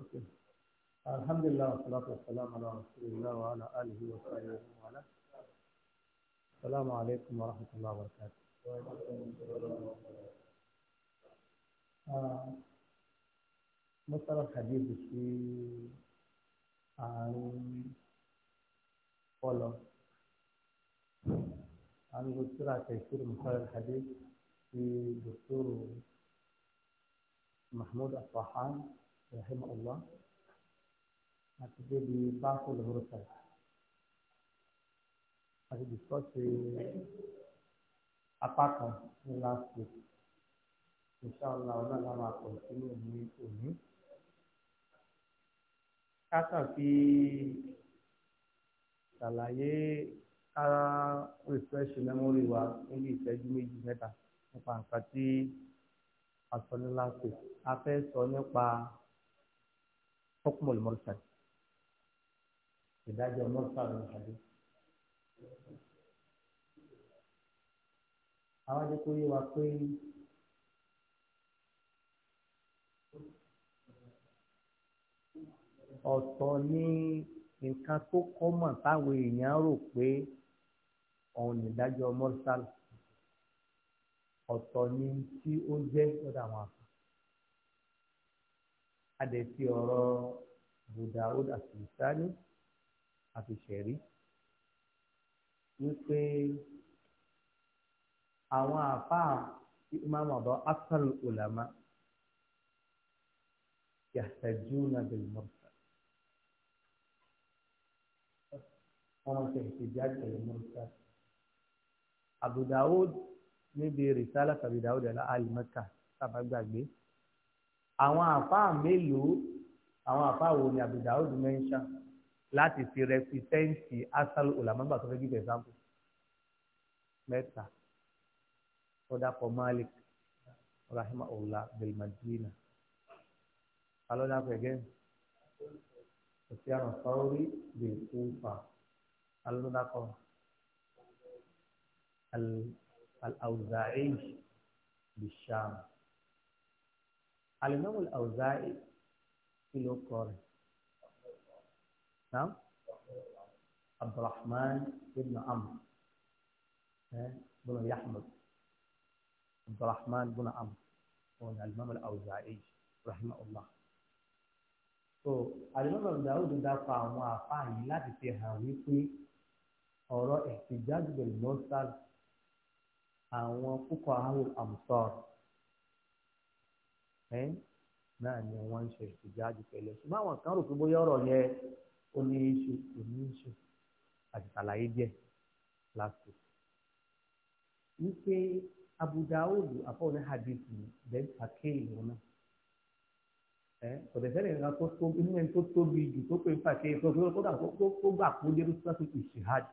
اوكي الحمد لله والصلاة والسلام على رسول الله وعلى آله وصحبه وسلم السلام عليكم ورحمة الله وبركاته آه، مصدر حديث في عن فولو عن دكتور تيسير مصدر الحديث في دكتور محمود الطحان rahimahullah àti débi báńkì lóhùrù sàlẹ̀ àti dìkọ́sì apá kan ní last week inshallah ọ̀nà làwọn àkọsí ní òní òní. kákan fi ṣàlàyé kára refresh memory wa níbi ìṣẹ́jú méjì mẹ́ta nípa nǹkan tí a sọ ní last week حكم المرسل إذا جاء المرسل من الحديث àwọn àjẹkù yìí wá pé ọ̀tọ̀ ní nǹkan tó kọ́mọ̀ táwọn èèyàn rò pé òun nìdájọ́ mọ́sálì ọ̀tọ̀ ní tí ó jẹ́ lọ́dọ̀ àwọn àfọ adẹ̀ fi ọ̀rọ̀ budaud àtìsáni àfìṣẹ̀rí wípé àwọn àfáà tí imam ọ̀dọ́ asal ulama yahtajuna bil mursal wọn ṣe ìtìjáde pẹ̀lú mursal abu daud níbi rìsálà tàbí daud ala alimaka tàbá gbàgbé àwọn àfáà mélòó àwọn àfáà wo ni Abu Daud mẹ́ńṣà láti fi rẹpítẹ́ǹtì asal olamagba tó fẹ́ gbígbẹ̀ sáàpù mẹ́ta ọ̀dàpọ̀ Malik rahimahullah bilmadina alọ́dàpọ̀ ẹ̀gẹ́ òsíàrán sọ́ọ́rí bíi kúfà alọ́dàpọ̀ al-Awza'i bíi Sham. Al alimami awuzaayi kí ló kọ rẹ̀ naam abdulrahman ibn amr ibn yahmed abdulrahman ibn amr wọn ni alimami awuzaayi rahimahullah so alimami awuzaayi dákọ àwọn afáàyè láti fi hàn wípé ọ̀rọ̀ ẹ̀sìn jáde lọ́sàlù àwọn púpọ̀ àwọn àmùsọ̀rọ̀. naanị náà ni wọ́n ń ṣe ìjáde pẹ̀lẹ́ ṣùgbọ́n àwọn kan rò pé bóyá ọ̀rọ̀ yẹn ó ní í ṣe kò ní í ṣe àti díẹ̀ láti. wípé Abu dị àfọwọ́ ní hadith bẹ́ẹ̀ pàkẹ́ ìlú náà ẹ ọ̀dẹ̀sẹ̀lẹ̀ nǹkan tó tó inú ẹni tó tóbi jù tó pé pàkẹ́ ìlú tó tó tó gbà kó dé lóṣù tó ìṣèhàd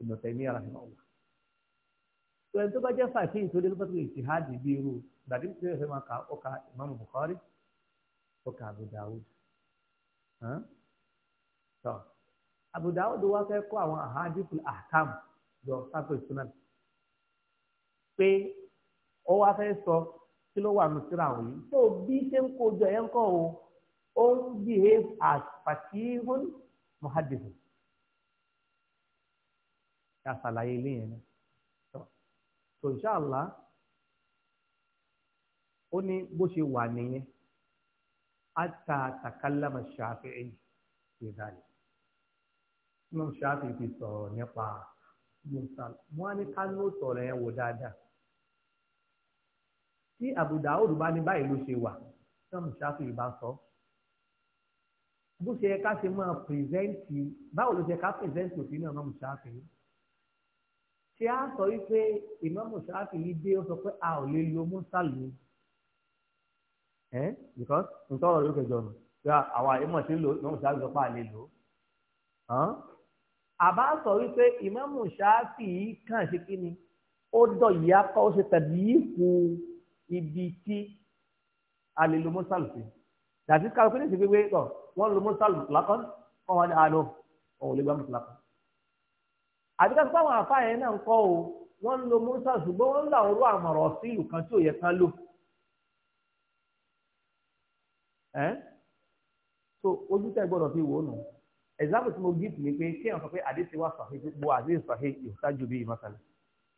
ìmọ̀tẹ̀mí ara ìmọ̀ wà. tó bá jẹ́ lóṣù bí gbàdí tí ẹ máa ka ó ka Imam Bukhari ó ka Abu Dawud tọ Abu Dawud wá fẹ́ kó àwọn ahadithul ahkam jọ sáfù ìsúná pé ó wá fẹ́ sọ kí ló wà nù síra wọ̀nyí tó o behave as fakihun muhadithun ṣàṣàlàyé ilé yẹn náà tó inshallah ó ní bó ṣe wà nìyẹn ata takalama ṣàfihàn ìdálẹ imam ṣàfihàn ti sọ̀rọ̀ nípa mursal wọn ní kánú sọ̀rọ̀ yẹn wò dáadáa tí Abu Dawud bá ní báyìí ló ṣe wà imam ṣàfihàn bá sọ bó ṣe yẹ ká ṣe máa pírẹsẹǹtì báwo ló ṣe ká pírẹsẹǹtì òfin náà imam ṣàfihàn ṣé a sọ wípé imam ṣàfihàn dé ó sọ pé a ò lè lo mursal ẹ́ because nǹkan ọ̀rọ̀ yóò kẹjọ nù pé àwọn àìmọ̀ sí lò ìmọ̀ ṣáà lọ́pàá àlè lò àbá sọ wípé ìmọ̀mù ṣáàfì kàn ṣe kí ni ó dọ̀ ìyá kọ́ ó ṣe tẹ̀lé ìkù ibi tí a lè lo mọ́sálù sí dàbí káwọn pé ní ìsìn pípé tọ̀ wọ́n lo mọ́sálù lákàn kọ́ wọn ní àlọ́ ọ̀hún lè gbà mọ́sálù lákàn. àbíká sọ pé àwọn àfáà yẹn náà ń kọ́ o wọ́n lo mọ́sálù ṣùgbọ́n wọ́n ń ẹ́ so ojú tẹ́ gbọ́dọ̀ fi wò ó nù example tí mo gí tì mí pé kí èèyàn sọ pé àdé ti wá sàhé gbogbo àdé sàhé ìsájú bíi masalẹ̀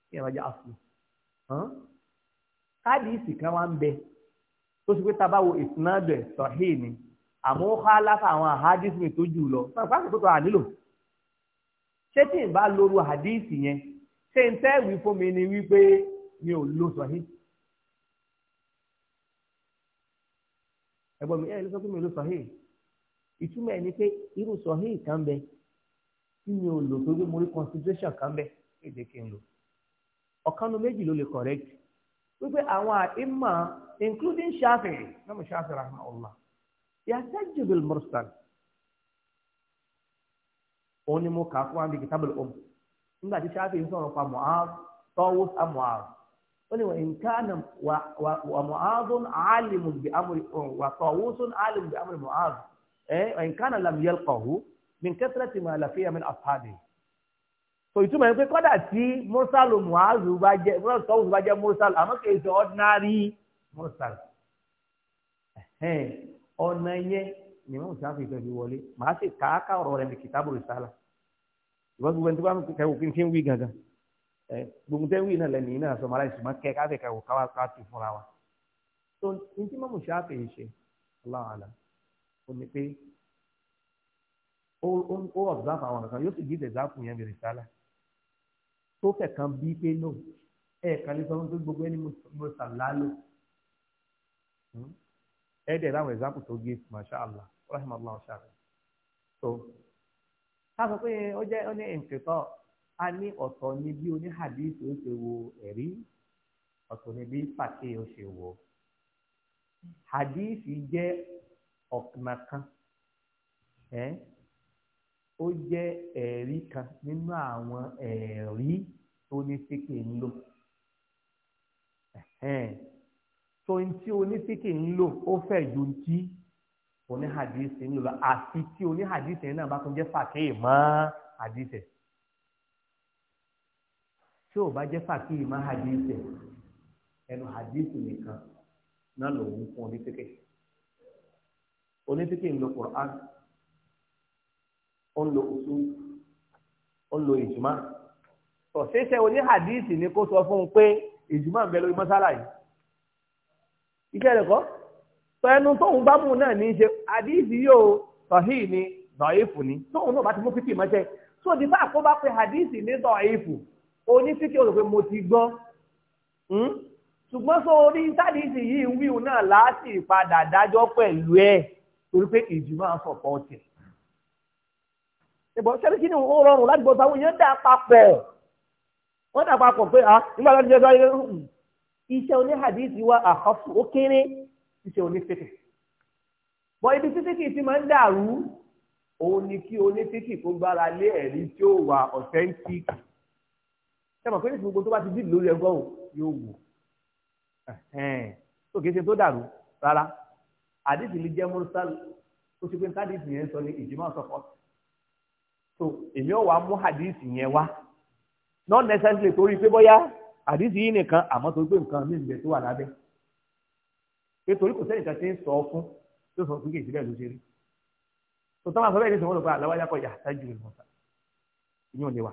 kí èèyàn bá jẹ́ àfù kan tabawo ni àmọ́ ó awọn àwọn àhádìsì mi tó lọ pàápàá tó ànílò ṣé tí bá lóru yẹn ṣé fún mi ni ẹ̀gbọ́n mi ẹ ló sọ pé mi ò lo sọhíì ìtumọ̀ ẹ̀ ni pé irú sọhíì kan bẹ tí mi ò lò torí mo rí consideration kan bẹ èdè kí n lò ọ̀kanu including Shafi náà Shafi rahmaullah yàtẹ́jù bil mursal òun ni mo kà fún wa bí kitabul um nígbà tí Shafi ń sọ̀rọ̀ pa tọ́wọ́ wọ́n ní wọ́n nǹkan wà mọ̀háàdùn àálìmù bí amúri wà tọ̀wọ́sùn àálìmù bí amúri mọ̀háàdùn eh, ẹ̀ wọ́n nǹkan làm yalqahu min kathrati ma lafiya min ashabi. so ìtumọ̀ yẹn pé kọ́dà tí mùsàlù mùhàzù bá jẹ́ mùsàlù tọ́wọ́sù bá jẹ́ mùsàlù àmọ́ kì í ṣe ordinary mùsàlù. ọ̀nà yẹn ni wọ́n ti fi fẹ́ fi wọlé màá sì káàkà ọ̀rọ̀ rẹ̀ ní kìtàbù rìsálà ìwọ́n gbogbo ẹni tó bá ń kẹ́wò kí n kí n wí gangan gbogbo tẹ́ wí náà na yìí náà sọmọ aláìsàn máa kẹ́ káfẹ́ kẹ́wò káwá káàtì fúnra wa tó ní tí mọ́mú ṣe àfẹ́ yìí ṣe aláwọ̀ àlà ó ní pé ó observe àwọn nǹkan yóò sì gbé ìdẹ̀záàpù yẹn bèrè sálà tó fẹ̀ kan bí pé no ẹ̀ kan lè sọ fún pé gbogbo ẹni mo sàn lálò hmm? ẹ̀ dẹ̀ láwọn example tó gbé masha allah rahman allah ṣàrẹ̀ so ká sọ pé ó jẹ́ ó ní ìǹkìtọ́ a ní ọ̀tọ̀ ni bí oní hadith ó ṣe wo ẹ̀rí ọ̀tọ̀ ni bí pàṣẹ ó ṣe wo hadith jẹ́ ọ̀kùnà kan ẹ́ ó jẹ́ ẹ̀rí kan nínú àwọn ẹ̀rí tó ní síkì ń lò tó ń tí onísíkì ń lò ó fẹ̀ ju ti oníhadith ń lò àti tí oníhadith náà bá tún jẹ́ fàkéè mọ́ hadith tí ò bá jẹ́ fàkíyì má hadith ẹnu hadith nìkan náà lòun fún onífíkè onífíkè ń lo Qur'an ó ń lo usul ó ń lo ìjùmọ̀ tọ̀ ṣẹṣẹ oní hadith ni kó sọ fún un pé ìjùmọ̀ ń bẹ lórí mọ́sálà yìí iṣẹ́ rẹ̀ kọ́ pẹ̀lú tóun bá mú náà ní í ṣe hadith yóò sahih ni dọ̀ìfù ni tóun náà bá ti mú fíkì mọ́ṣẹ́ tó di bá àkóbá pé hadith ni onífíkì ọ̀rọ̀ pé mo ti gbọ́ hmm? ṣùgbọ́n sọ orí sádìsì yìí ń wíwù náà láti padà dájọ́ pẹ̀lú ẹ̀ torí pé ìjì máa sọ̀pọ̀ ọ̀tẹ̀. ìbọn ṣẹ́rí kí ni ó rọrùn láti bọ́ sáwọn èèyàn dà papọ̀ wọ́n dà papọ̀ pé à ah, nígbà láti jẹ́ sáré hmm. iṣẹ́ oní hadithi wa àkọ́fù ó kéré iṣẹ́ oní fíkì. bọ́ ibi tí fíkì ti máa ń dàrú òun ni kí oní fíkì kó gbára lé ẹ̀rí tí ó wà authentic mọ̀ pé nísìnyí gbogbo tó bá ti dìbò lórí ẹgbọ́n o yóò wò tó kìí ṣe tó dàrú rárá àdìsí lè jẹ́ mọ́sálù tó ṣe pé ní àdìsí yẹn sọ ní ìjìmọ̀ sọ̀kọ́ so èmi ò wá mú àdìsí yẹn wá not necessarily torí pé bóyá àdìsí yìí nìkan àmọ́ torí pé nǹkan mí ìgbẹ́ tó wà lábẹ́ pé torí kò sẹ́yìn kan ti ń sọ ọ fún tó sọ fún kéjì bẹ́ẹ̀ ló ṣe rí tó tọ́ máa sọ bẹ́ẹ̀ ní sọ wọ́n lọ pé àlọ́ wáyà kọ̀ sáájú ìmọ̀ta ìyẹn lè wà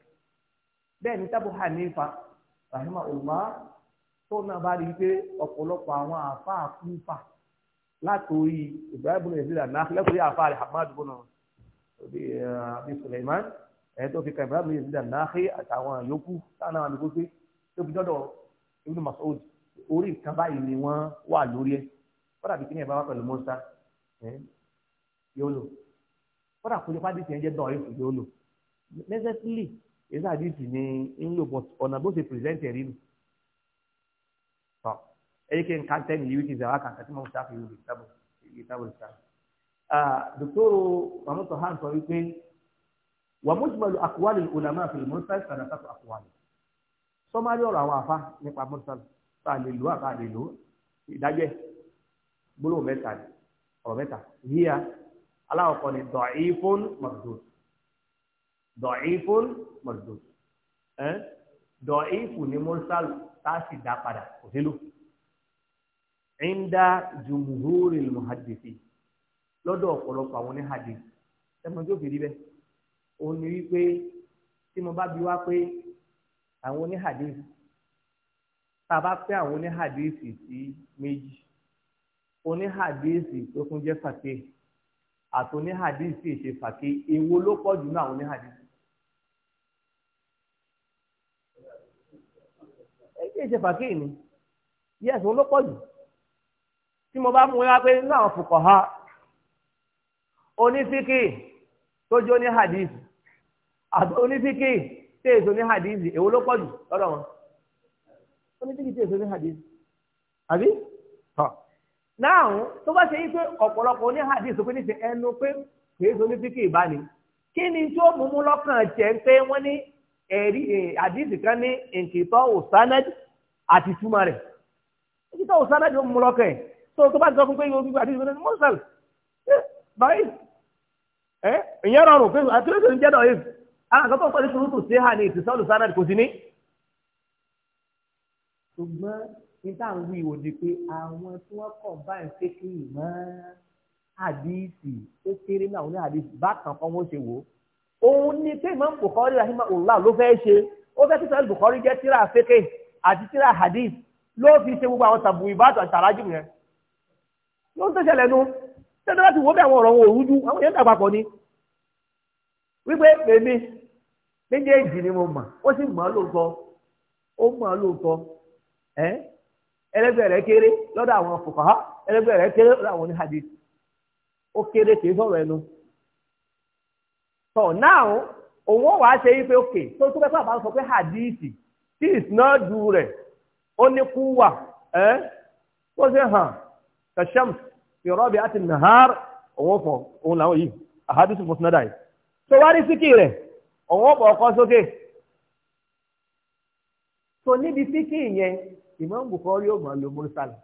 bẹ́ẹ̀ ni tábù hanifa rahima allah tó náà bá rí i pé ọ̀pọ̀lọpọ̀ àwọn àáfàá kúfà látòrí ibrahim bin ezra náà lẹ́kọ̀ọ́ àáfàá rẹ̀ hamad bin eh, abi suleiman ẹ̀ tó fi ka ibrahim bin ezra náà àtàwọn yòókù táwọn àwọn àdúgbò pé tó fi dọ́dọ̀ ibn masoud orí nǹkan báyìí ni wọ́n wà lórí ẹ̀ kọ́dà bí kíni ẹ̀ bá wà pẹ̀lú mọ́sá yóò lò kọ́dà kó lè pàdé jẹ́ dọ̀ọ́yìn èyí àdìsí ni ń lò but ọ̀nà bó ṣe pìrìsẹ́ǹtì ẹ̀rí nù. tọ́ ẹ̀yìn kí n ká tẹ́ nìyí wíkì zàwá kàkà tí mo ṣá fi wùdí tábù ìdí tábù ṣá. dòkítọ́rò mahmoud tohan sọ wípé wà mujmalu aqwali ulama fil mursal sàdàtàkù aqwali. sọ́mádé ọ̀rọ̀ àwọn àfa nípa mursal tá a lè lò àbá a lè lò ìdájẹ́ gbólóhùn mẹ́ta ọ̀rọ̀ mẹ́ta yíya aláwọ̀ kan ni da'ifun dọ̀ífún mọ̀dùn dọ̀ífù ni mursal tá a sì dá padà kò sílò inda jumhuri muhadisi lọ́dọ̀ ọ̀pọ̀lọpọ̀ àwọn oníhàdì ẹ̀mọ́ tó fi rí bẹ́ẹ̀ òun ni wípé tí mo bá bi wá pé àwọn oníhàdì tá a bá pẹ́ àwọn oníhàdì sì sí méjì oníhàdíìsì tó tún jẹ́ fàkè àti oníhàdíìsì ìṣe ló pọ̀ jù náà oníhàdíìsì kí èsè fàkíì ni yẹ́sì wọn ló pọ̀ jù tí mo bá mú wá pé nínú àwọn fòkọ̀ ha onífíkì tó jó ní hadith àti onífíkì tí èso ní hadith èwo ló pọ̀ jù lọ́dọ̀ wọn onífíkì tí èso ní hadith àbí náà tó bá ṣe yí pé ọ̀pọ̀lọpọ̀ oní hadith tó fi ní ṣe ẹnu pé kìí so onífíkì ìbáni kí ni tí ó mú mú lọ́kàn jẹ́ pé wọ́n ní ẹ̀rí àdìsí eh, kan ní nkìtọ́ òsánẹ́dì àti túmọ̀ rẹ̀ èyí tó sára jọ mú lọ́kẹ̀ tó tó bá ti sọ fún pé yóò gbígbà àti ìgbésẹ̀ mọ́sàl báyìí ẹ ìyẹn rọrùn pé àtúrẹ́sì ń jẹ́dọ̀ yìí àwọn àkọ́kọ́ pẹ̀lú sùúrù tó ṣe hà ní ìtìsọ́lù sára kò sí ní. ṣùgbọ́n ní tá à ń wí ìwò di pé àwọn tí wọ́n kọ̀ báyìí ṣe kí ìmọ̀ àdìsí ó kéré náà ní àdìsí bákan kan wọ́n ṣe wò ó òun ni pé ìmọ̀ àti tíra hadith ló fi ṣe gbogbo àwọn tàbí ìbáàtò àti tàràjù yẹn ló ń tẹ̀sẹ̀ lẹ́nu tẹ́tẹ́ láti wọ́ bí àwọn ọ̀rọ̀ wọn ò rújú àwọn yẹn dàgbà pọ̀ ni wípé èmi méjèèjì ni mo mà ó sì mọ̀ ọ́ lóòótọ́ ó mọ̀ ọ́ lóòótọ́ ẹ́ ẹlẹ́gbẹ́ rẹ̀ kéré lọ́dọ̀ àwọn fòkàhá ẹlẹ́gbẹ́ rẹ̀ kéré lọ́dọ̀ àwọn oníhadith ó kéré kì í sọ̀rọ̀ ẹnu tọ̀ náà òun ó wàá ṣe yí pé òkè tó tó fẹ́ pàbá sọ pé hadith tí ìsinádù rẹ̀ ó ní kú wà ẹ́ ó ṣe hàn kasham ìrọ́bì àti nahar òun fọ òun làwọn yìí àhádùsù fún sinádà yìí tó wá rí síkì rẹ̀ òun bọ̀ ọkọ sókè tó níbi síkì yẹn Imam Bukhari ó gbọ́n lo mùsàlù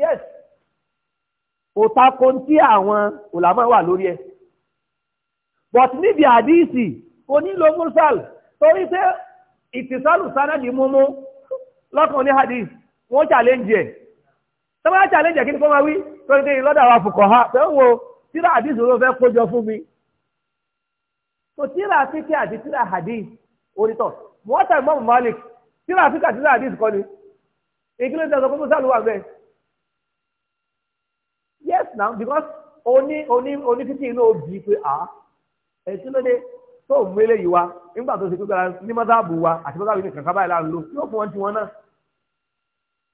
yes kò tako tí àwọn ulama wà lórí ẹ̀ but níbi àdìsí kò ní torí pé. ìtìsọ́lù sanadi mímú lọ́kàn ní hadith wọ́n challenge ẹ̀ challenge kí ni kọ́ máa wí pẹ̀lú kí lọ́dọ̀ àwọn afùkọ̀ ha pẹ̀lú wo tíra hadith ló fẹ́ kójọ fún mi so tíra africa àti tíra hadith onítọ̀ wọ́n tẹ̀ mọ́ Malik tíra fíkẹ́ àti tíra hadith kọ́ ni ìkílẹ̀ ìjọba kó wà bẹ́ẹ̀ yes now because oní oní oní fífi inú òbí pé à ah, ẹ̀ ló dé tó mú eléyìí wa nígbà tó ṣe pé gbára ní mọ́tàbù wa àti mọ́tàbù ní kankan báyìí láàrin ló yóò fún wọn tí wọn náà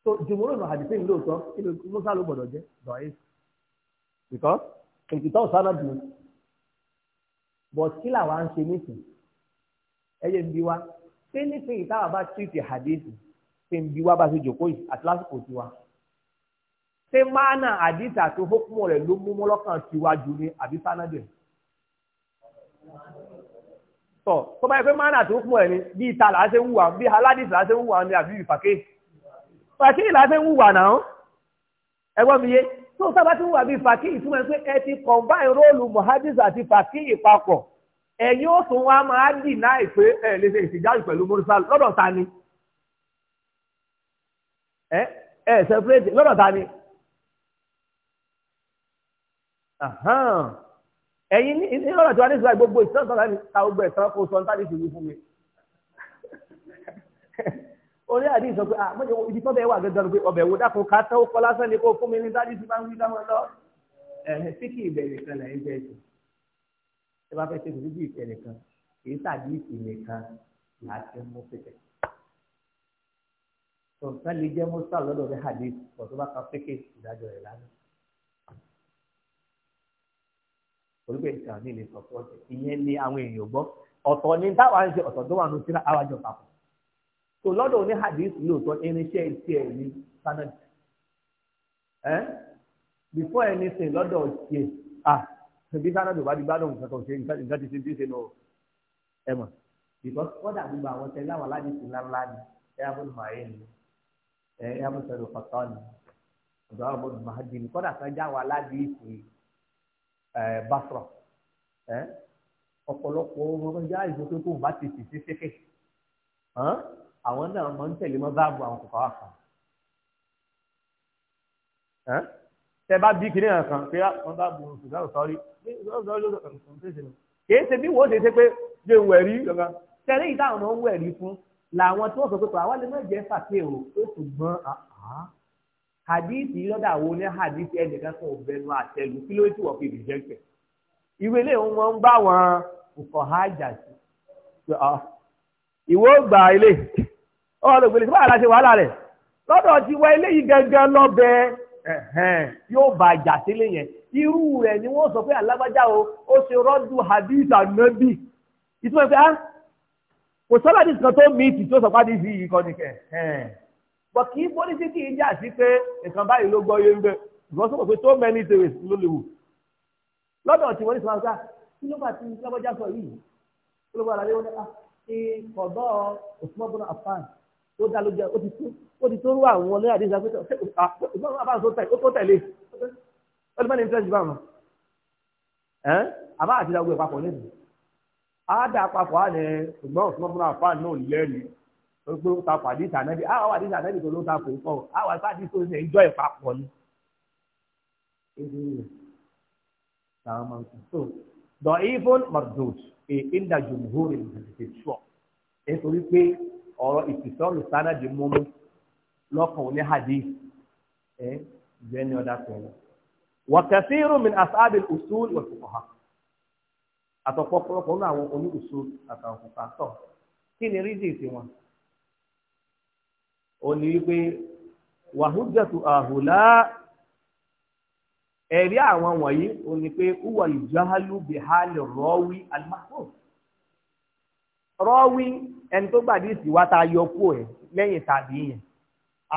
tó jùmọ̀rò náà àdìsí ìlú òótọ́ kí ló musa ló gbọ́dọ̀ jẹ́ dọ̀ẹ́ ìkọ́ èkìtọ́ sáná dùn but kí làwa ń ṣe nísìn ẹyẹ ń bi wa ṣé nísìn ìtawà bá tìrìtì àdìsí ṣe ń bi wa bá ṣe jòkó yìí àti lásìkò tiwa ṣé máàna àdìsí àti hókùmọ̀ rẹ̀ ló mú mọ́lọ́kàn tiwa jù ní àbí sáná dùn. tọ̀ tó bá yẹ pé mánà tó kún ni bí ìta làásẹ̀ wùwà bí aládìsì làásẹ̀ wùwà ni àbí ìfàkè fàkè làásẹ̀ wùwà náà ẹgbọ́n mi yé tó sábà tí wùwà bí fàkè ìtumọ̀ pé ẹ ti combine róòlù mohadis àti fàkè ìpapọ̀ ẹ̀yin ó tún wá máa dì ẹ ẹ ẹ separate lọ́dọ̀ ta ni. Eyi ní ọ̀rọ̀ tí wọ́n ní ìsúláì gbogbo ìsúláì sọ̀rọ̀ ní ta gbogbo ẹ̀sán kó sọ nípa ìṣèlú fún mi. orí àdìs sọ pé ah ibi wà gẹ́gẹ́ pé ọbẹ̀ dákun ká kọ́ lásán ni kó fún mi ní dájú máa ń wí lọ. kan lẹ́yìn bẹ́ẹ̀ tó ẹ bá fẹ́ ṣe kò ìfẹ́ nìkan kì í torí pé ìsàn ní ilé sọ̀tọ̀ ọ̀tẹ̀ ìyẹn ni àwọn èèyàn gbọ́ ọ̀tọ̀ ni táwa ń ṣe ọ̀tọ̀ tó wà ní sílá àwájọ papọ̀ tó lọ́dọ̀ ní hadith lóòótọ́ irinṣẹ́ ti ẹ̀ ní sanad ẹ́ before anything lọ́dọ̀ tiẹ̀ ah bí sanad ò bá di gbádùn nǹkan kan ṣe nǹkan ti ṣe ti ṣe lọ ẹ mọ̀ because kọ́dà gbogbo àwọn tẹ̀lé àwọn aládìí ti ńláńlá ni ẹ yà bọ́dù màáyé ni ẹ yà bọ́dù sọ̀rọ̀ kọ̀tọ́ ni ọ̀dọ́ àwọn bọ́dù màáyé Eh, Basra eh, ọ̀pọ̀lọpọ̀ ọmọ yá ìgbókè tó bá ti tì sí sẹ́kẹ̀ àwọn náà máa ń tẹ̀lé mọ́ báàbù àwọn kòkòrò àkàn tẹ bá bí kiri hàn kan pé wọn bá bu ṣùgbọ́n sọ́ọ́rí kìí ṣe bí wọ́n ṣe ṣe pé ṣe ń wẹ̀rí gangan tẹ̀lé ìdáhùn náà ń wẹ̀rí fún làwọn tó sọ pé àwọn lè má jẹ́ fàtẹ́ o ó ṣùgbọ́n àá ah, ah hadithi lọ́dà wo ní hadithi ẹnìkan kan ọ̀bẹnu àtẹlu kí ló ti wọ̀ fi rìjẹ́kẹ̀. ìwé ilé wọn ń bá wọn nǹkan ha jà sí. Ah, ìwé ó gbà ilé ọ̀rọ̀ lògbèlè tí wàhálà ṣe wàhálà rẹ̀ lọ́dọ̀ ti wọ ilé yìí gangan lọ́bẹ yóò bá jà sílé yẹn irú rẹ̀ ni wọ́n sọ pé alágbájá o ó ṣe rọ́dù hadith anabi ìtumọ̀ pé ah, kò sọ́lá ní ìsìnkan tó mí ìtì tó sọ pọ̀ kì í polisi kì í jà sí pé nǹkan báyìí ló gbọ́ yé ń bẹ̀ ìgbọ́n sọ̀rọ̀ pé tó many theories ló lè wù lọ́dọ̀ tí wọ́n ní sọ̀rọ̀ ká ah, kí ló bá ti lọ́bọ́já sọ yìí ó ló bá ara léwọ́n náà ṣe kọ̀dọ̀ Usman bin Affan tó dá lójú ó ti tó ó ti tó rú àwọn ọlẹ́yà dé ìjà pé Usman bin Affan tó tẹ̀lé ó ti mẹ́ni ní tẹ́sí báwọn ẹ̀ àbá àti ìdàgbò ìpapọ̀ lẹ́nu àádà àpapọ̀ àná ṣùgbọ́n Usman bin Affan náà lẹ́rìí pé ó takò àdìsí ànábì á wà àdìsí ànábì tó ló takò ìkọ á wà sáà àdìsí oṣù ìjọ ìpapọ̀ ni. ebi rẹ̀ táwọn máa ń sọ so the even mardot a inda jumhur in the sure ẹ torí pé ọ̀rọ̀ ìfìsọ́nù sánàdì múmú lọ́kàn òní hadith ẹ jẹ́ ní ọ̀dà pẹ̀lú. wàkàtírù min asábìl usul wal fuqaha àtọ̀pọ̀pọ̀lọpọ̀ nínú àwọn oní usul àtàwọn fuqaha tọ̀ kí ni rídìí ó ní wípé wàhújàtù àhùlá ẹ̀rí àwọn wọ̀nyí ó ní pé uwa ìjáhálù bihálì rọ́wí alimahfuz rọ́wí ẹni tó gbàdí ìsìwá tá a yọ kú ẹ̀ lẹ́yìn tàbí yẹn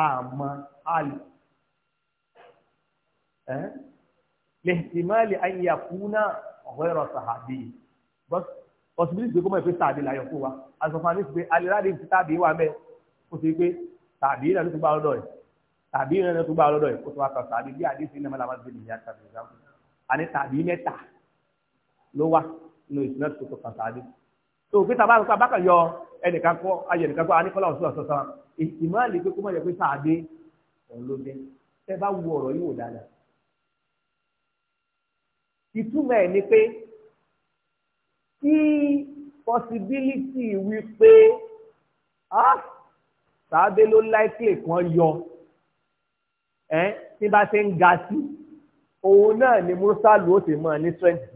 àmọ́ àlù ẹ́ lẹ́hìtìmáàlì ayẹyẹ kúnà ọ̀hẹ́rọ̀ sàhàbí bọ́s possibility kó mọ̀ pé sàhàbí làyọ̀ kó wa àsọ̀fàní ti pé alẹ́ láti fi tàbí wà mẹ́ ó ti pé tàbí ìrìn àti tó gbà lọ́dọ̀ ẹ̀ tàbí ìrìn àti tó gbà lọ́dọ̀ ẹ̀ kó tó wá kan tàbí bí àdéhùn ìnáwó làwọn ti bèèrè yàtọ̀ àti ìgbà àní tàbí mẹ́ta ló wà nínú ìsúná tó tó kan tàbí. tó o fi tàbá nípa bákan yọ ẹnìkan kọ ayé ẹnìkan kọ aníkọ́lá ọ̀ṣun ọ̀ṣun sọ́ra ìmáàlì pé kó má yẹ pé tàbí òun ló dé tẹ bá wu ọ̀rọ̀ yìí wò ìtumọ̀ ẹ̀ ni pé kí possibility wí pé ah sàábé ló láìpẹ́ kan yọ ẹ́ tí bá ti ń ga sí òun náà ni mùsàlù ó ti mọ̀ ní twenty.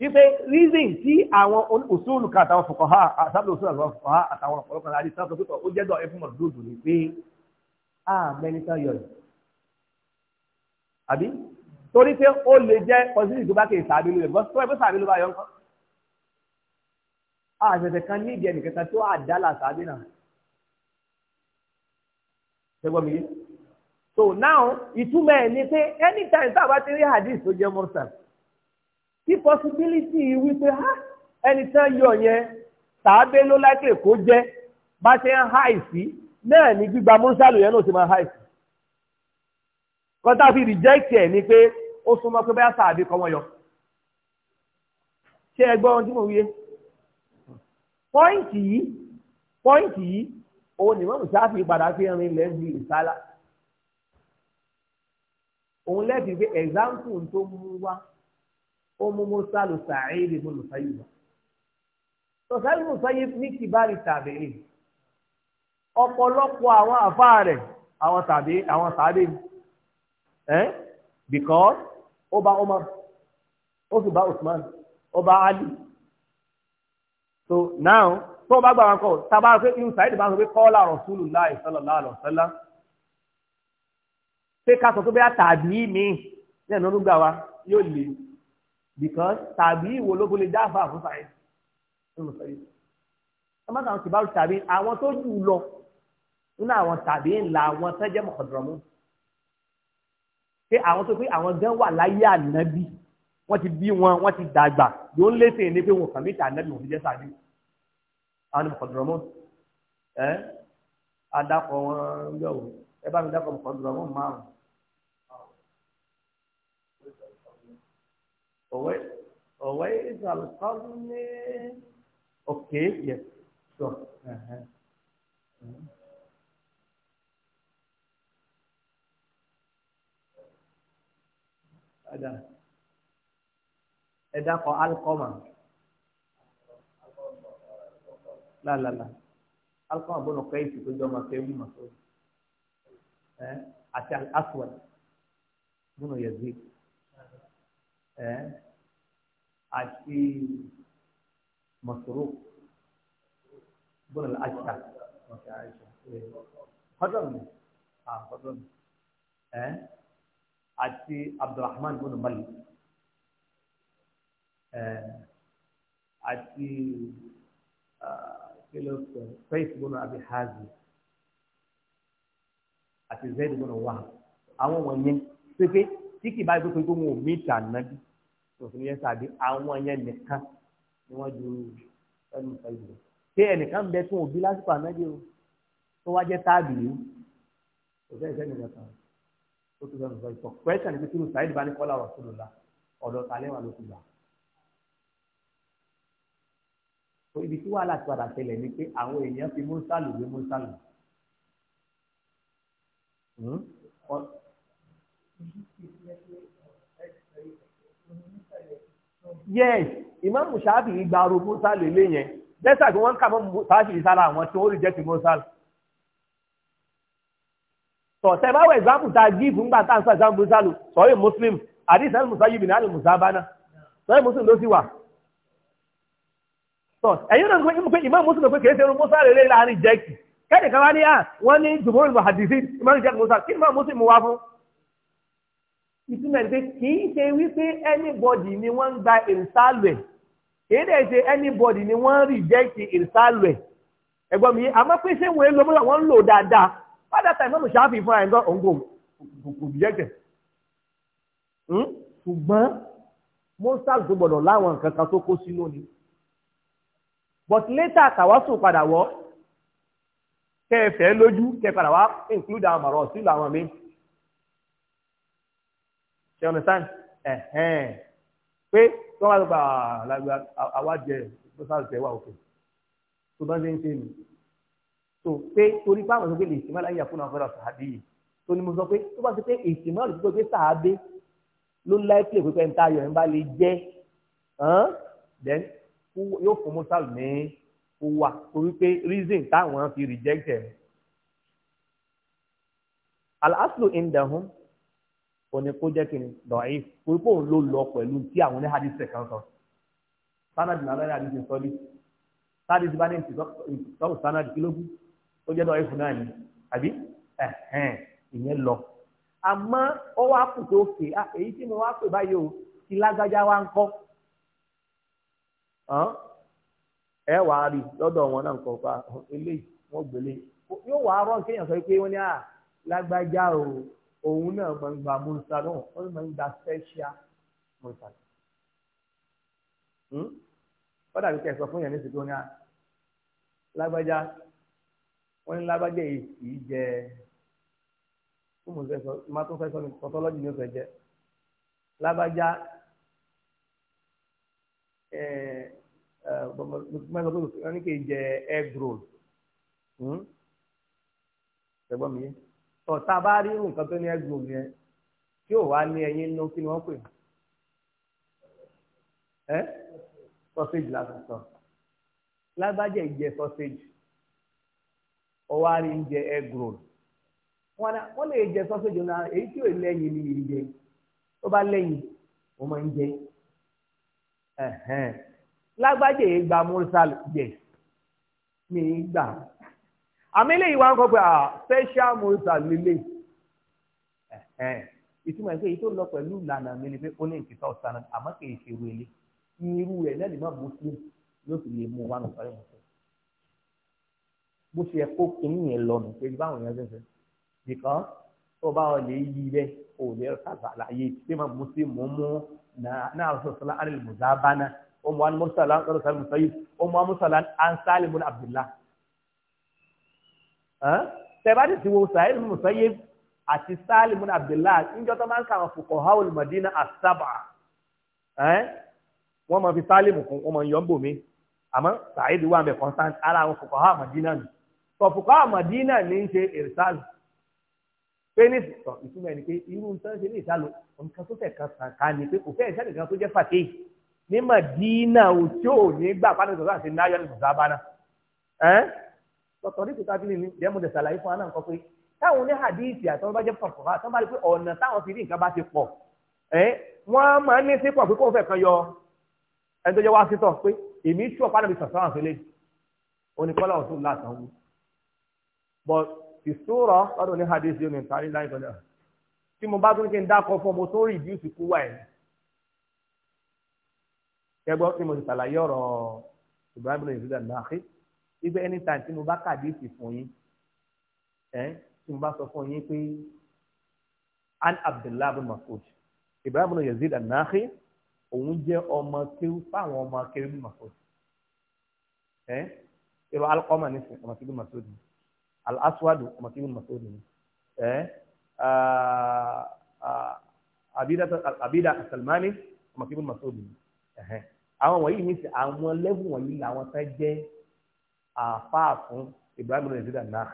wípé reason tí àwọn òṣùlù kan àtàwọn fòkànhá àtàwọn òṣùlù àtàwọn fòkànhá àtàwọn ọ̀pọ̀lọpọ̀ náà àdìsá tó pípọ̀ ó jẹ́ dọ̀ ẹfún mọ̀tò ni pé a ah, mẹ́nìkan yọ ẹ̀ àbí torí pé ó lè jẹ́ consider ìjọba kì í sàbílù rẹ̀ because tó ẹgbẹ́ bá yọ ńkọ́ àṣẹ̀ṣẹ̀ kan ní ìdí ẹnìkankan tó àdálà sábẹ́ náà ṣẹgbọ́n mi yé so now ìtumọ̀ ẹ̀ ni pé anytime tá a bá ti rí hadith tó jẹ́ mursal kí possibility wípé ha ẹni tán yọ yẹn sábẹ́ ló láìpẹ́ kó jẹ́ bá ṣe ń háì sí náà ní gbígba mursal yẹn náà ṣe máa háì sí kọ́ńtà fi reject ẹ̀ ni pé ó súnmọ́ pé bá sábẹ́ kọ́ wọ́n yọ ṣé ẹ gbọ́ ohun tí mo wí yé pọ́ìntì yìí pọ́ìntì yìí òun ni mọ́mù sáfì padà fi rin lẹ́bi ìsálà òun lẹ́bi pé ẹ̀zámpù tó mú wá ó mú mọ́sálù sàáìdì mú lùsáyìbà lùsáyìbà lùsáyìbà ní kìbárì tàbí ọ̀pọ̀lọpọ̀ àwọn àfáà rẹ̀ àwọn tàbí àwọn tàbí ẹ́ because ó bá Umar ó sì bá Usman ó bá Ali so now tó o bá gbà wọn kọ tábà pé irú sàìdì bá ń sọ pé kọ́lá Rasulullah sallallahu alaihi wasallam pé ká sọ pé bẹ́ẹ̀ tàbí mi ní ẹ̀nà olúgbà wa yóò lè because tàbí ìwò ló lè dáàbà fún sàìdì nínú sàìdì ọmọ kan kì bá rú tàbí àwọn tó jù lọ nínú àwọn tàbí ńlá àwọn tẹ́jẹ́ mọ̀kàndínlọ́mù pé àwọn tó pé àwọn gan wà láyé ànábì wọ́n ti bí wọn wọ́n ti dàgbà ló ń lẹ́sìn ní pé wọn kàn mí tà nẹ́bí wọn ti jẹ́ sáré àwọn mọ̀kàndùrọ̀mọ́ ẹ adakọ̀ wọn yọ̀wò ẹ bá mi dákọ̀ mọ̀kàndùrọ̀mọ́ márùn ọ̀wẹ́ ọ̀wẹ́ ìsàlùkọ́lù ní òkè yẹ sọ. Ada. إذا قال قوما لا لا لا القوم بنو قيس كل يوم كيف ما صور أتى الأسود بنو يزيد أتى مسروق بنو الأشعة خضرني آه خضرني أتى عبد الرحمن بنو ملك àti kílọ̀tọ̀ fẹ́ẹ̀sì bọ́nà àbí hazi àti zẹ́ẹ̀dì bọ́nà wà àwọn wọ̀nyẹn pépé tí kì bá gbé pé wọn ò mí ìtàn náà bí òfin yẹn sàbí àwọn yẹn nìkan ni wọ́n ju ẹnu ìfẹ́yìí lọ. ṣé ẹnìkan bẹ fún òbí lásìkò ànájẹ́ o tó wá jẹ́ táàbì yìí kò fẹ́ ìfẹ́ nìkan kan ó tún lọ́nà sọ ìtọ́ pẹ́sẹ̀ ní pé kí ló sàyẹ́dì bá ní kọ́lá wà kúlò la ọ̀dọ̀ tàlẹ́ wà ló ti gbà ibi tí wàhálà ti padà ṣẹlẹ̀ ni pé àwọn èèyàn fi mọ́sálù gbé mọ́sálù hmm? yes ìmáàmù ṣáàbì gba aro mọ́sálù ilé yẹn dẹ́sà tí wọ́n ń kà mọ́ ṣáàbì sára àwọn tí wọ́n rí jẹ́ ti mọ́sálù sọ̀tẹ́ bá wọ example ta gíìfù ńgbà tá à ń sọ example mọ́sálù sọ̀rọ̀ muslim àdìsẹ́ musayibi ní alẹ́ musabana sọ̀rọ̀ muslim ló sì wà tọ́ ẹ̀yìn náà gbé pé ìmọ̀ mùsùlùmí pé kìí ṣerun musa rèé láàrin jẹ́kì kẹ́ẹ̀dì kan wá ní à ah, wọ́n ní jùmọ̀ ìlú àdìsí ìmọ̀ ìjẹ́kì kí ìmọ̀ mùsùlùmí wá fún. ìtumọ̀ ní pé kìí ṣe wípé anybody ni wọ́n ń gba ìrìsálù ẹ̀ kìí anybody ni wọ́n ń reject rejected hmm? ṣùgbọ́n musa gbọ́dọ̀ láwọn nǹkan kan tó kó but later tàwásù padà wọ́ kẹfẹ́ lójú kẹpadà wá include àwọn ọ̀rọ̀ sílù àwọn mi ṣe understand ẹ̀hẹ́n pé tí wọ́n bá tó ah, gba àlàgbà àwájẹ ìgbésàlùfẹ́ wà òkè tó bá ń ṣe ń ṣe nù tó pé torí báwọn sọ pé lè ṣìmọ́ láyé àfúnà fẹ́ràn sàábì yìí tó ní mo sọ pé tó bá ti pé ìṣìmọ́ lè pé sàábì ló láìpẹ́ pé pẹ́ńtà ayọ̀ ń bá lè jẹ́ then yóò fún mursal ní wà torí pé reason táwọn fi reject ẹ̀. al-aslu indahum òní kó jẹ́ kí ni dọ̀ọ́yì torí pé òun ló lọ pẹ̀lú tí àwọn ní hadith kan sọ sanadi náà lẹ́yìn hadith sọ́ọ́lì sáàdì ti bá ní ìtọ́rù sáàdì kìlógún ó jẹ́ dọ̀ọ́ ìfún náà ni àbí ẹ̀hẹ́n ìyẹn lọ. àmọ́ ó wá kù tó fè á èyí tí mo wá pè báyìí o ti lágbájá wa ń kọ́ ẹ wà á rí lọ́dọ̀ wọn náà nǹkan pa eléyìí wọ́n gbélé yóò wà á rán kéèyàn sọ pé wọ́n ní à lágbájá o òun náà máa ń gba mọ́nsá náà wọ́n máa ń gba fẹ́ṣíà mọ́nsá. wọ́n dàbí kẹ́ ẹ sọ fún yẹn ní ìsìnkú ní à lágbájá wọ́n ní lágbájá yìí kì í jẹ fún mọ̀ọ́sẹ̀ sọ máa tún fẹ́ sọ ní kọ́tọ́lọ́jì ní ó fẹ́ jẹ lágbájá máa sọ pé wọ́n ní kì í jẹ egg roll ṣẹgbọ́n mi yé ọ̀tá bá rí nǹkan tó ní egg yẹn tí ò wá ní ẹyin nínú kí ni sausage lásán sọ lágbájá ìjẹ sausage ọwọ́ àrí ń jẹ lè jẹ náà èyí tí ò bá máa ń jẹ lágbájé yìí gba mursal yes mi yìí gbà àmì eléyìí wá ń kọ pé special mursal lélẹ̀ ìtumọ̀ ẹ̀ pé èyí tó lọ pẹ̀lú ìlànà mi ni pé ó ní ìkìtà ọ̀sán àmọ́ kì í ṣe irú ilé irú rẹ̀ lẹ́nu mọ́ muslim ló sì lè mú wa nù sọ́rọ́ ìmọ̀ bó ṣe yẹ kó kínní yẹn lọ́nu pé báwọn yẹn ṣe ń ṣe nìkan tó bá wọn lè yí bẹ́ẹ̀ kò lè ṣàlàyé pé mọ́ muslim mú mú na rasulullah alil muzabana ummu an mursala an rasul musayyib ummu mursala an salim bin abdullah eh tebadi ti wo sa'id bin musayyib àti salim bin abdullah injo to man kan fuqaha al madina as-sab'a eh wọ́n ma fi salim kun wọ́n ma yo nbo mi àmọ́ sa'id wà ńbẹ̀ constant ara wọn fuqaha madina ni so fuqaha madina ni ṣe irsal Penis ní sọ ìtumọ̀ ẹni pé irú nǹkan ṣe ní ìsàlọ̀ nǹkan tó fẹ̀kan sàǹkà ni pé kò fẹ́ ìṣẹ́ nìkan tó jẹ́ fàtẹ́ ní Madina ò ní gbà pátá ìṣọ̀tà àti náyọ̀ ní ìṣọ̀tà abáná tọ̀tọ̀ ní kìtà bílí ni ìdẹ́mu dẹ̀ sàlàyé fún aná nǹkan pé táwọn oní hadithi àtọ́wọ́n bá jẹ́ fọ̀fọ̀fà tó ń bá rí pé ọ̀nà táwọn fi rí nǹkan bá ti pọ̀ wọ́n máa ń ní sí pọ̀ pé kó fẹ́ kan yọ ẹni tó jẹ́ wá sí tọ̀ pé èmi ṣú ọ̀pá náà fi sọ̀tọ̀ àwọn fẹ́lẹ́ onípọ́lá ọ̀tún láàtàn wù ìṣòro ọdún ní hadith yóò ní ìparí láìpẹ́ náà tí mo bá tún kí n dákọ̀ fún mo tún rìdíùsì kú wà ẹ̀ kẹgbọ́n tí mo ti ṣàlàyé ọ̀rọ̀ Ibrahim ní ìṣúdà náà ìgbẹ́ anytime tí mo bá kàdíìsì fún yín ẹ̀ tí mo bá sọ fún yín pé an Abdullahi bin Ibrahim bin Yazid an òun jẹ́ ọmọ kéwú fáwọn ọmọ kéwú bin Mas'ud ẹ̀ ìrọ̀ ní sìn ọmọ kéwú al-aswadu ọmọ tí ibn Mas'ud ni ẹ eh, ah, ah, abida asalmani ọmọ tí ibn Mas'ud ni àwọn wọ̀nyí ní sẹ àwọn lẹ́bù wọ̀nyí làwọn fẹ́ jẹ́ àfáà fún Ibrahim nàìjíríà náà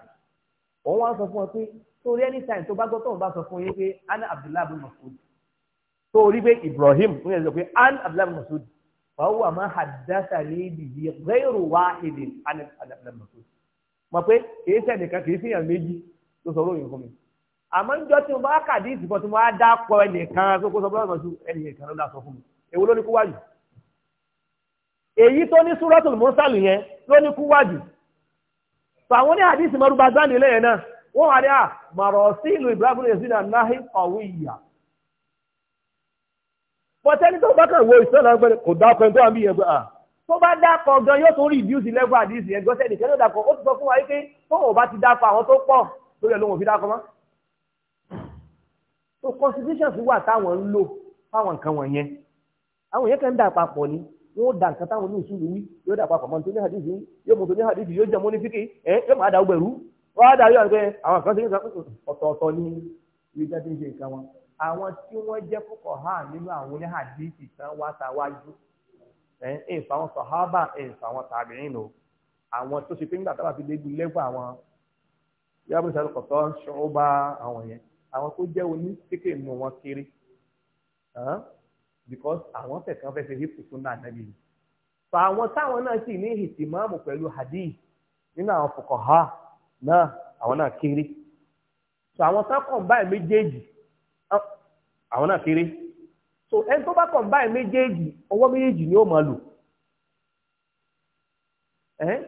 wọ́n wá sọ fún ọ pé torí ẹni time tó bá gbọ́ tó ń bá sọ fún yín pé ana Abdullahi Mas'ud tó rí pé Ibrahim ń yẹn sọ an Abdullahi bin Mas'ud wàá wà má hadassah ní ibi ghayru wahidin an Abdullahi bin Mas'ud. mọ̀ pé kìí sẹ́nìkan kìí síyàn méjì tó sọ ròyìn fún mi àmọ́ ń jọ tí mo bá kàdí ìsìnkú tí mo bá dá pọ̀ ẹnìkan tó kó sọ bọ́lá ọ̀sùn ẹnìkan ló dá sọ fún mi èwo ló ní kú wájú èyí tó ní súrọ́tò mọ́sálù yẹn ló ní kú wájú tó àwọn ní àdìsí mọ́rúbá gbáǹdì lẹ́yìn náà wà ní à sí ìlú Ibrahim ní ìsìn náà ìyà tó bá kàn wo tó bá dákọ̀ gan yóò tó rìdíùsì lẹ́gbọ́ àdìsí ẹgbẹ́ sẹ́ni kẹ́lẹ́ dákọ̀ ó ti sọ fún wa pé tóun ò bá ti dákọ̀ àwọn tó pọ̀ lórí ẹ̀ lóun ò fi dákọ̀ mọ́. so constitutions wà táwọn ń lò fáwọn nǹkan wọ̀nyẹn àwọn yẹn kàn ń dà papọ̀ ni wọn ó da nǹkan táwọn oníṣù lù wí yóò dà papọ̀ mọ́tò ní àdìsí yóò mọ́tò ní àdìsí yóò jẹ́ mọ́nífíkì ẹ̀ yóò máa da ọgbẹ̀rú wọ́n á darí ọ̀rẹ́ àwọn kan ṣe ń sọ ọ̀tọ̀ọ̀tọ̀ ni ilé jáde ń ṣe nǹkan wọn àwọn ẹ̀yìn ẹ̀ fáwọn sọ̀hábà ẹ̀ fáwọn tàbíyìn o àwọn tó ṣe pé nígbà tábà fi débi lẹ́gbọ̀n àwọn yàgò sáré kọ̀tọ́ ṣọ́ọ́bà àwọn yẹn àwọn tó jẹ́ oní kékeré mú wọn kéré because àwọn fẹ̀kan fẹ́ ṣe hípù fún náà nàbí yìí fa àwọn táwọn náà sì ní ìtìmọ́ọ̀mù pẹ̀lú hadith nínú àwọn fòkànhá náà àwọn náà kéré so àwọn sákọ̀ọ̀ báyìí méjèèjì àwọn náà kiri so ẹni tó bá combine méjèèjì ọwọ́ méjèèjì ni ó máa lò ẹ́n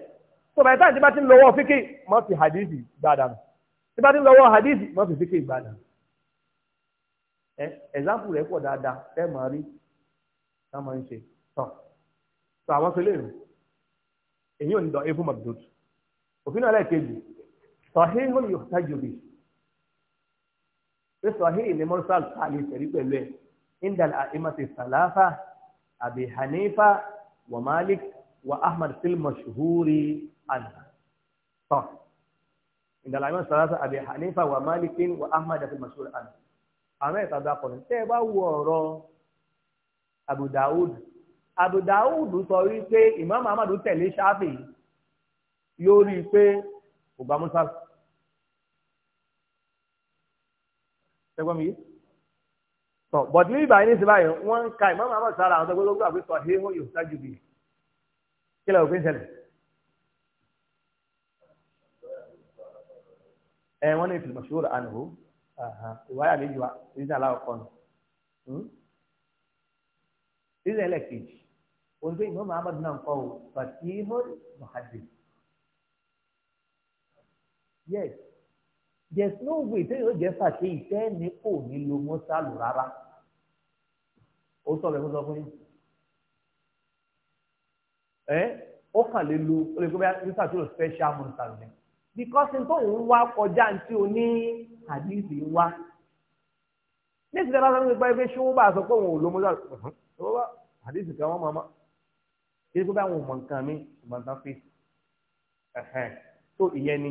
so bàtà tí bá ti ń lọ́wọ́ fíkì mọ́ fi hadithi gbàdánù tí bá ti ń lọ́wọ́ hadithi mọ́ fi fíkì gbàdánù ẹ́ example rẹ̀ pọ̀ dáadáa ẹ máa rí ẹ máa ń ṣe tán so àwọn fẹlẹ́ rẹ̀ èyí ò ní dán efu mabdud òfin náà lẹ́ẹ̀kejì sahihun yuhtaj bihi pé sahih ni mursal tààlì tẹ̀rí pẹ̀lú ẹ̀ عند الأئمة الثلاثة أبي حنيفة ومالك وأحمد في المشهور عنها طب عند الأئمة الثلاثة أبي حنيفة ومالك وأحمد في المشهور عنها àmì ìtàdàpọ̀ ní tẹ́ ẹ bá أبو داود àbùdáwùd àbùdáwùd sọ wípé ìmáàmù amadu tẹ̀lé ṣáfì lórí pé kò bá musa tọ bọ̀t ní ìbàyí ní ìsìnbáyé wọ́n ń ka ìmọ̀mọ́ àmọ́ sára àwọn ọ̀dọ́gbọ́n lọ́gbà pé sọ hé hó yóò ṣáájú bì kí lẹ́wọ̀ pé ń ṣẹlẹ̀ ẹ wọ́n ní ìfìlmọ̀ ṣòro ànàwó ìwáyà méjì wa ìdíjà aláwọ̀ kan nù hmm? ìdíjà ẹlẹ́kejì ohun tó ìmọ̀mọ́ àmọ́ náà ń kọ́ o bàtí hó mọ̀hàdì yes there's no way tẹ́yìn ó jẹ́ fàṣẹ ìtẹ́ ní kò ní lo mọ́sálù rárá ó sọ bẹ́ẹ̀ mo sọ fún yín ẹ ó kàn lè lo ó lè gbé bá yín sàtúrò special mọ́sálù ni because n tó ń wá kọjá tí o ní àdìsí wá ní ìsìnkú aláwọ̀ nípa ẹgbẹ́ ṣé wọ́n bá sọ pé òun ò lo mọ́sálù ṣọwọ́ bá àdìsí kan wọ́n máa ma kí ló bá àwọn ọmọ nǹkan mi ìmọ̀ nǹkan fi so ìyẹn ni.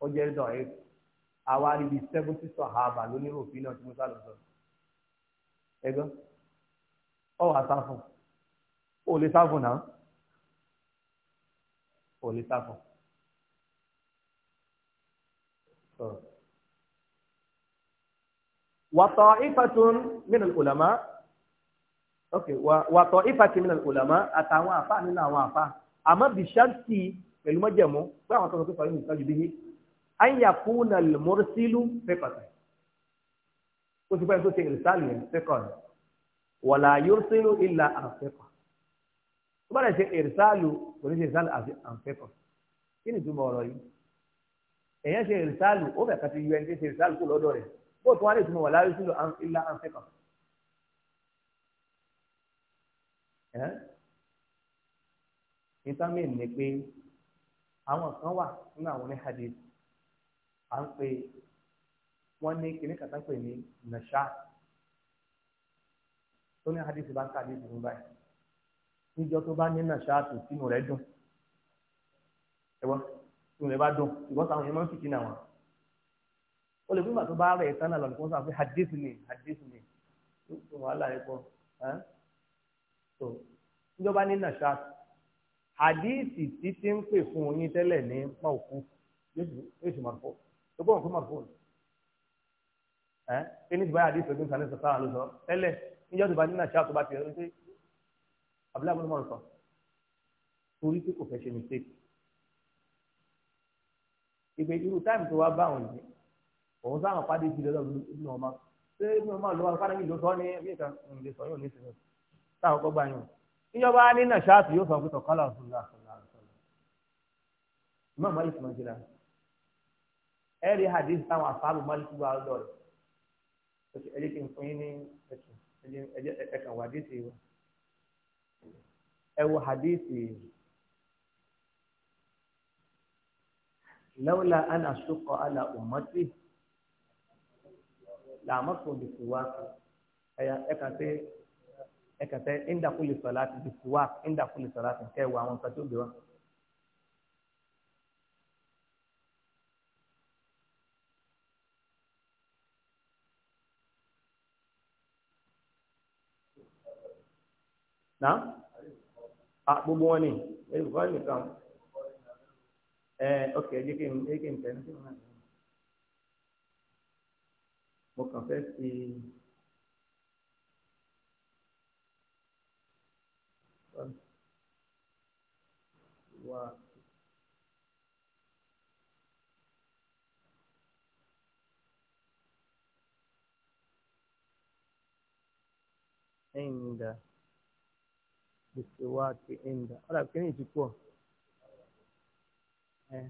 ó jẹ́ dọ̀ẹ́ àwa níbi seventy sọ̀hábà lóníròfin náà tí mo sálọ sọ ẹgbẹ́ ọ wà sáfù ó lè sáfù náà ó lè sáfù. وطائفة من العلماء okay wàtọ̀ ìfàtí mi nàlẹ́ òlàmọ́ àtàwọn àfa nínú àwọn àfa àmọ́ bìṣáǹtì pẹ̀lú mọ́jẹ̀mú pé àwọn tó ń yìí nìkan jù bí yìí an yakuna al-mursilu fẹ́kọ̀tà ó ti pẹ́ tó ṣe ìrìsàlì yẹn fẹ́kọ̀tà wala yursilu illa àfẹ́kọ̀ tó bá lè ṣe ìrìsàlù kò ní ṣe ìrìsàlù àfẹ́kọ̀ kí ni ìtumọ̀ ọ̀rọ̀ yìí èèyàn ṣe ìrìsàlù ó fẹ́ kàti un ṣe ìrìsàlù kú lọ́dọ̀ rẹ̀ bó tó wá lè túmọ̀ wala yursilu illa àfẹ́kọ̀ ìtàmì ni pé àwọn kan wà nínú àwọn oníhadìsì à ń pè wọ́n ní kíní kàtà ń pè ní nàṣà tó ní hadith bá ń ká hadith fún báyìí níjọ tó bá ní nàṣà tó tínú rẹ̀ dùn ẹ̀wọ́n tínú rẹ̀ bá dùn ìwọ́n sàwọn yẹn máa ń fìtí náà wọn ó lè fún ìgbà tó bá rẹ̀ tán náà lọ́nà kó sàn fún hadith ni hadith ni tó wàhálà rẹ̀ pọ̀ ẹ́ tó níjọba ní nàṣà hadith títí ń pè fún oyin tẹ́lẹ̀ ní mọ̀ọ́kú yóò sì mọ̀ọ́kú tó gbọ́dọ̀ fún mọ̀fún ẹ ẹ ní ìbáyà àdìsí ogun sàlẹ̀ sọ̀tà àlọ́ sọ tẹ́lẹ̀ níjọ́ tó bá nínú àṣà tó bá ti rí pé abúlé abúlé mọ̀ sọ torí pé kò fẹ́ ṣe mistake ìgbè irú táìmù tó wá bá òun yìí òun sáwọn pàdé ti lọ lọ́dún ní ọmọ ṣé ní ọmọ ló wá pàdé mi ló sọ ní bí nǹkan ǹdẹ sọ yóò ní sinmi táwọn kọ́ yín níjọba nínú àṣà tó yóò sọ pé tọ̀kọ́lá ọ̀sùn ẹ rí hadith táwọn àfáàbù mọ́lìkì wà lọ́dọ̀ rẹ̀ ẹ jẹ́ kí n fún yín ní ẹ̀kàn ẹ̀kàn wà hadith yìí ẹ wo hadith yìí. lawla ana suqa ala ummati làmọ́tò lè fi wá ẹ̀kàn tẹ́ ẹ̀kàn tẹ́ ẹ̀ńdàkùn lè sọ̀ láti lè fi wá ẹ̀ńdàkùn lè sọ̀ láti kẹ́ wọ àwọn nǹkan tó gbé wá. náà a ah, gbogbo wọn ni ẹni bùkọ́ kan ẹ ok ẹ jẹ́ kí n ẹ jẹ́ kí n tẹ̀ ní sílẹ̀ náà mo kàn fẹ́ fi. Wa ainda ìṣèwà ti ẹ̀ǹdà ọ̀rọ̀ kí ni ìtìpọ̀ ẹ̀.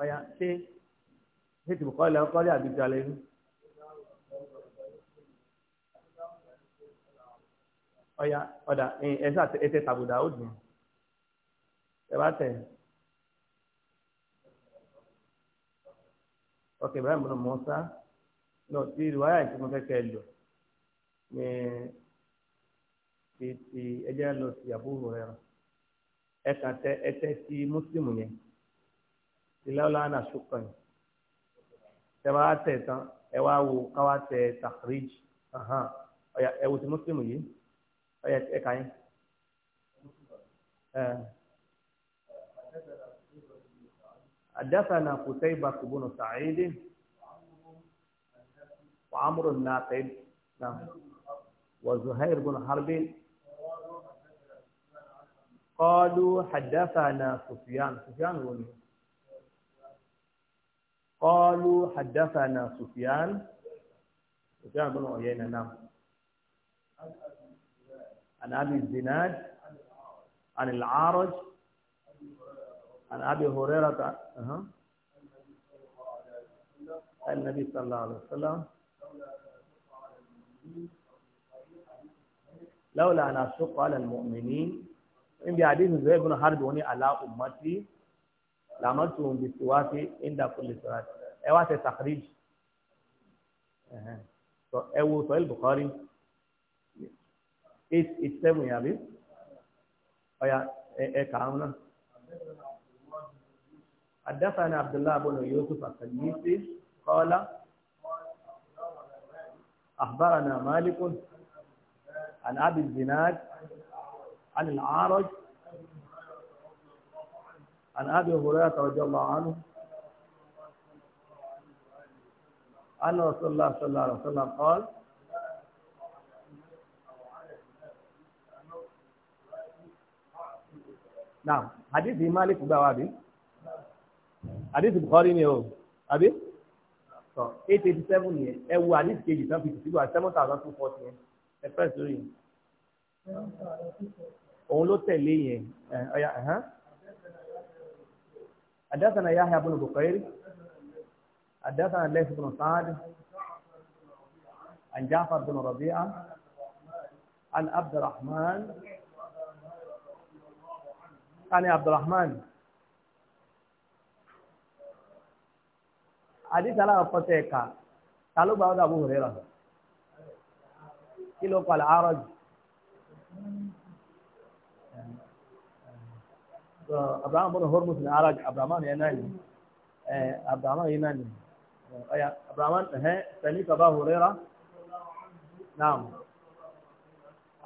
ọ̀yà ṣé ṣé tìbùkọ́ ilẹ̀ ọkọ́ rí àbíjọ alẹ́ ní. ọ̀yà ọ̀dà ẹ̀ṣẹ̀ àti ẹ̀ṣẹ̀ tàbùdà ó dùn ẹ̀ bá tẹ̀ ọkẹ ibrahim bin musa lọ sí ìrìwáyà tí mo fẹ́ kẹ́ lò ní ti ti ẹjẹ lọ sí àbúrò rẹ ẹka tẹ ẹtẹ ti muslim yẹn ìlànà àṣùkọ yẹn tẹ bá tẹ tán ẹ wá wo káwá tẹ tahrij ẹ wò ti muslim yìí ẹka yẹn. حدثنا قتيبة بن سعيد وعمر الناقد نعم وزهير بن حرب قالوا حدثنا سفيان سفيان بن قالوا حدثنا سفيان سفيان بن عيينة نعم عن أبي الزناد عن العارج عن أبي هريرة أه. النبي صلى الله عليه وسلم لولا أن أشق على المؤمنين إن بحديث زهير بن حرب وني على أمتي لعملتهم بالسواك عند كل صلاة أيوة تخريج اها أيوة صحيح البخاري 887 يا أبي أيوة ايه كلامنا حدثنا عبد الله بن يوسف التلميذي قال أخبرنا مالك عن أبي الزناد عن العارج عن أبي هريرة رضي الله عنه أن رسول الله صلى الله عليه وسلم قال نعم حديث مالك بوابي àdìsí Bukhari ni o àbí tọ eight eighty seven yẹn ẹ wo àdìsí kejì tán fifty two àti seven thousand two forty yẹn ẹ press lórí yẹn òun ló tẹ̀lé yẹn ọ̀yà ẹ̀hán àdásánà Yahya ibn Bukayri àdásánà Layth ibn Sa'd an Ja'far ibn an Abdurrahman ani Abdurrahman. àdìsí aláàfọ́tẹ̀ ẹ̀ka ta ló gba ọ́dà àbúrò rẹ̀ rà kí ló palẹ̀ àárọ̀ jù. abraham bọ́dọ̀ hormuz ní àárọ̀ jù abraham yẹn náà ni abraham yẹn náà ni ọ̀yà abraham ẹ̀hẹ́ sẹ́ni kaba hùrẹ́ra naam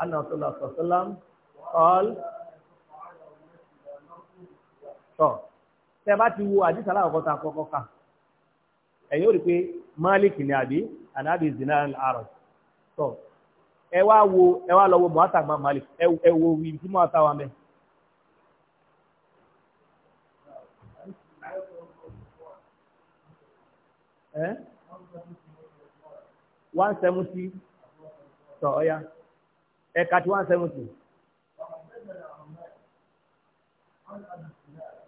anna sallallahu alaihi wa sallam qal tọ́ tẹ́ bá ti wo àdìsí aláàfọ́tẹ̀ àkọ́kọ́ kà ẹ̀yin ó rí pé malik ni àbí anabi zinar al-arab tó ẹ wá wo ẹ wá lọ wo muhata ma malik ẹ wo wí tí muhata wa mẹ. one seventy tọ ọ ya ẹka tí one seventy.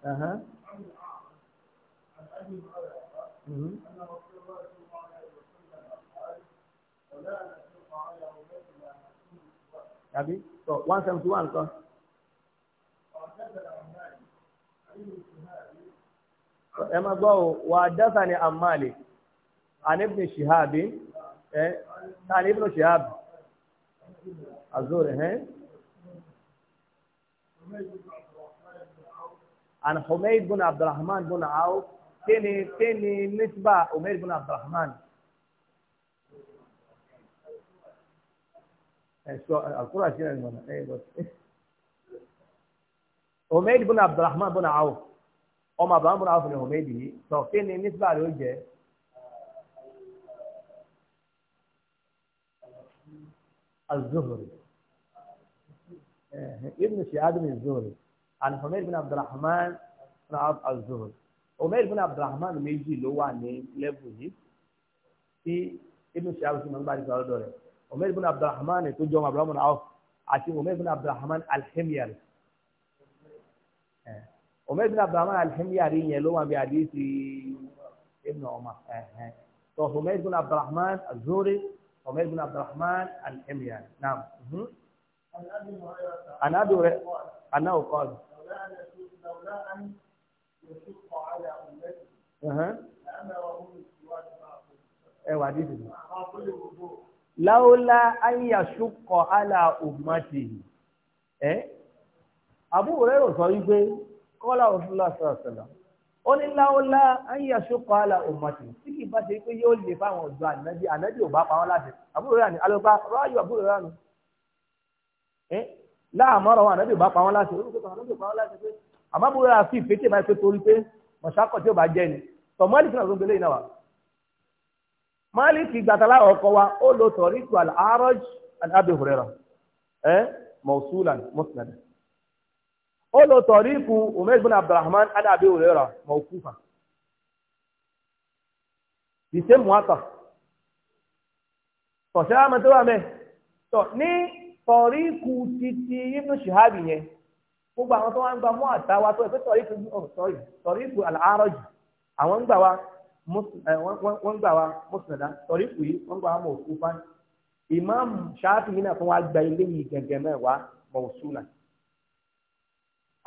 Uh-huh. Hmm? Abi, so one seventy أقول so. أما قو وحدثني عن مالك عن ابن شهاب عن ابن شهاب أزوره عن حميد بن عبد الرحمن بن عوف تاني تاني نسبة عمير بن عبد الرحمن القرى شيء المهم عمير بن عبد الرحمن بن عوف أم إيه، عبد الرحمن بن عوف الهميدي تاني نسبة لوجه الزهري ابن شهاب الزهري عن حمير بن عبد الرحمن بن عبد الزهري Umair ibn Abdulrahman méjì ló wà ní lẹ́bù yìí tí inú ṣe àrùsí máa ń bá ìgbà lọ́dọ̀ rẹ̀ Umair ibn Abdulrahman tó jọ Abdulrahman Awf àti Umair ibn Abdulrahman al-Himyari Umair ibn Abdulrahman al-Himyari yẹn ló wà bí àdéhìsì ibn Umar tó Umair ibn Abdulrahman az-Zuhri Umair ibn Abdulrahman al-Himyari naam. عن أبي هريرة أنه قال لولا أن وشق على أمته أمرهم بالسواك ẹwà dídì ní. láúlá ayàṣùkọ̀ àlà ummati ẹ́ àbúrò rẹ̀ sọ wípé kọ́lá òṣùlá sọ̀rọ̀sọ̀rọ̀ ó ní láúlá ayàṣùkọ̀ àlà ummati tí kì í bá ṣe pé yóò lè fáwọn ọ̀dọ́ ànábì ànábì ò bá pa wọ́n láti àbúrò rẹ̀ ni alọ́gbà ráyò àbúrò rẹ̀ nù. láàmọ́ràn wọn ànábì ò pa wọ́n láti orúkọ àmọ́ bó rà sí ìfẹ́ tí ìbá pé torí pé mọ̀ṣákọ̀ tí ó bá jẹ́ ni tọ̀ mọ́lì fún àgbègbè lẹ́yìn náà wà. mọ́lì ti gbàtà láwọn ọkọ wa ó lo tọ̀rí tu al-Araj an ẹ mawsulan musnad ó lo tọ̀rí ku Umayr bin Abdurrahman an Abi Hurairah mawqufan the same tọ̀ ní tọ̀rí ku titi Ibn Shihab yẹn. gbogbo àwọn tó wá ń gba àtàwà tó ẹ pé sọrí tó ọ sọrí sọrí ìbò àlàárọ jù àwọn ń gbà wá eh, wọ́n ń gbà wá mùsùlùmá sọrí ìbò yìí wọ́n ń gbà wá mọ̀ òkú fáyì ìmáàmù yìí náà fún wa gba ilé yìí gẹ̀gẹ̀ mẹ́wàá mọ̀ òṣùlà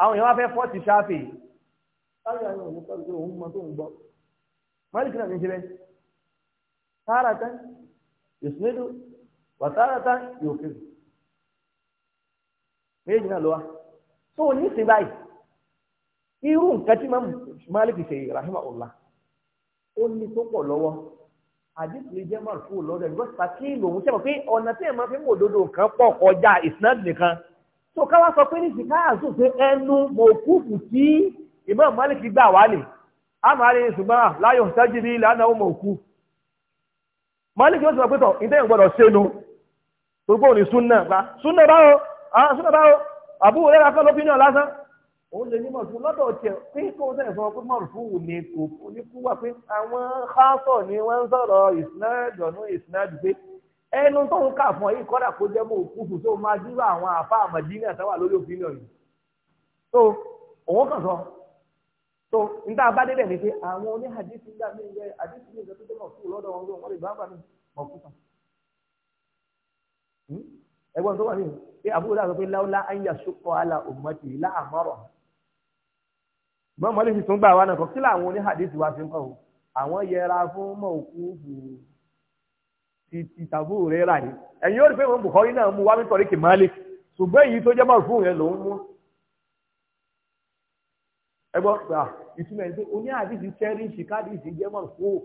àwọn èèyàn wá fẹ́ fọ́ọ̀tì so nísìnyí báyìí irú nǹkan tí Malik ṣe rahimahullah ó ní tó pọ̀ lọ́wọ́ àdìsí jẹ́ márùkù lọ́dọ̀ ẹ̀ lọ́sà kí lòun ṣe mọ̀ pé ọ̀nà tí ẹ̀ máa fi ń wò dodo nǹkan pọ̀ kọjá isnad nìkan so káwá sọ pé nísìnyí káyà sùn pé ẹnu mọ̀kúfù tí Imam Malik gbà wá nì àmọ́ àrí ṣùgbọ́n láyọ̀ sájú ní ìlànà ọmọ òkú Malik yóò sọ pé tọ̀ ìdẹ́yìn gbọ́dọ̀ ṣe nu gbogbo òní súnà bá súnà báwo ah, súnà báwo àbúrò rẹ̀ afẹ́ lọ́pínà lásán òun lè nímọ̀ fún lọ́dọ̀ tiẹ̀ pé kó sẹ̀ sọ pé mọ̀rù fún òun ni kò ní kú wà pé àwọn káńsọ̀ ni wọ́n ń sọ̀rọ̀ ìsinádọ̀ ní ìsinádọ̀ pé ẹnu tó ń kà fún ọ yìí kọ́dà kó jẹ́ mọ́ òkú fún tó máa dúró àwọn àfa àmọ̀dínà sáwà lórí òfin náà yìí tó òun kàn sọ tó níta bá dé dẹ̀mí pé àwọn oní àdìsí ń dà mí ìyẹn àdìsí ní ìgbà tó tó mọ̀ fún lọ́dọ̀ wọn lọ́dọ̀ wọn lè bá ẹ̀gbọ́n tó wà ní pé àbúrò dáa sọ pé láwùlá àyà sọkọ àlà ummati láàmọrọ mọmọlẹ sì tún gbà wá náà kọ kí làwọn oní hadith wa fi ń kọ o àwọn yẹra fún mọ̀ọ́kú títí tàbú rẹ̀ rà yìí ẹ̀yin yóò rí pé wọn Bukhari náà mú wá nítorí kì máa lè ṣùgbọ́n èyí tó jẹ́ mọ́ fún yẹn lòún mú ẹgbọ́n gbà ìtumọ̀ ẹni pé oní àdìsí cherish kádìsí jẹ́ mọ́ fún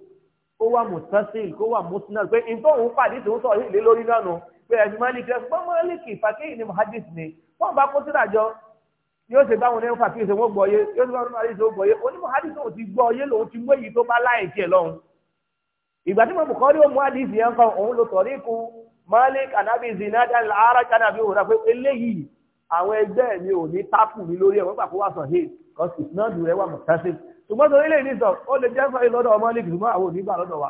ó wà mùtásíl kó wà mùtínà pé nǹkan òun pàdé tó sọ pé ẹ̀sùn mọ́lìkì ẹ̀sùn pọ́n mọ́lìkì fàkíyì ni muhadis ni wọ́n bá kó sídàjọ́ yóò ṣe báwọn onímọ̀ fàkíyì ṣe wọ́n gbọ́yé yóò ṣe báwọn onímọ̀ ṣe wọ́n gbọ́yé onímọ̀ hadis náà ti gbọ́yé lòun ti mú èyí tó bá láì tiẹ̀ lọ́hùn. ìgbà tí mo bù kọ́rí òun hadis yẹn kan òun lo tọ̀rí ku malik anabi zinad al-araj anabi òun rafe eléyìí àwọn ẹgbẹ́ mi ò ní tápù mi lórí ẹ̀ wọ́n gbà kó wà sàn hé kọ́sì náà dùn rẹ̀ wà mọ̀ ṣáṣe ṣùgbọ́n torí lè ní sọ ó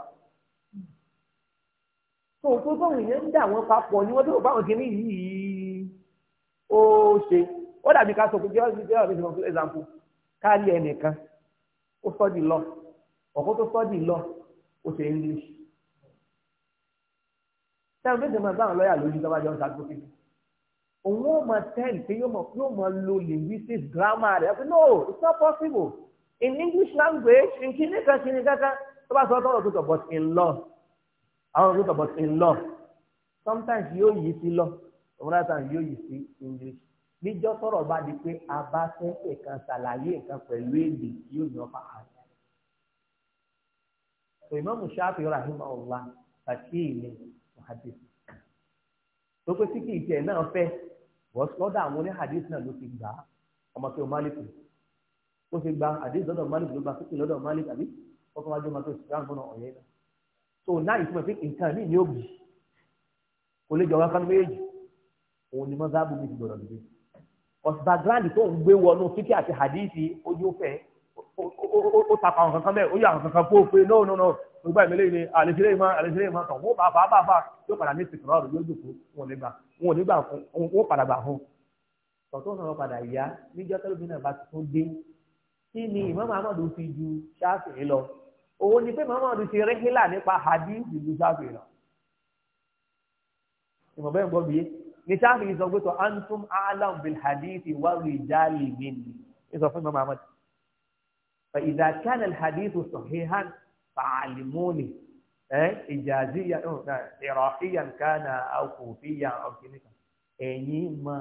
tó tó tóun yẹn ń dà wọ́n papọ̀ ni wọ́n tó báwọn kìíní yìí ó ṣe ó dàbí ká sọ pé jẹ́ ọ́sì jẹ́ ọ́sì for example kárí ẹnìkan ó sọ́dì lọ ọ̀kọ́ tó sọ́dì lọ ó ṣe English táwọn bẹ́ẹ̀ máa báwọn lọ́ọ̀yà lójú tó bá jọ ń sàkóso sí òun ó máa tẹ́lì pé yóò máa lo linguistics grammar rẹ̀ pé no it's not possible in English language nkíní kan kíní kankan tó bá sọ ọ́ tọ́rọ̀ tó tọ̀ but in law àwọn orúkọ but in love sometimes yóò yí sí lọ òwúrọ̀ tàn yóò yí sí English níjọ́ sọ̀rọ̀ bá di pé a bá sẹ́sẹ̀ kan ṣàlàyé nǹkan pẹ̀lú èdè yóò ní ọ̀pá àná. sọ Imam Shafi rahimahullah bàtí ìní hadith tó pé tí kìí tiẹ̀ náà fẹ́ lọ́dọ̀ àwọn oní hadith náà ló ti gbà á ọmọ tó máàlìkù ó ti gba hadith lọ́dọ̀ máàlìkù ló gba fífi lọ́dọ̀ máàlìkù àbí ọkọ̀ wájú ọmọ tó ti gbà ń gbọ́nà ọ̀yẹ́ náà so na náà ìtumọ̀ pé nǹkan míì ní òbí kò lè jọba kánú méjèèjì òun ni mọ́sáàbù mi ti gbọ̀dọ̀ dìde ọ̀sùn background tó ń gbé wọnú fíkì àti hadithi ojú fẹ́ ó takọ àwọn kankan bẹ́ẹ̀ ó yọ àwọn kankan fún òfin náà náà náà gbogbo àmì lẹ́yìn ni àlejò ìmọ̀ àlejò ìmọ̀ kan wọ́n bá bá bá yóò padà ní ìsìnkú ọ̀rọ̀ yóò dùn fún wọn ní gbà wọn ní gbà fún wọn padà gbà fún. tọ̀tún náà padà yá níjọ́ tẹ́lifíṣàn bá ti tún dé kí ni Imam Ahmad fi ju ṣáàfì lọ òun ni pé muhammadu ti rẹ́hílà nípa hadith ìlú sáfì náà ìmọ̀ bẹ́ẹ̀ ń gbọ́ bíyé ní sáfì sọ pé tó antum alam bil hadith wa rijali minni ìsọ fún imam ahmad fa idha kana al hadith sahihan fa'alimuni ìjàzíyà ìrọ̀híyàn kánà àkùnfíyà ọ̀kìnìkan ẹ̀yìn mọ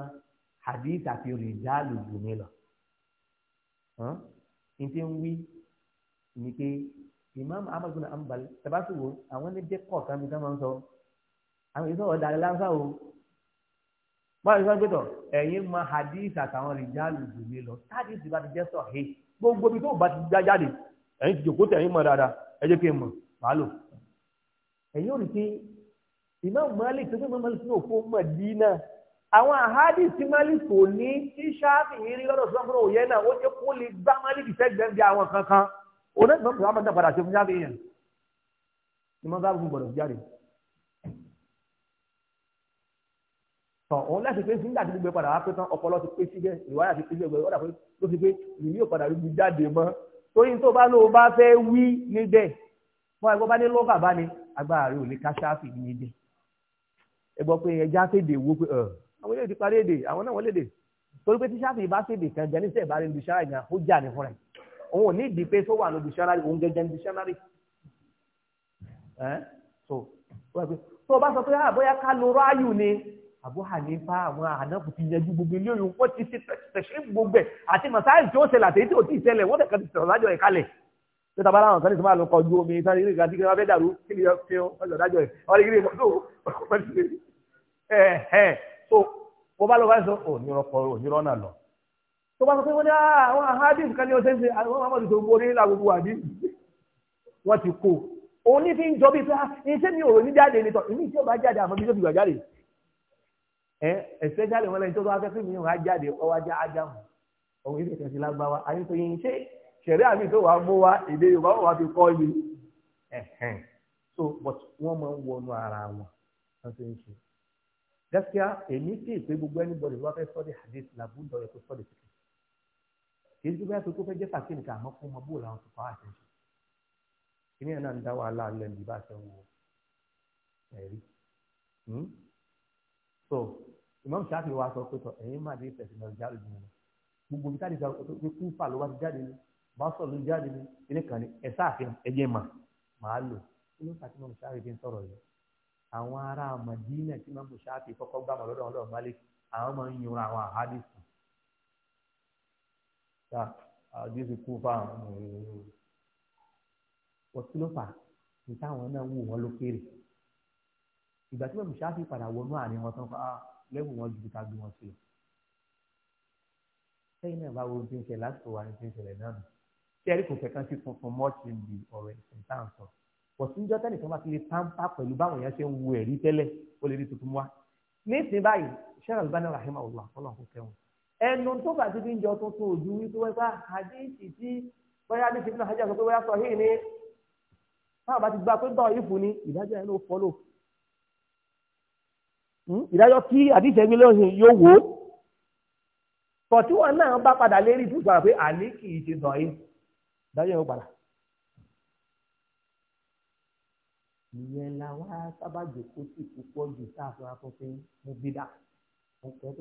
hadith àti rijali jù mí lọ. ní ti ń wí ni pé Imam Ahmad bin Hanbal tabasi wo àwọn ni jẹ́ kọ̀ọ̀kan bí wọ́n máa so, sọ àwọn ìṣòro dàrẹ́ lásà o báyìí sọ pé tọ̀ ẹ̀yin mọ hadith àtàwọn rìjálù jù mí lọ táàdì ti bá ti jẹ́ sọ he gbogbo ibi tó bá ti já jáde ẹ̀yin ti jòkó tẹ̀yin mọ dáadáa ẹ jẹ́ kí n mọ̀ màá lò ẹ̀yin ò rí Imam Malik tó fẹ́ mọ́ Malik ní òfó Madina àwọn àhádì tí Malik kò ní tí sáfì yìí rí lọ́dọ̀ sọ́kúrò òye náà ó jẹ́ kó lè gbá Malik fẹ́ gbẹ́ bí àwọn kankan òun náà bàbá bàbá padà ṣe fún jáde yẹn ni wọ́n bá fún gbọ́dọ̀ jáde. tọ̀ òun láti pé nígbà tí gbogbo padà wá pé tán ọpọlọ ti pé síbẹ̀ ìwádà ti pé síbẹ̀ ọ̀dà pé ló ti pé ìlú padà rí mi jáde mọ́ torí tó bá lóo bá fẹ́ wí níbẹ̀ wọ́n ẹgbọ́n bá ní lọ́gà bá ní agbára rẹ̀ ò lè ká ṣáfì níbẹ̀ ẹ gbọ́ pé ẹja fèdè wo pé àwọn eléyìí ti parí èdè àwọn náà wọ́n lédè torí pé tí ṣáfì bá fèdè kan jẹ́ níṣẹ́ ìbáraẹni ṣáà ìyàn ó jà ní fúnra ẹ̀ òun ò ní ìdí pé tó wà ní dictionary òun gẹ́gẹ́ ní dictionary ẹ́ so tó o bá sọ pé àbóyá ah, ká lo ráyù ni àbú hànífà àwọn ànáfù ti yanjú gbogbo ilé òyìn wọ́n ti ṣe tẹ̀sí gbogbo ẹ̀ àti màsáì tí ó ṣe làtẹ̀ tí ò tí ì ṣẹlẹ̀ wọ́n tẹ̀ka ti sọ̀rọ̀ lájọ ẹ̀ kalẹ̀ tó tàbá láwọn kan ní sọ́mọ́ àlùkọ́ ju omi sáré ìrìn àti kíkẹ́ wọn fẹ́ dàrú kí ni fi ọjọ́ dájọ́ ẹ̀ ọ̀rẹ́ ìrìn mọ́tò ọ̀pọ̀ ẹ̀ ẹ̀ so mo bá lọ bá sọ ònírọ̀ pọ̀ ònírọ̀ náà lọ tó bá sọ pé wọ́n ní ah, àwọn ahadis kan ní ọ̀sẹ̀ ṣe àwọn mamadu tó gbórí nílà gbogbo àdí wọ́n ti kó òun ní fi ń jọ bí pé ah, iṣẹ́ mi ò rò ní jáde nìtọ̀ ìmí tí ó bá jáde àfọ̀bí tó ti gbà jáde ẹ especially wọn lẹ́yìn tó bá fẹ́ fún mi ò wá jáde ọwọ́ ajá ádámù ọ̀hún ìfẹ́ tẹ̀sí lágbáwá ayé tó yin ṣe ṣẹ̀rí àmì tó wàá mú wa èdè Yorùbá wà fi kọ́ yìí so but wọ́n máa ń wọnú ara wọn wọ́n ti ń ṣe gaskiya èmi kì í pé gbogbo anybody wọ́n fẹ́ sọ́ọ́ kì í ṣe bẹ́ẹ̀ tó tó fẹ́ jẹ́ fàkíyèmí ká àmọ́ fún ọmọ bóòlù àwọn tó fà á àtẹ̀ṣe kíní ẹ̀ náà ń dá wàhálà lẹ́nu bí bá a ṣe ń wo ẹ̀rí hmm? so Imam Shafi wa sọ pé tọ ẹ̀yin máa dé ìfẹ̀sìn náà jáde jù mí gbogbo ibi táyà pé kú fà ló wá ti jáde ni bá sọ ló jáde ni ilé kan ni ẹ sáàfin ẹyẹ mà máa lò kí ló fàtí Imam Shafi fi ń sọ̀rọ̀ yìí àwọn ará Madina tí Malik àwọn máa ń yunra ta àdé ti kú fáwọn ọtí ló fà ní táwọn náà wù wọn lókèrè ìgbà tí wọn ṣáà fi padà wọnú àárín wọn tán fà á lẹ́wù wọn ju ká gbé wọn sí i sẹ́yìn náà bá wo ti ń ṣẹlẹ̀ lásìkò wa ni ti ń ṣẹlẹ̀ náà nù sẹ́ẹ̀rì kò fẹ́ sí funfun mọ́ọ̀tì ń bi ọ̀rọ̀ ẹ̀sìn tá à ń sọ pọ̀síńjọ́ tẹ́nìkan bá ti lè pàǹpà pẹ̀lú báwọn èèyàn ṣe ń wo ẹ̀rí tẹ́lẹ̀ ó lè rí tuntun wá nísìnyí báyìí sẹ́ẹ̀rì alùbáná rahimahullah ọlọ́run kò kẹ́wọn ẹnu tó bá ti fi ń jọ tuntun ojú wípé wọ́n gbá àdéhìsì tí bóyá ti fi náà hajj sọ hìn ní táwọn bá ti gba pé ni ìdájọ́ yẹn ló fọ́lò hmm? ìdájọ́ kí àdéhìsì ẹgbẹ́ lóyún yóò wò ó tọ̀tí náà bá padà lérí tó sọ̀rọ̀ pé àní kì í ṣe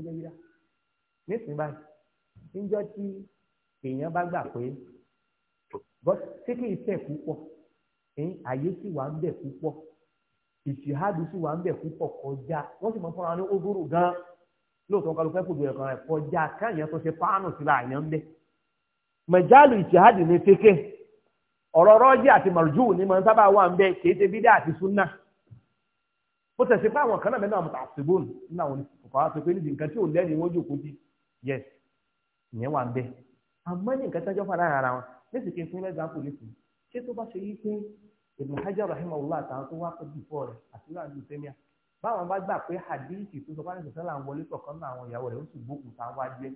yìí nísìnyí báyìí níjọ́ tí èèyàn bá gbà pé ṣé kí ìfẹ́ púpọ̀ àyè sì wà ń bẹ̀ púpọ̀ ìṣìhádù sì wà ń bẹ̀ púpọ̀ gan lóòótọ́ fẹ́ ẹ̀kan rẹ̀ kọjá tó ṣe ń mẹjálù ní ọ̀rọ̀ rọ́jì àti màrújù ní mọ̀ wà ń kì í ṣe bídà àti súnà. bó tẹ̀sí pé àwọn kan náà yes ìyẹn wà ń bẹ àmọ́ ní nǹkan tẹ́jọ́ fara ara wọn lẹ́sìn kí n fún lẹ́gbàá kò lè fún ṣé tó bá ṣe yí pé Ibn Hajar rahimahullah àtàwọn tó wá pẹ́ bìfọ́ rẹ̀ àti láàrin ìlú tẹ́míà báwọn bá gbà pé hadithi tó sọ fún àìsàn sẹ́là ń wọlé kọ̀ọ̀kan náà àwọn ìyàwó rẹ̀ ó sì gbókùn tá a wá jẹ́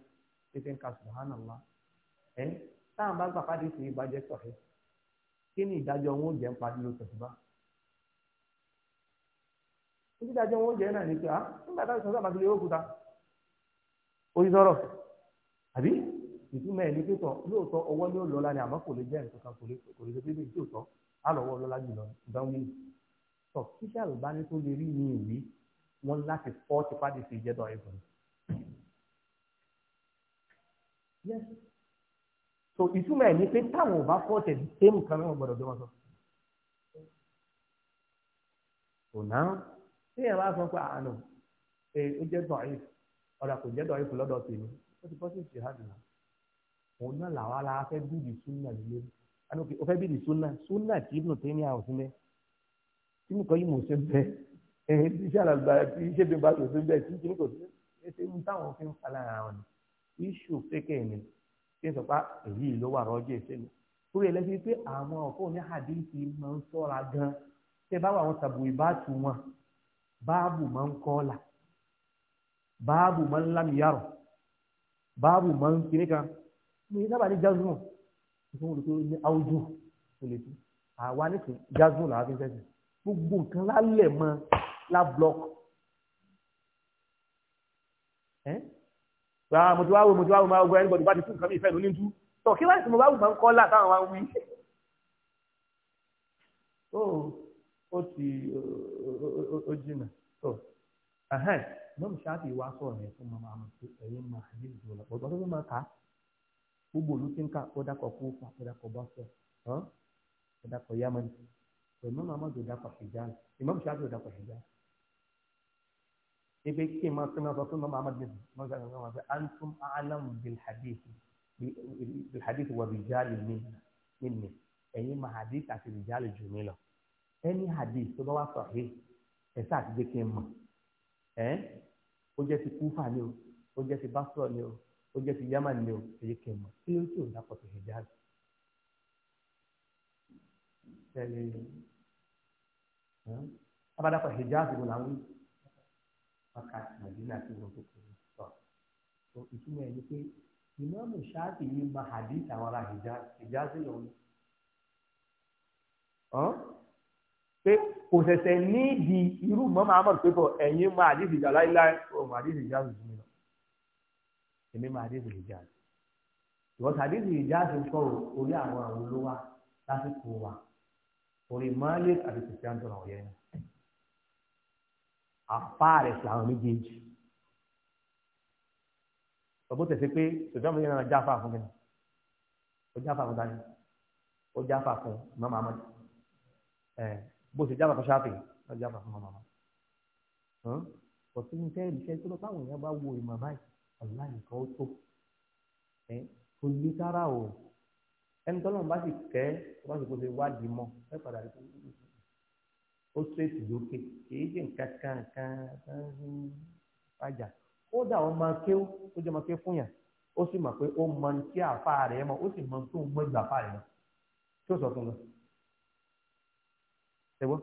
pépé ń ka subhanallah ẹ oríṣọ́rọ̀ àbí ìtumọ̀ ẹ̀ ní pé tán lóòótọ́ ọwọ́ ni ó lọ́la ni àmọ́ kò lè jẹ́ nǹkan kan kò lè kò lè pé bíi tòótọ́ á lọ́wọ́ lọ́la jùlọ ìdánwò yìí tọ́ kíṣe àlùbáni tó lè rí ní ìwé wọn láti fọ́ tipa di fi jẹ́ dọ̀rẹ́ fún so ìtumọ̀ ẹ̀ ní pé táwọn ò bá fọ́ tẹ̀ tẹ́mù kan mẹ́wọ̀n gbọ́dọ̀ bí wọ́n sọ. so now tí ẹ bá sọ pé àánú ah, ẹ ó jẹ́ dọ̀rẹ́ fún ọ̀dà kò jẹ́ dọ̀yìn fún lọ́dọ̀ tèmi ó ti pọ́sí ìṣèhádùn náà òun náà làwọn ara fẹ́ bíìdì súnà nílé ànúkì ó fẹ́ bíìdì súnà súnà tí ibùdó tẹ́ ní àwọn sílẹ̀ tí nìkan yìí mò ń ṣe bẹ́ ẹ tí iṣẹ́ àlàgbà tí iṣẹ́ bí n bá tó ṣe bẹ́ẹ̀ tí kìíní kò sí ṣe ń táwọn fi ń falẹ̀ ara wọn ni iṣu fẹ́kẹ̀ ni ṣé ń sọ pé ah, èyí ló wà rọ́jò ìṣe ni torí ẹ lẹ́sìn pé àwọn ọ̀fọ́ ní àdéhìí máa ń sọ́ra gan-an tẹ́ bá wà wọn tàbí ìbátu wọn báàbù máa ń kọ́ là babu man lam yaro babu man kiri kan ní sábà ní jazmu ìfún olùkọ́ ní áwùjú olùkọ́ àwa nìkan jazmu làwọn fi ń sẹ́sìn gbogbo nǹkan lálẹ́ mọ́ lá block ẹ́ wàá mo ti wá wo mo ti wá wo máa wọ ẹni bọ̀dù bá ti fún nǹkan mi ìfẹ́ lónìí tú tọ̀ kí wá sí mo bá wù máa ń kọ́ là táwọn wá wí. ó ó ti ó jìnnà ó ahẹ́n mọ́mù ṣáàtì wá sọ̀rọ̀ yẹn fún mọ́mọ́ àmọ́ pé ẹ̀yin máa ní ìdúró lọ ọ̀dọ́ tó fi máa kà á gbogbo olú ti ń kà ó dákọ̀ kú fún ó dákọ̀ bá sọ ó dákọ̀ yámẹ́ni ìmọ̀ mọ́mọ́ tó dákọ̀ ṣèjáàlì ìmọ̀ ṣáàtì tó dákọ̀ ṣèjáàlì. ibi kí n máa fi máa sọ fún mọ́mọ́ àmọ́ bíi mọ́mọ́ ṣáàtì máa fẹ́ antum alam bilhadith wa rijali minni ẹ̀yin máa hadith àti rijali jù mí lọ ẹni hadith tó bá wà sahih ẹ̀ sáà ti dé kí n mọ̀ ó jẹ́ ti kúfà ni o ó jẹ́ ti báṣọ ni o ó jẹ́ ti yámà ni o èyí kì í mọ̀ kí ló tí ò dápọ̀ tó hijaz. tẹ̀lé abadapọ̀ hijaz ló làwọn wákàtí nàìjíríà ti wọ́n tó kéré sọ. ìtumọ̀ ẹ̀ ni pé ìmọ̀ọ́mù ṣáàtì yìí máa hadith àwọn ará hijaz hijaz lòun pé kò ṣẹ̀ṣẹ̀ nídi irú mọ́ Muhammad pé bọ̀ ẹ̀yin máa àdìsí ìjà láíláí ọmọ àdìsí ìjà zùn mí lọ èmi máa àdìsí ìjà ìwọ́n àdìsí ìjà ti ń kọ́ orí àwọn àwọn olówá lásìkò wa orí Malik àti Christian tó náà yẹn àfa rẹ̀ sí àwọn méjèèjì ọgbọ́n tẹ̀sí pé sọ̀tàn fún náà jáfa fún mi ó jáfa fún dání ó jáfa fún mọ́ Muhammad bó ṣe jábàá ṣáfì lọ jábàá fún màmá kò sí ní sẹ́yìn iṣẹ́ tó lọ́pàá àwọn èèyàn bá wo ìmọ̀ báyìí ọ̀la nìkan ó tó ẹ kò yí sára o ẹni tọ́lọ́run bá sì kẹ́ tó bá sì kó ṣe wádìí mọ́ ẹ padà rí kó ó straight lókè kìí ṣe nǹkan kan kan kan fàjà kódà ó máa ké ó jẹ́ máa ké fún yàn ó sì mọ̀ pé ó mọ ní tí àfa rẹ̀ mọ̀ ó sì mọ tó ẹ̀wọ́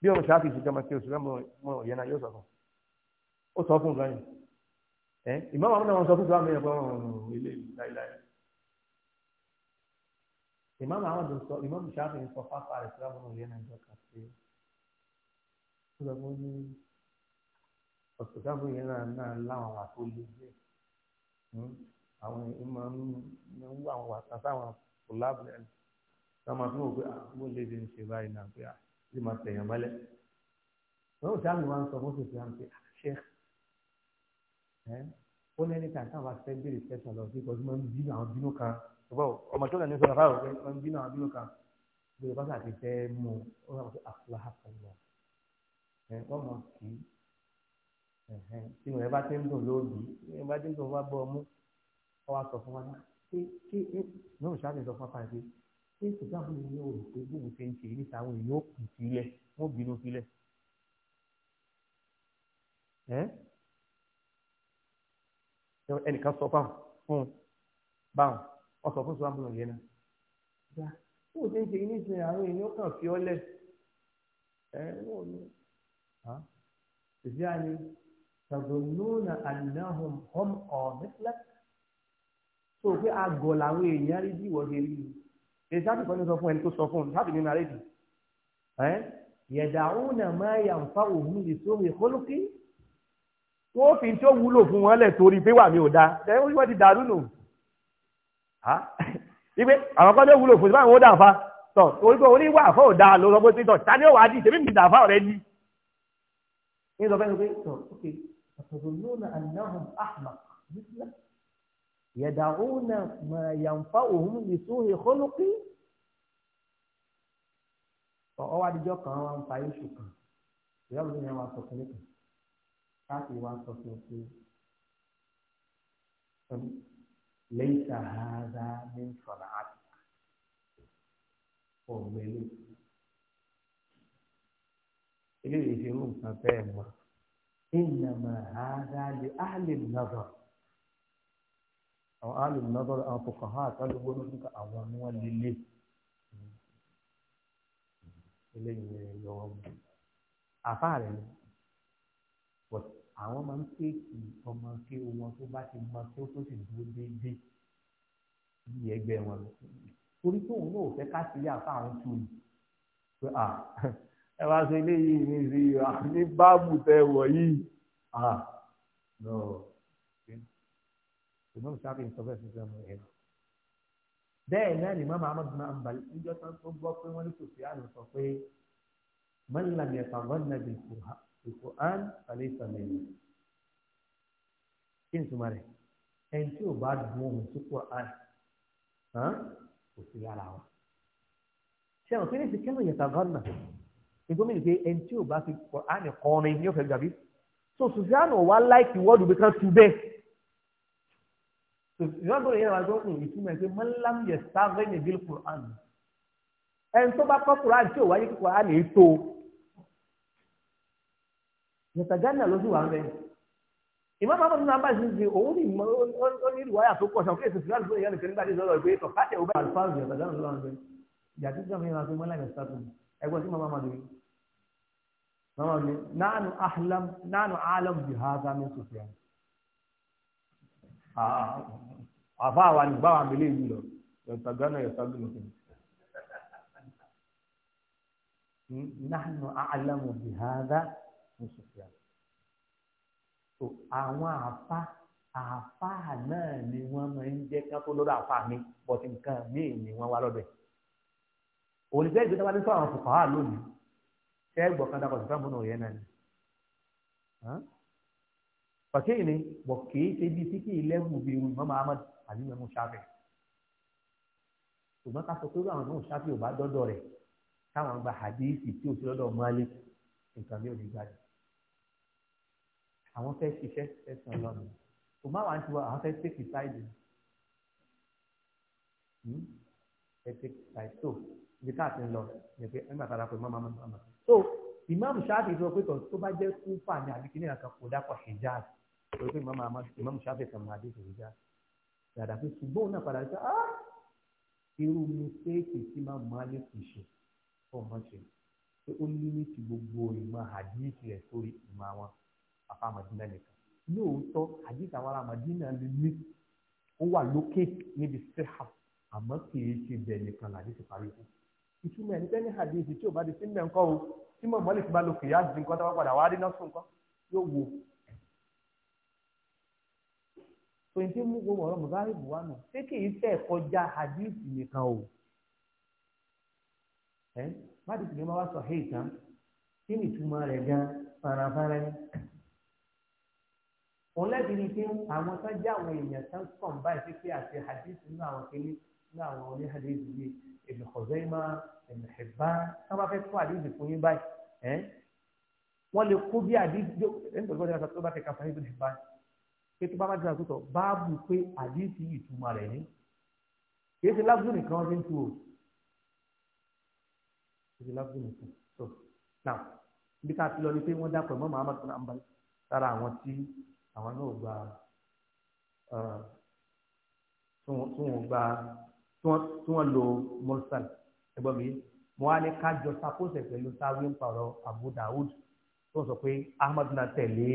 bí ọmọ ṣáà fi ṣìkan máa ṣe oṣù lọ́mọ ọ̀yẹ́ náà yóò sọ fún ó sọ fún gan-an ẹ̀ ìmọ̀mọ́ àwọn náà sọ fún ìgbà mẹ́rin fún ilé láíláí ìmọ̀mọ́ àwọn tó sọ ìmọ̀mọ́ ṣáà fi sọ fáfá rẹ̀ sí ọmọ ọ̀yẹ́ náà jọkà sí ó sọ fún ní ọ̀sọ̀ sáfù yẹn náà náà láwọn wà tó lé jẹ́ àwọn ìmọ̀ ń wá àwọn wà ká máa fún òpin àbúrò léde ń ṣe báyìí náà pé àti ah, máa tẹ̀yàn mọ́lẹ̀. wọ́n ò sáàmì wá ń sọ fún sèṣe àǹtí àṣẹ ẹ́ ó ní ẹnìkan tí àwọn afẹ́ béèrè sẹ́sàn lọ sí ìkọ́jú máa ń bínú àwọn bínú kan ọmọ tó lẹ́nu sọ̀rọ̀ báwo máa ń bínú àwọn bínú kan gbèrè bá sàti fẹ́ mú ó sọ pé àfúláhà kan lọ wọ́n mọ̀ kí tí ìwé bá ti ń dùn lóògì ìwé bá ti ń dùn wá bọ́ ọmú ọ wá sọ fún wa náà ṣé ṣé náà ṣáà ti sọ fún wa ṣé ìsìnkáàbù yìí yóò rò pé bóun ṣe ń ṣe níta àwọn èèyàn ó kù sílẹ̀ wọ́n bínú sílẹ̀ ẹ́ ẹnìkan sọ fáwọn fún báwọn wọ́n sọ fún sọ àbúrò yẹn náà bóun ṣe ń ṣe nísìnyí àwọn èèyàn kàn fi ọ́ lẹ̀ ẹ́ wọ́n ní ìṣíà ni tàbùnúnà pé àgọ̀ làwọn èèyàn rí bí ìwọ́n ṣe rí ni ìsáàtì kan ní sọ fún ẹni tó sọ fún un láti nínú àrètí ẹ yẹ̀dàún náà máa yà ń fa òun lè sórí ìkólókè tó fi tó wúlò fún wọn lẹ̀ torí pé wà mí ò da ẹ wọ́n ti dàrú nù ipe àwọn kan tó wúlò fún ìbáwọn ó dà fa tọ̀ torí pé oníwà àfọ́ ò da ló sọ pé títọ̀ ta ni ó wà á di ìṣẹ́bí mi dà fa ọ̀rẹ́ di. ní sọ fẹ́ni pé tọ̀ ok àtọ̀dọ̀ lónà àná yẹ̀dàúnà yànfà òun ìṣó ìkọlùkì ọwọ́ adijọ́ kan wá ń fa iṣu kan ìyá mi yẹn wá sọ fún mi káàkiri wá sọ fún mi pé lẹ́yìn sàhádà ní sọ̀rọ̀ àti ọ̀gbẹ́lẹ̀ eléyìí ṣe irú nǹkan bẹ́ẹ̀ mọ́ ìnàmọ̀ àádá lè áàlè nàzọ̀rọ̀ àwọn alùmọ́tọ́rọ̀ àwọn fòkànhá àtàlùgbò ló fúnka àwọn ni wọ́n lélẹ̀ eléyìí lọ́wọ́ mu àfa rẹ̀ ni but àwọn máa ń kéèkì ọmọ kí wọn tó bá ti mọ tó tó sì dúró déédéé bí ẹgbẹ́ wọn lọ torí pé òun náà ò fẹ́ ká sílé àfa àwọn tó yìí pé à ẹ wá sọ eléyìí ní sí ní báàbù tẹ wọ̀ yìí à náà ìmọ̀ sábì ń sọ bẹ́ẹ̀ fún sẹ́mu ẹ̀ bẹ́ẹ̀ náà ni mọ́mọ́ amadu náà ń bal níjọ́ tán tó gbọ́ pé wọ́n ní sòfìànù sọ pé mọ́nìlànà ẹ̀fà wọ́nà bí ìkùrán falẹ̀ ìsọ̀lẹ̀ yìí kí n túmọ̀ rẹ̀ ẹni tí ò bá dùn ohun sí kùrán kò sí lára wa ṣé àwọn fẹ́rẹ́ ti kẹ́lọ̀ yẹ̀tà gánà ìgbómi ni pé ẹni tí ò bá fi kùrán kọrin ní ọ̀fẹ́ gbàgbé so sòfìànù wà láìkì wọ́ọ̀dù bí kan tu bẹ́ẹ̀ ìrọ́dọ̀ yẹn wà lóhùn ìtumọ̀ ẹ̀sẹ̀ mọ́lám yẹ sáré ní bíl quran ẹni tó bá kọ́ quran tí ò wáyé kí quran yìí tó yẹtàgánà ló sì wà mẹ́ ìmọ̀mọ́ àwọn ọmọ bá ṣe òun ní ìmọ̀ ó ní ìwáyà tó pọ̀ sọ̀kè èsì fúláàlù fún ìyá nìkan nígbà tí ìṣòro ìgbé tọ̀ káṣẹ̀ òun bá alfáàzù Ah, ah, ah, àfa àwa ni gbáwa mi léyìí lọ yọta gánà yọta gbọmọ fún mi. nahnu a'lamu bihadha ní sùfìà. àwọn àfa àfa náà ni wọ́n máa ń jẹ́ ká tó lọ́dọ̀ àfa mi bọ̀tí nǹkan míì ni wọ́n wá lọ́dọ̀ ẹ̀. òrìṣẹ́ ìgbésẹ̀ wá ní sọ àwọn fòkàwá lónìí ṣẹ́ gbọ̀kandakọ̀ sí fáwọn ọ̀nà náà ni fàkíyì ni bọ̀ kìí ṣe bíi tí kìí lẹ́bù bíi irun mọ́ Muhammad àbí mẹ́mú ṣáfẹ̀ ṣùgbọ́n ká sọ pé àwọn mẹ́mú ṣáfẹ̀ ò bá dọ́dọ̀ rẹ̀ káwọn gba hadithi tí o ti lọ́dọ̀ Malik nǹkan bí òní gbàdé àwọn fẹ́ ṣiṣẹ́ ẹ̀sán lọ́nà kò má wàá ti wá àwọn fẹ́ tẹ́kì sáìdì ẹ tẹ́kì sáìdì tó ibi tá ti ń lọ ẹ pé ẹ pé mọ́mọ́ mọ́mọ́ so Imam Shafi sọ pé tó bá jẹ́ kúfà ní àbíkí ní àkàkọ́ dàpọ̀ Hijaz pé Imam Ahmad, Imam ṣáfẹ̀ sama hadis juga. ìṣèjá dàdà pé ṣùgbọ́n òun náà padà sọ á ah! irú mistéèkì tí máa máa lè fi ṣe ọmọ ṣe pé ó límìtì gbogbo ìmọ̀ àdíyìí rẹ̀ sórí ìmọ̀ àwọn afá àmàdínà nìkan lóòótọ́ ni àwọn àmàdínà lè ní ó wà lókè níbi sèhà àmọ́ kì í ṣe bẹ̀ nìkan làdí ti parí fún ìtumọ̀ ẹni tẹ́ni àdíyìí tí ò bá di sí mẹ́ńkọ́ o tí mọ̀mọ́lì wo pé tí mú gbogbo ọ̀rọ̀ mùsàlì buhari ṣé kì í fẹ́ kọjá hadith nìkan o ẹ má ti tìlẹ́ máa wá sọ hẹ́ẹ̀ tán kí ni ìtumọ̀ rẹ̀ gan farafara ni òun lẹ́bi ni pé àwọn tó jẹ́ àwọn èèyàn tó ń kàn báyìí pé pé àti hadith nínú àwọn kìíní nínú àwọn oní hadith yìí Ibn Khuzaimah Ibn Hibban tó bá fẹ́ kó hadith fún yín báyìí ẹ wọ́n lè kó bí hadith ẹni tó gbọ́dọ̀ pé tí bábá ti sàkó tọ̀ báàbù pé àdìsí ìtumọ̀ rẹ̀ ní kìí ṣe lábùdù nìkan ṣe ń tu o kìí ṣe lábùdù nìkan tó nà bí ká ti lọ ni pé wọ́n dàpọ̀ mọ́ Muhammad bin Hanbal lára àwọn tí àwọn náà gba tí wọ́n gba tí wọ́n lo mursal ẹgbọ́n mi wọ́n á ní kájọ sapọ́sẹ̀ pẹ̀lú sáwé ń pàrọ̀ Abu Dawud tó sọ pé Ahmad náà tẹ̀lé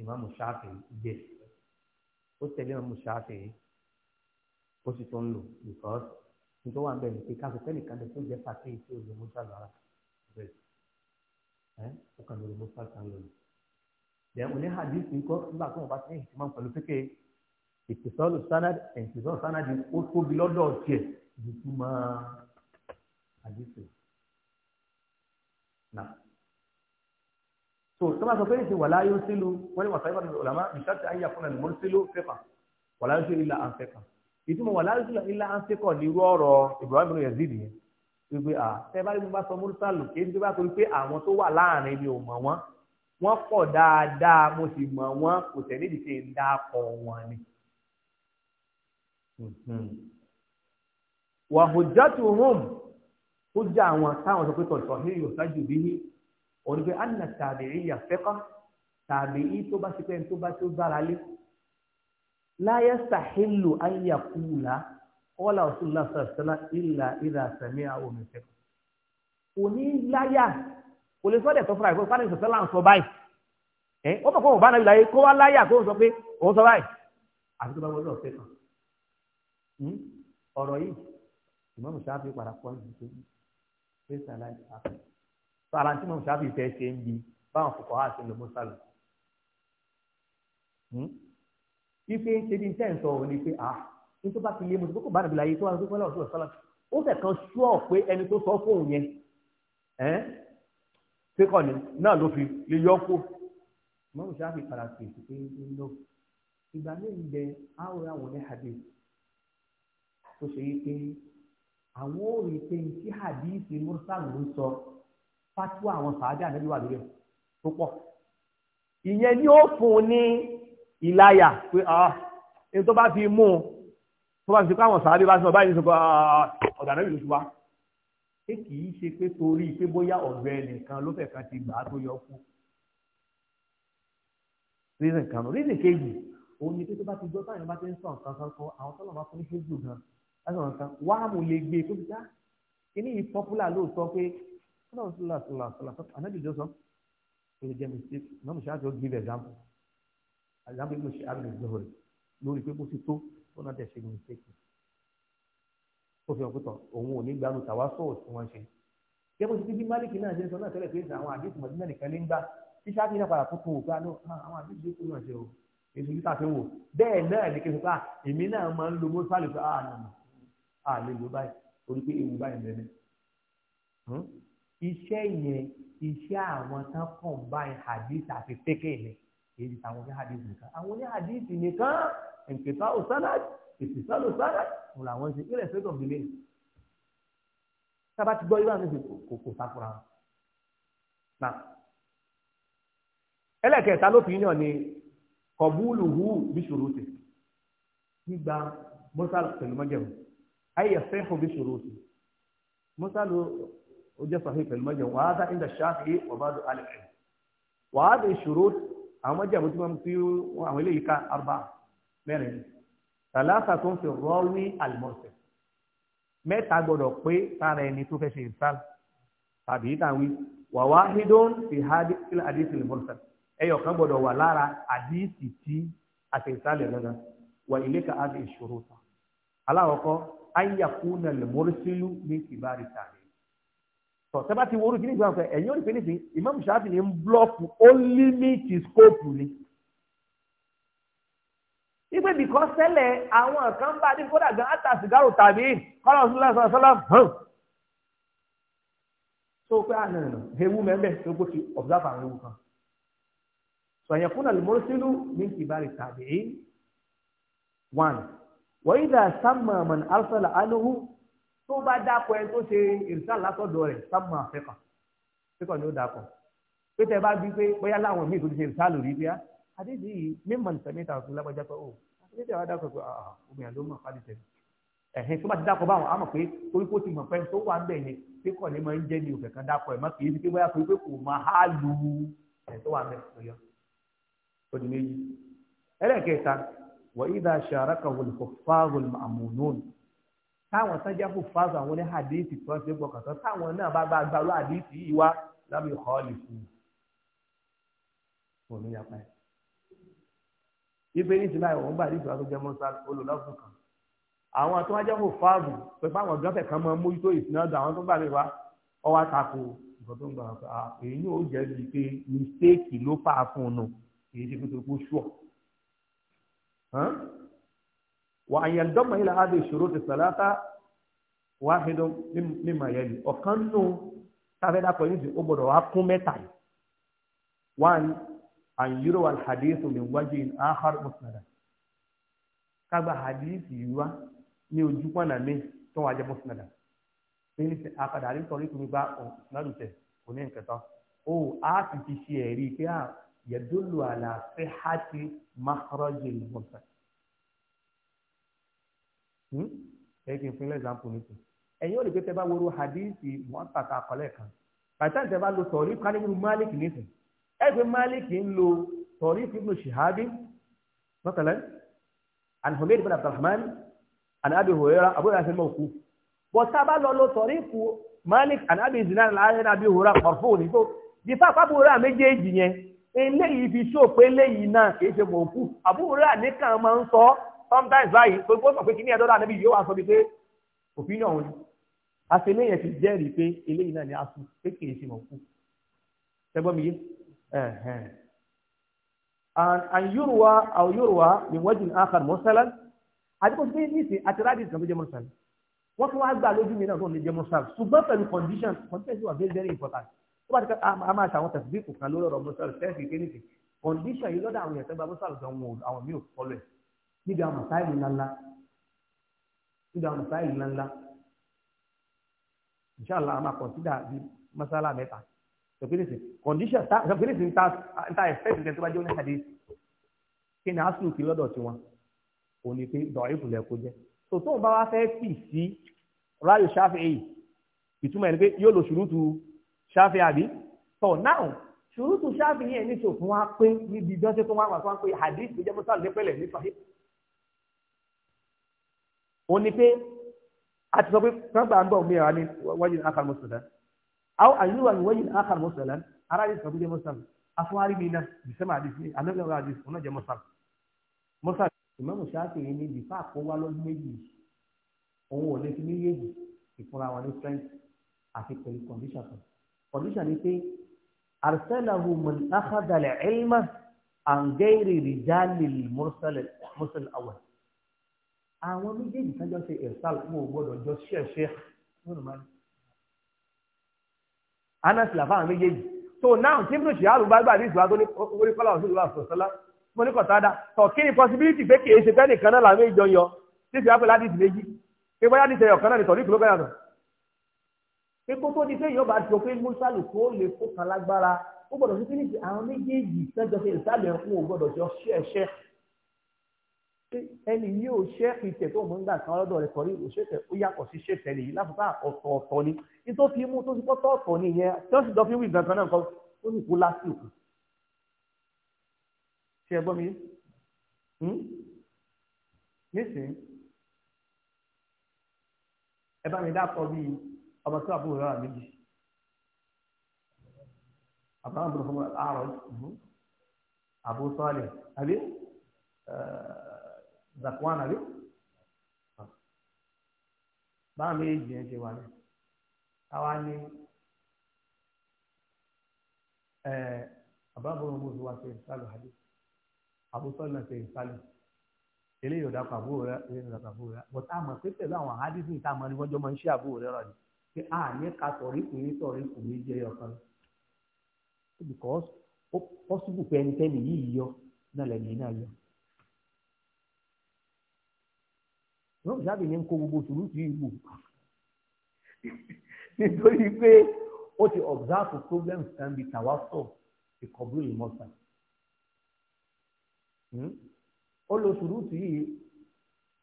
ìmáàmù ṣáfì gbé ó tẹ̀lé ìmáàmù ṣáfì ó sì tó ń lò because nítorí wà bẹ́ẹ̀ ni pé káfí tẹ́lẹ̀ kan tó jẹ́ pàṣẹ ìṣe òde mọ́tà lọ́ra bẹ́ẹ̀ ẹ́ ó kàn lórí mọ́tà kan lónìí. then oní hadith ń kọ́ nígbà tó wọn bá tẹ́lẹ̀ ìṣe máa ń pẹ̀lú kékeré ìtìsọ́lù standard ìtìsọ́lù standard ó tóbi lọ́dọ̀ tiẹ̀ ju túmọ̀ hadith náà so tó bá sọ pé ìṣe wàlá yóò sílu wọ́n ní wàsáyé bàtà ọ̀làmá ìṣàtì ayé àfúnà ní mọ́sílù fẹ́fà wàlá yóò sílu ilà àǹfẹ́kà ìtumọ̀ wàlá yóò sílu ilà àǹfẹ́kà ní irú ọ̀rọ̀ Ibrahim ibn Yazid yẹn wípé à tẹ́ bá rí mo bá sọ mọ́sálù kí n tó bá torí pé àwọn tó wà láàrin mi ò mọ̀ wọ́n wọ́n pọ̀ dáadáa mo sì mọ̀ wọ́n kò tẹ̀lé ìdíje ń dá pọ̀ wọn ni. wàhùjátùhùm ó jẹ́ àwọn táwọn sọ pé tọ̀tọ̀ òní pé anna tàbíyí yàfẹ́kọ́ tàbíyí tó bá ti pẹ́ tó bá tó gbára lé láyé sàhílù ayàkúlà ọ̀là ọ̀ṣunlá sàṣẹ́lá ìlà ìlà sẹ̀mí àwọn òmìnirẹ́kọ̀ òní láyà kò lè sọ́dẹ̀ tó fúnra ìfowópamọ́ ìṣẹ̀ṣẹ̀ là ń sọ báyìí ẹ̀ ó kó wọn bá náà láyé kó wá láyà kó sọ pé òun sọ báyìí àti tó bá wọlé ọ̀fẹ́ kan hmm? ọ̀rọ̀ yìí ìmọ̀ mùsàáfì padà pọ̀ ní ìṣẹ́yìn pé sàlàyé sara tí mo ń sábì fẹ́ ṣe ń bi báwọn kò kọ́ á ṣe lè mú sálọ. ife ṣe bí tẹ́ ń sọ òun ni pé ah ní tó bá ti lé mo tó kó bá nàbìlà yìí tó wà ní pípẹ́ lọ́wọ́ sọ́lá ó fẹ́ kan ṣúọ̀ pé ẹni tó sọ fóun yẹn pékọ̀ ni náà ló fi lè yọ kó mo ń sábì padà fèsì pé ń lọ ìgbà ní ìgbẹ́ àwòrán àwọn ní hadith tó ṣe yí pé àwọn ò rí pé ní tí hadith mursalu ń sọ fatuwa àwọn sàájà ànábì wà lórí ẹ̀ tó pọ̀ ìyẹn ni ó fún un ní ìláyà pé ah, ẹni tó bá fi mú un tó bá fi kọ́ àwọn sàábì bá sọ báyìí sọ pé ah, ah, ọ̀dà ànábì ló ti wá pé kì í ṣe pé torí pé bóyá ọ̀gbẹ́ nìkan ló fẹ́ kan ti gbà á tó yọ kú reason kan reason kejì òun ni pé tó bá ti gbọ́ táwọn bá ti ń sọ nǹkan kan kan àwọn tọ́lọ̀ máa fún ní ṣéjú gan lásán nǹkan wá mo lè gbé tó e ti dá kíní yìí pọ́pùlà lóòótọ́ pé ọlọ́run sílá sílá sílá anábì jọ sọ ó lè jẹ́ mistake mọ́mú ṣáà jọ give example example ló ṣe àgbẹ̀ ìjọba rẹ̀ lórí pé kó ti tó ó náà tẹ̀ ṣe mistake ó fi hàn pé tọ̀ òun ò ní gbàlù tàwa sọ̀rọ̀ tí wọ́n ṣe jẹ́pọ̀ títí bí málìkì náà ṣe ń sọ náà tẹ́lẹ̀ pé àwọn àdéhùn mọ̀dínà nìkan lè ń gbà tí ṣáà ti náà padà tuntun wò pé ah, ah, àwọn àdéhùn tó kúrò náà ṣe o èso yìí tàbí wò bẹ́ẹ̀ náà ní kẹsàn-án ah, èmi náà máa ń lo mọ́sálì pé àà lè lò báyìí torí pé ewu báyìí lẹ́nu iṣẹ́ yẹn iṣẹ́ àwọn tán combine hadith àti fẹ́kẹ̀ ni èyí táwọn ní hadith nìkan àwọn ní hadith nìkan nkìtá òsánàd ìsìsá òsánàd òun làwọn ṣe ilẹ̀ fẹ́kọ̀ mi lé sábà ti gbọ́ irú àwọn ṣe kò sáfura náà ẹlẹ́kẹ̀ẹ́ta ló fi yàn ni kọ̀búlù hù bí ṣòro ti gbígba mọ́sálù pẹ̀lú mọ́jẹ̀mú ayé ẹ̀fẹ́ hù bí ṣòro ti mọ́sálù ó jẹ́ sahih pẹ̀lú mọ́jẹ̀ wà á dá inda Shafi'i wà bá dùn alẹ́ ẹ̀ wà á dé shurut àwọn mọ́jẹ̀ àbójútó máa ń fi àwọn eléyìí ká arba mẹ́rin tàlàtà tó ń fi rọ́ọ̀wí àlùmọ̀ọ́sẹ̀ mẹ́ta gbọ́dọ̀ pé tára ẹni tó fẹ́ ṣe ìsàl tàbí ìtàwí wà wá hídón fi hadith al-mursal ẹyọ kan gbọ́dọ̀ wà lára àdíìsì tí àti ìsàl ẹ̀ lọ́nà wà ilé ka á di ìṣòro ta aláwọ̀kọ́ ayakuna al-mursilu ní kìbárì tàbí tọ́ba ti worú kíní ìgbà pẹ́ ẹ̀yìn òrìṣẹ́ nìsín Imam Shafi ní blọ́ọ̀kù ó límìtì skóòpù ni. ipe bìkọ́ sẹ́lẹ̀ àwọn kan bá dé kódà gan ata sìgárò tàbí kọ́lọ̀ sọ́lá sọ́lá hàn. tó o pé àná ah, ewu mẹ́mẹ́ tó kó ti observe àwọn ewu kan. sọ̀yẹ̀kúnà lùmọ́sílù ní kìbárì tàbí one wọ́n yìí dà sàmàmàn arsala anuhu tó bá dákọ̀ ẹ tó ṣe ìrìsàl látọ̀dọ̀ rẹ̀ sábà àfẹ́kọ̀ fẹ́kọ̀ ni ó dákọ̀ pé tẹ bá bí pé bóyá láwọn míì tó ti ṣe ìrìsàl rí bíyá àdéhùn yìí mímọ̀ nìsẹ̀mí ìtàn fún lágbájá pé ó àdéhùn àwọn dákọ̀ pé ah, ah, omi àlọ́ mọ̀ fálí tẹ̀lé ẹ̀hìn tó bá ti dákọ̀ báwọn àmọ̀ pé torí kó ti mọ̀ pẹ́ tó wà ń yẹn fẹ́kọ̀ ni máa ń jẹ́ ní òfẹ́ kan dákọ̀ ẹ̀ má kì í sí bóyá pé kò máa há lu ẹ̀ tó wà ń táwọn sanjá kò fásitì àwọn ní hadith tó ń ṣe gbọkàn tán táwọn náà bá bá gbalú hadith yìí wá lábẹ́ ìkọ́ọ̀lì fún un òun yapa ẹ̀. ibi ní ti báyìí wọ́n gbà hadith wa tó jẹ́ mọ́sá olùlọ́fún kan àwọn àti wọn jẹ́ kò fásitì pé fáwọn gánfẹ̀ kan máa mójútó ìsinádọ àwọn tó gbà mí wá ọwọ́ àtakò nǹkan tó ń gbà wọn ah, èyí yóò jẹ́ bíi pé mistake ló fà á fún un nù èyí ṣe kó tó kó ṣùọ́ وأن ينضم إلى هذه الشروط الثلاثة واحد مما يلي ọ̀kan nù tàbí dàpọ̀ yìí ti ó gbọ́dọ̀ wá kún mẹ́ta yìí one an yúrò wà hadith min wajhin akhar musnada kágbà hadith yìí wá ní ojú pọ̀nà mi tó wà jẹ́ musnada èyí ti àkàdà rí sọ̀rọ̀ ìkùnrin bá ọ̀nàdù tẹ̀ kò ní nkẹta ó a sì ti ṣe ẹ̀rí pé a yadullu ala sihhati makhrajil musnada. Hmm? ẹ kì í fún ilé example nìkan ẹ̀yin ò lè pé tẹ́ bá woro hadithi wọ́n tàkà àkọlẹ̀ kan pàtàkì tẹ́ bá lo sọ̀rí kánìkù malik nìkan ẹ pé malik ń lo sọ̀rí ibn shihabi mọ́tàlẹ́ alhamid bin abdulrahman abu tá a bá lọ lo sọ̀rí kù malik an zinan al-ahir abi hurairah ni di fáfá sometimes báyìí tó gbọ́dọ̀ pé kí ní ẹ̀dọ́dọ̀ ànábì yóò wá sọ pé opinion òun àtẹlé yẹn ti jẹ́rìí pé eléyìí náà ni a sùn pé kì í ṣe mọ̀ kú ṣẹgbọ́n mi yé and yorùwá àwọn yorùwá ni wọ́n jìn áhàn mọ́sálán àdìpọ̀ pé níìsín àti rádìs kan tó jẹ́ mọ́sálán wọ́n tún wá gbà lójú mi náà tó lè jẹ́ mọ́sálán ṣùgbọ́n pẹ̀lú condition condition wà very very important ó bá ti ká a máa ṣàwọn tẹ̀síbí kò kan lórí ọ̀rọ̀ mọ́sálán tẹ́sí pé níìsín condition yìí lọ́dọ̀ àwọn èèyàn tó gba mọ́sálán gan wọn àwọn mí ò fọ́lọ́ ẹ̀ níbi àwọn mọ̀sáìlì ńláńlá níbi àwọn mọ̀sáìlì ńláńlá inshallah a máa kọ̀nsídà bíi masala mẹ́ta sọ̀kìnìsì condition ta sọ̀kìnìsì ń ta ń ta expect ǹkan tó bá jẹ́ oní hadith kí ni asu kì lọ́dọ̀ tiwọn kò ní pé dọ̀ọ́ ìfúnlẹ̀ kó jẹ́ tó tó ń bá wá fẹ́ tì sí ráyò Shafi'i ìtumọ̀ ẹni pé yóò lo ṣùrùtù Shafi'i àbí so now ṣùrùtù Shafi'i yẹn ní sòfin wá pé níbi ìjọ́sẹ̀ tó wá wà tó wá pé hadith tó jẹ́ mọ́sálù nípẹ̀lẹ̀ nípa òun ni pé a ti sọ pé sọ́gbà ń bọ̀ mí ara ní wájú ní akar mọ́sálán àwọn àyíwá ní wájú ní akar mọ́sálán ara ní sọ pé mọ́sálán afúnwárí mi náà bìsẹ́mà àdìsí anáwó àdìsí òun náà jẹ́ mọ́sálán mọ́sálán ìmọ̀mù ṣáàtì yìí ní bìfà àkówá lọ́dún méjì òun ò lè fi méjèèjì ìfúnra wọn ní strength àti pẹ̀lú condition kan condition ni pé arsalahu man akhadha al-ilma an ghairi àwọn méjèèjì kan jọ ṣe ẹ̀sà wọn ò gbọ́dọ̀ jọ ṣẹ̀ṣẹ̀ anas làfa àwọn méjèèjì so now tí mo ṣe àrùbá gbà ní ìṣúra tó ní orí kọ́lá ọ̀ṣun ìlú àfọ̀sọ́lá mo ní kọ̀tàdá tọ̀ kí ni possibility pé kì í ṣe fẹ́ẹ́ nìkan náà làwọn méjì jọ yọ tí ìṣúra pé ládìsì méjì pé bóyá ní ìṣẹ̀yọ̀ kan náà ní tọ̀rí ìkúlókè yàtọ̀ pé kó tó di pé yóò bá tó pé mọ́ṣálù kó lè kó kan lágbára ó gbọ́dọ̀ sí fínísì àwọn méjèèjì sẹ́jọ́ ṣe ìsàlẹ̀ fún ò gbọ́dọ̀ ṣe ọṣẹ́ ẹni yìí ò ṣe ìtẹ̀ tó mọ̀ ń gbà kan lọ́dọ̀ rẹ̀ sọ̀rí òṣèṣẹ̀ ó yàtọ̀ sí ṣèṣẹ̀ lè yìí láfùfá ọ̀tọ̀ọ̀tọ̀ ni nítorí mú tó ti pọ́ tọ̀ọ̀tọ̀ ni ìyẹn tí wọ́n sì jọ fi wí gangan náà nǹkan tó nìkú lásìkò. ṣé ẹ gbọ́ mi nísìnyí ẹ bá mi dáàtọ̀ bí ọmọ tí wàá bú méjì àbúrò àbúrò fún mi àárọ̀ àbúrò àbí za kuana bí ah. báwọn méjì yẹn ṣe wà ní àwa ní ẹ àbábọ̀rọ̀ mọ́tò wa ṣe ìsàlù àdé àbúsọ̀lù náà ṣe ìsàlù eléyìí ò dàpọ̀ àbúrò rẹ eléyìí ò dàpọ̀ àbúrò rẹ but àmọ̀ pé pẹ̀lú àwọn àdìsí ìta àmọ́ ni wọ́n jọ máa ń ṣe àbúrò rẹ rọ̀ ni pé a ní ká sọ̀rí kù ní sọ̀rí kù ní jẹ́ ọ̀kan because ó possible pé ẹnikẹ́ni yìí yọ náà lẹ́nu náà yọ. náà sábì ní kó gbogbo sùúrù sí ìgbò nítorí pé ó ti observe problems can be tawasọ ìkọ̀bú ìmọ̀ta hmm? ó lo sùúrù sí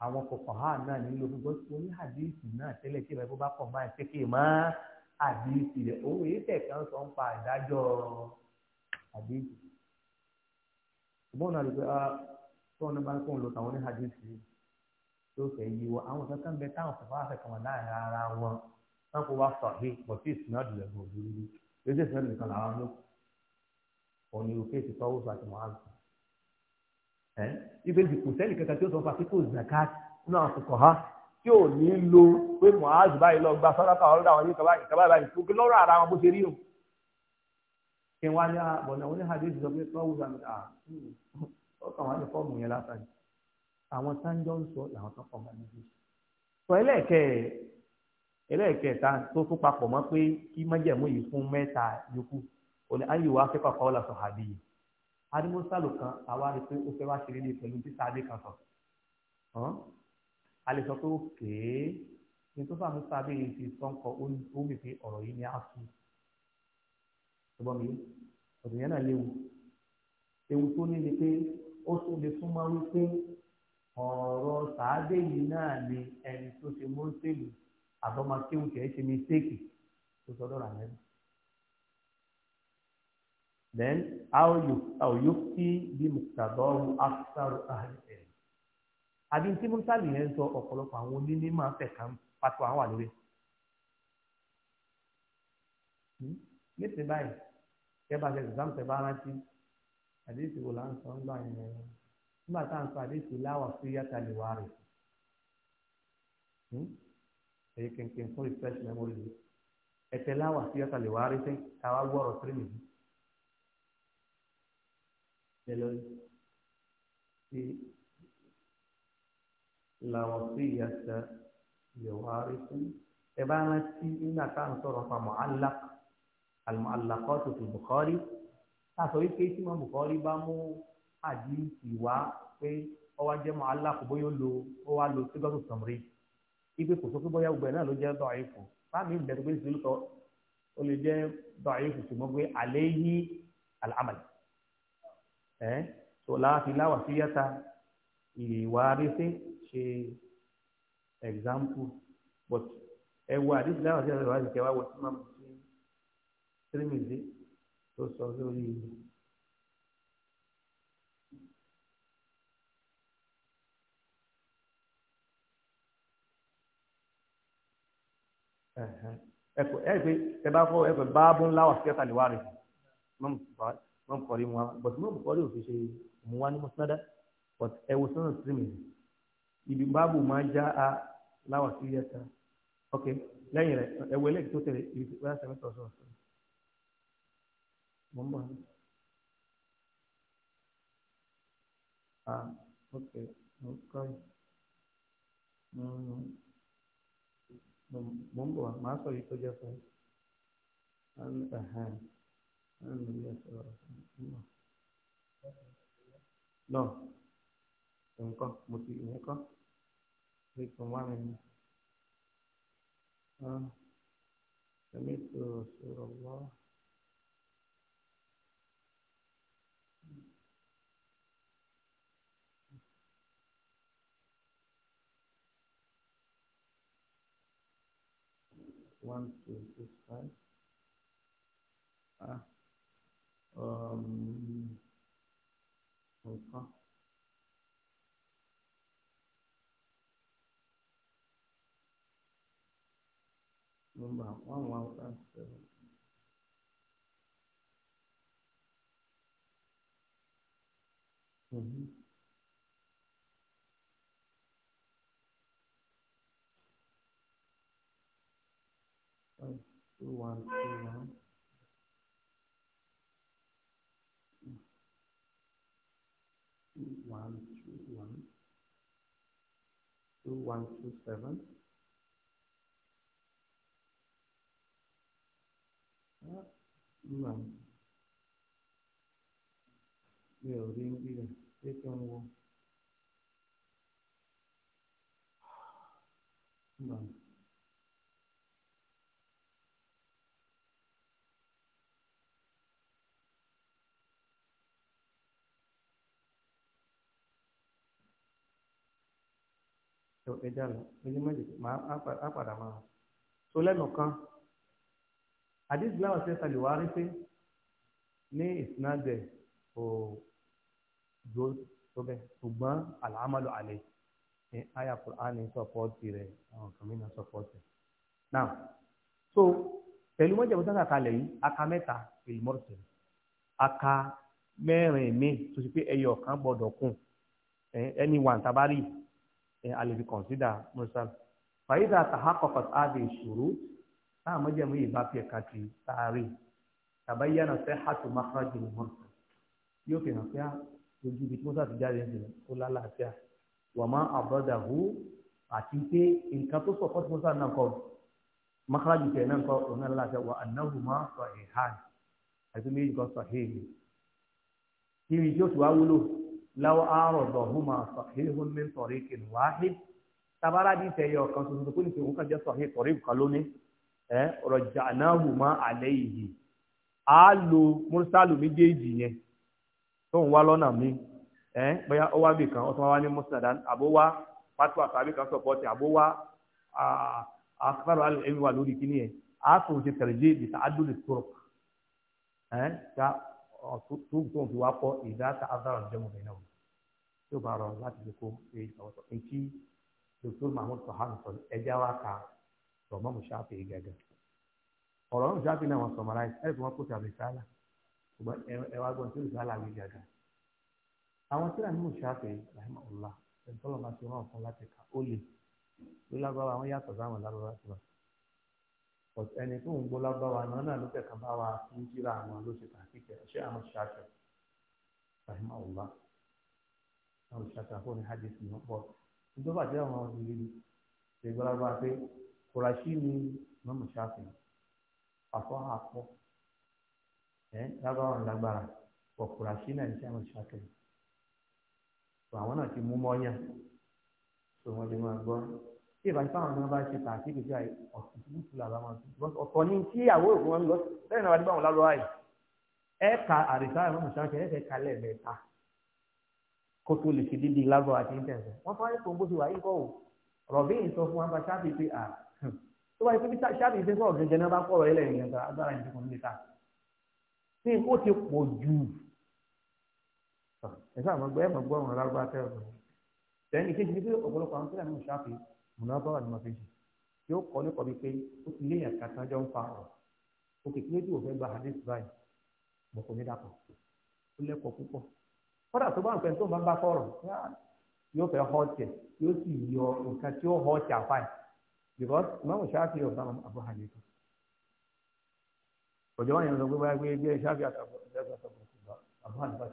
àwọn kọ̀kọ̀há náà nílò fún gbọ́sọ̀ ní àdéhìsì náà tẹ́lẹ̀ tí ìrẹ́pọ̀ bá pọ̀ máa ṣe kí n máa àdéhìsì rẹ̀ owó èyí tẹ̀kan sọ ń pa ìdájọ́ àdéhìsì ṣùgbọ́n náà rí pé ah, tọ́ọ̀nù bá ń kóhun lọ tàwọn ní àdéhìsì rẹ̀ tó fẹ́ yí wọ àwọn kankan bẹ táwọn fún wa kankan wọn láàrin ara wọn wọn kò wá sọ yìí pọ̀ sí ìsìn náà dùlẹ̀ bọ̀ lórí rí lórí ìsìn náà nìkan làwọn ló kọ ní òkè ti tọ́wọ́ sọ àti mọ́àlù. ẹ ibi tí kò sẹ́ni kankan tí ó sọ fún akíkó zakat náà fi kọ̀ ha tí ò ní lo pé mọ́àlù báyìí lọ gba sọ́dọ̀kà ọ̀rọ̀ àwọn yìí kaba báyìí tó lọ́rọ̀ ara wọn bó ṣe rí o. kí wọ́n á ní àbọ̀nà ah, oníhàdé ti sọ pé tọ́wọ́ sọ àmì àwọn sáńjọ́ ń sọ làwọn tó kọ́ ọmọ méjì sọ ẹlẹ́ẹ̀kẹ́ ẹlẹ́ẹ̀kẹta tó tún papọ̀ mọ́ pé kí májẹ̀mú yìí fún mẹ́ta yòókù ò ní ayé wa fẹ́ pàpà ọ̀là sọ̀hà bí yìí adimusalu kan àwa rí pé ó fẹ́ wá ṣeré ní pẹ̀lú títà alẹ́ kan sọ a lè sọ pé ó kéé ní tó fà musa bí yìí ti sọ kọ ó wí pé ọ̀rọ̀ yìí ni a sùn ṣùgbọ́n mi ọ̀dùn yẹn náà léwu ewu tó ní ọ̀rọ̀ sàádé yìí náà ni ẹni tó ṣe mọ́sẹ̀lù àbọ̀mọ́kéwù kẹ́ ṣe mistéèkì tó sọ́dọ̀ rà lẹ́nu. then how you how you feel bí mùsàdọ́rù afsaru ahli ẹ̀. àbí tí mùsàlì yẹn sọ ọ̀pọ̀lọpọ̀ àwọn onímọ̀ afẹ́ka pàtó àwọn àlùwẹ̀. Hmm? nítorí báyìí kẹ́ bá ṣe exam tẹ̀ bá rántí àdéhùn ìwòlá ń sọ ń gbà yẹn nígbà tá à ń pàdé sí láwà sí yàtà lè wá rè hmm? èyí kìnkìn fún refresh memory yìí ẹtẹ láwà sí yàtà lè wá rè sí káwá gbọ́rọ̀ tírì nìyí lẹ́lọ́ sí láwà sí yàtà lè wá rè sí ẹ bá rántí nígbà tá à ń sọ̀rọ̀ pa mu'allaq al-mu'allaqat fi Bukhari táà sọ wípé tí wọ́n Bukhari bá mú àdìsí wá pé ọwọ́ ajẹ́ mọ́ aláko bóyá ó lo ó wá lo sígọ́tù tọ̀mùrí ipe kò sọ pé bóyá gbogbo ẹ̀ náà ló jẹ́ dọ̀ọ́yìnfù fáàmì ìbẹ̀rù pé ìṣèlú tọ́ ó lè jẹ́ dọ̀ọ́yìnfù ṣùgbọ́n pé àlẹ́ yí àlàmàlì ẹ̀ tó láàfin láwà sí yàtà ìwà arísí ṣe example but ẹ wo àdìsí láwà sí yàtà ìwà arísí kẹwàá wọ sí mọ́mú sí tírímìsì tó sọ lórí ìlú. ẹ̀kọ́ ẹ̀ pé ẹ bá fọ ẹ̀kọ́ báábù ńlá wà sí ẹ̀ka lè wá rẹ̀ mọ́mù kọ́rí mu wa bọ̀tí mọ́mù kọ́rí ò fi ṣe mu wa ní mọ́sánádá but ẹ wo sọ́nà tìrìmì ibi báábù máa já a láwà sí ẹ̀ka ok lẹ́yìn rẹ̀ ẹ wo eléyìí tó tẹ̀lé ibi tí wọ́n sẹ́mi sọ̀rọ̀ sọ̀rọ̀ mọ́ ń ah ok mo kọ́ yìí mo ń bọ̀ wá màá sọ yìí tó jẹ́ fún lọ nǹkan mo ti ìyẹn kọ́ three point one two six five à, um, không có number one one two one two one. Two one two one. Two one two seven. Uh, no. Mi ò rí ń gbé ṣé kí n tó ẹja lọ ẹni méjì máa padà máa hàn so lẹ́nu kan àdìsí láwọn ṣe ta wá rí pé ní ìsinadẹ ò dúró tó bẹ ṣùgbọ́n àlàámàlú àlẹ ní àyà kùránì sọpọ́ọ̀tì so pẹ̀lú mọ́jẹ̀ bọ́tà kàkàlẹ̀ yìí aka mẹ́ta ìlmọ́rùsẹ̀ aka mẹ́rin mi tó ti pé ẹyọ kan gbọ́dọ̀ ẹni wà a lè fi consider mursal fàyídà tahakọ̀kọ̀t àdé ìṣòro táwọn mọ́jẹ̀mú yìí bá fi ẹ̀ka ti sáré tàbáyánà fẹ́ hàtò mákàrájì ní mursal yóò fi hàn pé ojú ibi tí mursal ti jáde ní ó lálàáfíà wà má àbọ̀dà hù àti pé nǹkan tó sọ̀kọ́ tí mursal náà kọ́ mákàrájì tẹ̀ náà kọ́ òun náà lálàáfíà wà ànáhùmá sọ̀ ẹ̀hán àti méjì kan sọ̀ ẹ̀hìn kí yóò ti wá wúlò láwọ́ àròdọ̀ húmọ̀ sọ̀híhùn ní sọ̀rí kìn wáhí tabara bí tẹ̀yọ̀ kan tuntun kó ní pé òun kàn jẹ́ sọ̀hí sọ̀rí kan lónìí ẹ rọ̀jà náà hùmọ̀ àlẹ́ yìí á lo mùsálù méjèèjì yẹn tó ń wá lọ́nà mi ẹ bóyá ó wá bì kan ó tún wá ní mùsàdán àbó wá pátó àtàbí kan sọ̀pọ̀tì àbó wá àkàrà ẹ̀mí wà lórí kíní yẹn á tún ti tẹ̀lé bí tàádùn lè tó rọ̀ ẹ túùbù tó ń fi wá kọ́ ìdáta azara jẹ́mu bẹ̀rẹ̀ náà tí ó bá rọ láti fi kó ṣe ìṣàwọ̀sọ̀ etí Dr. Mahmood Sahan sọ ẹja wa ka sọ mọ́mú ṣáfì gẹ́gẹ́ ọ̀rọ̀ mọ́mú ṣáfì náà wọ́n sọ mọ́ra ẹ̀ fún wọn kó tàbí sálà ṣùgbọ́n ẹ wá gbọ́n tí ó sálà mi gẹ́gẹ́ àwọn tíra mímú ṣáfì rahimahullah ẹ̀ tọ́lọ́ máa ṣe wọn fún láti kà ó lè ló but ẹni tó ń gbọ́lá bá wa náà náà ló kẹ̀kọ́ bá wa fún jíra àwọn ló ṣe tàkìkẹ̀ ṣé àwọn ṣáṣọ rahim allah àwọn ṣáṣọ àfọwọ́ni hadith ní ọ̀pọ̀ ìjọba àti àwọn ìrírí ṣe gbọ́lá bá pé kùràṣí ni mọ́mù ṣáṣọ àfọ́ àpọ̀ ẹ̀ lábáwọn lágbára pọ̀ kùràṣí náà ní sẹ́wọ̀n ṣáṣọ àwọn náà ti mú mọ́ yàn tó wọ́n lè máa gbọ́ tí ìbá ìfáwọn náà bá ṣe tààtì kìí ṣe ọ̀sùn tó kù làbá máa tún ọ̀tọ̀ ní tí ìyàwó òkú wọn lọ lẹ́yìn náà wà nígbà wọn lálọ́ àyè ẹ ka àrísá àwọn mùsàkẹ́ ẹ fẹ́ ka lẹ́ẹ̀mẹ́ta kó tó lè ṣe dídí lágbọ́ àti ìtẹ̀sẹ̀ wọ́n fọ́n ẹ̀ tó ń bó ṣe wà yìí kọ́ ò rọ̀bí sọ fún wa bá ṣáàbì pé à tó wáyé pé ṣáàbì ṣe sọ̀rọ̀ gẹ́gẹ́ náà bá kọ́ ọ̀rọ̀ ẹlẹ́rìí yẹn agbára yìí kò nílé ta ó ti pọ̀ jù ẹ̀sán àmọ́gbọ́ ẹ̀ mọ̀gbọ́ ọ̀rọ̀ lágbọ́ àtẹ̀rọ̀ sẹ́yìn kejì ní pé ọ̀pọ̀lọpọ̀ àwọn sílẹ̀ mùnàbọ̀rọ̀ ni mo fi ṣe yóò kọ́ nípa bíi pé ó ti léèyàn kàtà jọ ń fa ọ̀rọ̀ òkè kí lójú òfin gba hadith báyìí mo kò ní dàpọ̀ ó lẹ́kọ̀ọ́ púpọ̀ kódà tó bá ń pẹ́ tó máa ń bá fọ̀rọ̀ yóò fẹ́ họ́ tiẹ̀ yóò sì yọ nǹkan tí ó họ́ tiẹ̀ àfáì because ìmáàmù ṣáàfì ọ̀gá Abu Hanifa òjò wọn yẹn lọ gbé báyìí gbé ṣáàfì àtàkùn Abu Hanifa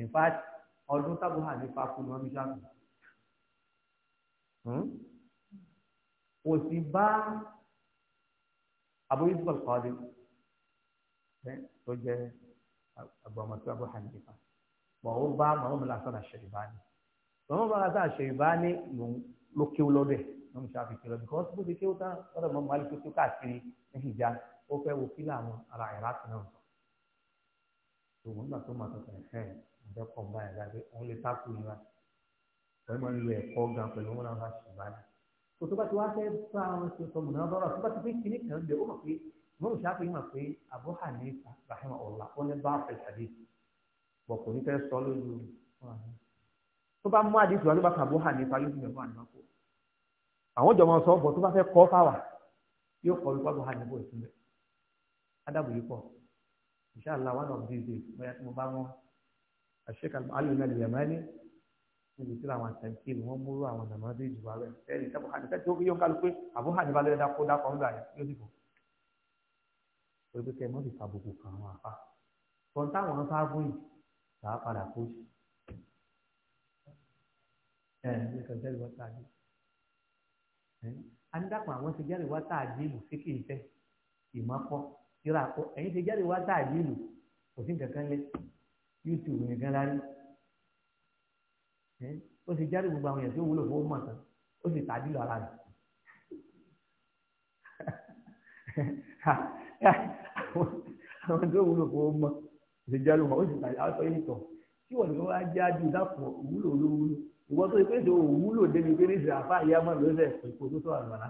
in fact ọdún tábù Hanifa kú ni wọ́n fi ṣáàfì. Hmm? kò sì bá Abu Yusuf al-Qadi tó jẹ́ agbọmọtí Abu Hanifa mọ̀ ó bá Muhammad al-Hasan al-Shaybani Muhammad al-Hasan al-Shaybani ló kéwú lọ́dọ̀ ẹ̀ ló ń ṣàfi kéwú lọ́dọ̀ because bó ti kéwú tán ọ̀dọ̀ mọ́ Malik tó káàkiri ní ìjà ó fẹ́ wo kílà àwọn ará Iraq náà sọ tòun nígbà tó máa tọkàn ẹ̀fẹ́ ìjọkọ̀ báyìí láti òun lè tákù nira wọ́n máa ń lo ẹ̀kọ́ gan pẹ̀lú wọn náà láti ṣùgbọ́n kò tó bá ti wá fẹ́ bá wọn ṣe sọ mọ̀nà bọ́rọ̀ tó bá ti pé kíní kan lè ó mọ̀ pé mọ̀rùn ṣáàpì mọ̀ pé Abu Hanifa rahima ọ̀la ó ní bá fẹ́ ṣàdé bọ̀ kò ní fẹ́ sọ lójú tó bá mú àdéhùn wa ló bá kan Abu Hanifa yóò fi mẹ́fọ́ àná kó àwọn jọmọ sọ bọ̀ tó bá fẹ́ kọ́ fáwà yóò kọ́ wípé Abu Hanifa ò sílẹ̀ ádàbò yìí pọ̀ inshallah one of these days mo bá wọn àṣekà alùpàlù náà lè níbi tí àwọn àtẹ̀ǹtì wọn múrú àwọn ọ̀nà mọ́tò ìjùbọ̀ rẹ̀ ẹ̀rì sẹ́kù hàn nípa tí ó yọ kálukú àbú hàn nípa lórí dákó dákó ńlá yẹn yóò sì fò. orí pípẹ́ mọ́tò ìfàbùkù kan àwọn àfa tọ́n táwọn ń sáábù yìí là á padà kó jù. ẹ ẹ ní kàn jẹ́rìí wọ́tá àdé. a ń dàpọ̀ àwọn ti jẹ́rìí wọ́tá àdé lù sí kì í fẹ́ ìmọ̀kọ́ ìràkọ́ ẹ̀yin ti jẹ́rìí wọ́tá àdé lù kò sí nǹkan kan lé YouTube nìkan ó sì jáde gbogbo àwọn èèyàn tí ó wúlò fún ọmọ tán ó sì tàbí lọ ara rẹ̀ àwọn tí ó wúlò fún ọmọ ó sì jáde ọmọ ó sì tàbí àwọn sọyìn tọ tí wọn ni wọn á jẹ àjò dàpọ̀ wúlò olówúlò ìwọ tó ìpèsè òwúlò débi pé ní ìsìnàfà ìyá mọ ló sẹ ìpò tó tó àlùmọ́lá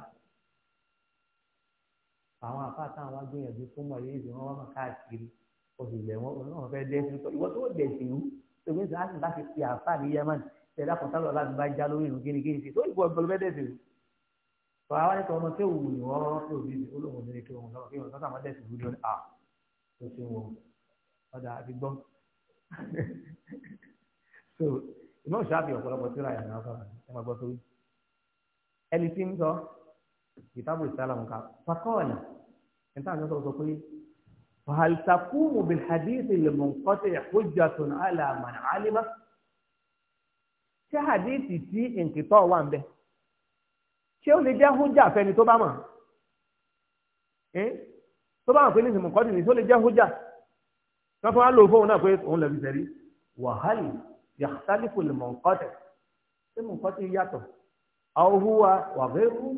àwọn àfáà táwọn wá fún mọ̀ yéèzì wọn wá káàkiri oṣù lẹ̀ wọn náà fẹ́ dẹ́sìn ìwọ tó dẹ̀sìn ìlú tó gbé sàásì láti fi àfáà ní ẹ̀dá kan sálọ̀ láti bá já lórí ìlú gínígíní sí lórí ìbọn ìbọn bẹ́ẹ̀ dẹ̀sẹ̀ fà á wá nípa ọmọ tí òwú ni wọ́n rán sí òbí olóhùn nílé kí wọn lọ́wọ́ kí wọn sọ́sà máa dẹ̀sẹ̀ lójú ní à tó ṣe wọn ọ̀dà àti gbọ́ so ìmọ̀ ìṣáàbì ọ̀pọ̀lọpọ̀ tíra ẹ̀ náà sọ̀rọ̀ ẹ máa gbọ́ sórí ẹni tí ń sọ kìtàbù ìsàlámù ká fakọ́ọ̀lì ṣé hadithi tí nkìtọ́ wà ń bẹ ṣé ó lè jẹ́ hújà fẹ́ni tó bá mọ̀ tó bá mọ̀ pé nísìnyí mọ̀kọ́ nìyí tó lè jẹ́ hújà tó fún wa lò fóun náà pé òun lè fi sẹ́rí wàhálì yàtàlífò lè mọ̀ nǹkan tẹ̀ ṣé mọ̀kọ́ ti yàtọ̀ àwòhùwà wàgbé ń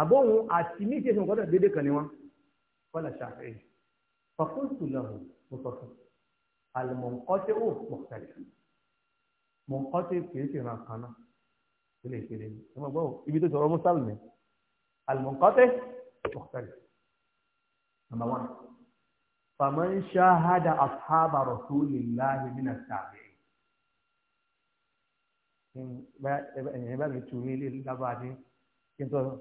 àbóhùn àti ní ìṣẹ́sìn mọ̀kọ́ tẹ̀ kan ni wọ́n kọ́lá ṣàfihàn fàkóńtù lọ́hùn mọ̀kọ́ mọ̀ nǹkan tí kì í sì ràn kan náà ó lè ṣeré ní ẹ máa gbọ́ ibi tó sọ̀rọ̀ mùsàlù ní àlùmọ̀kọ́tẹ́ mọ̀kọ́tẹ́lẹ̀ nàmbà wán fàmọ́ ń ṣáhádà àfáàbà rasulillahi nínà sàbẹ̀ ẹ̀yìn bá mi tù ní ilé lábàá ní kí n tọ́jú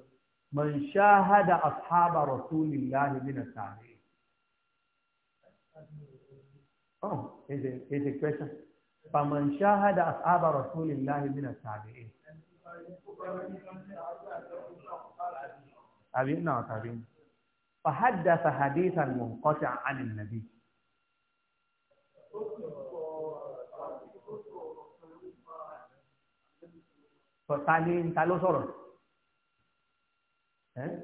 mọ̀ ń ṣáhádà àfáàbà rasulillahi nínà sàbẹ̀ ọ̀ ẹ̀ ẹ̀ ẹ̀ question. فمن شاهد أصحاب رسول الله من التابعين أبينا وتابعين نعم، فحدث حديثا منقطع عن النبي فتعلين تلو إيه؟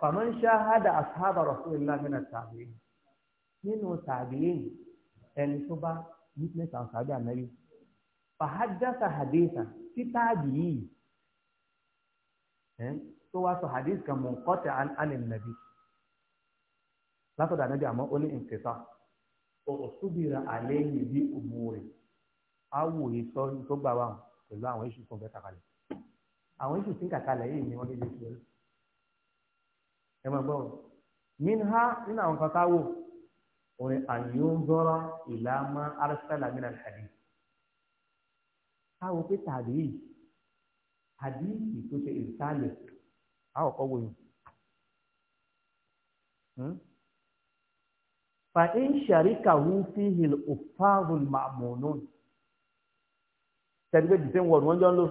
فمن شاهد أصحاب رسول الله من التابعين من التابعين اللي يعني witness àwọn sàbẹ̀ ànábì fàhájásà haditha títààdì yìí tó wá sọ hadith kan munqati' an an-nabi látọ̀dọ̀ ànábì àmọ́ ó ní ìfẹ́fà ọ̀ṣùbìrà àlẹ́ yìí bí òmùrè awòye sọ tó gbà wà pẹ̀lú àwọn iṣu tó ń bẹ kàkàlẹ̀ àwọn iṣu tí ń kàkàlẹ̀ yìí ni wọ́n lè lè fi ẹ máa gbọ́ min ha nínú àwọn kan táwò òun àyùnzọ́rọ́ ìlàmọ́ arsalamina hadith káwọn pé tàbí hadithi tó ṣe ìsàlẹ̀ àwọn kọ́ wòye. Hmm? fa in sharikahu fihi al-uffazu al-ma'munun tẹ̀lé dìtẹ́ wọ̀n wọ́n jọ ń lò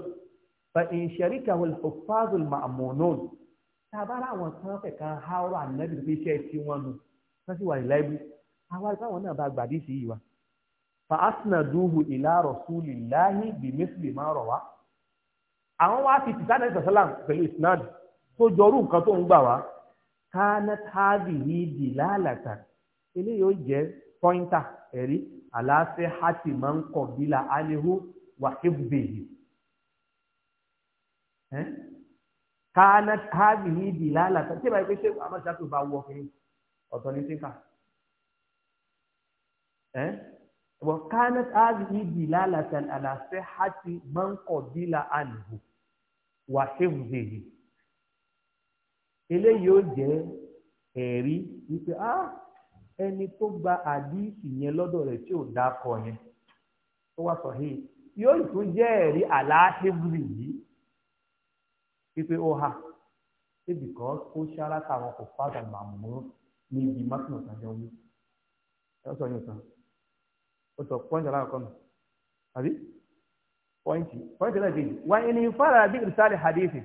fa in sharikahu al-uffazu al-ma'munun tàbára àwọn kan fẹ̀ kan háwọ́ ànábì tó fi ṣe ti wọn nù wọ́n sì wà ní láìbírì àwa táwọn náà bá gbàdí sí yìí wa fa asnaduhu ila rasulillahi bi misli ma rawa àwọn wá fi tìtánà ìsàsálàm pẹ̀lú isnad tó jọrú nǹkan tó ń gbà wá kánà tábì ní dìlálàtà eléyìí ó jẹ́ pọ́ńtà ẹ̀rí aláṣẹ hati máa ń kọ̀ bílà alihu wà hibbehi kánà tábì ní dìlálàtà tí ìbáyìí pé ṣé àmọ́ ṣáà bá wọ kiri ọ̀tọ̀ ní síkà wa kanat hadhihi dilalatan ala sihhati man qabila anhu wa hifdhihi eléyìí ó jẹ́ ẹ̀rí wípé ah ẹni tó gba àdíìsì yẹn lọ́dọ̀ rẹ̀ tí ò dákọ yẹn ó wá sọ hìí yóò tún jẹ́ ẹ̀rí aláhìbìrì yìí wípé ó ha ṣébi kan ó ṣáárá táwọn kò fáwọn màmú níbi mọ́tò ìtajà wí ẹ sọ yóò tán ó sọ pọ́ǹtì aláàkọ́ nù àbí pọ́ǹtì pọ́ǹtì ẹlẹ́ẹ̀kejì wà ní ìfára bí ìrìsàlẹ̀ hadithi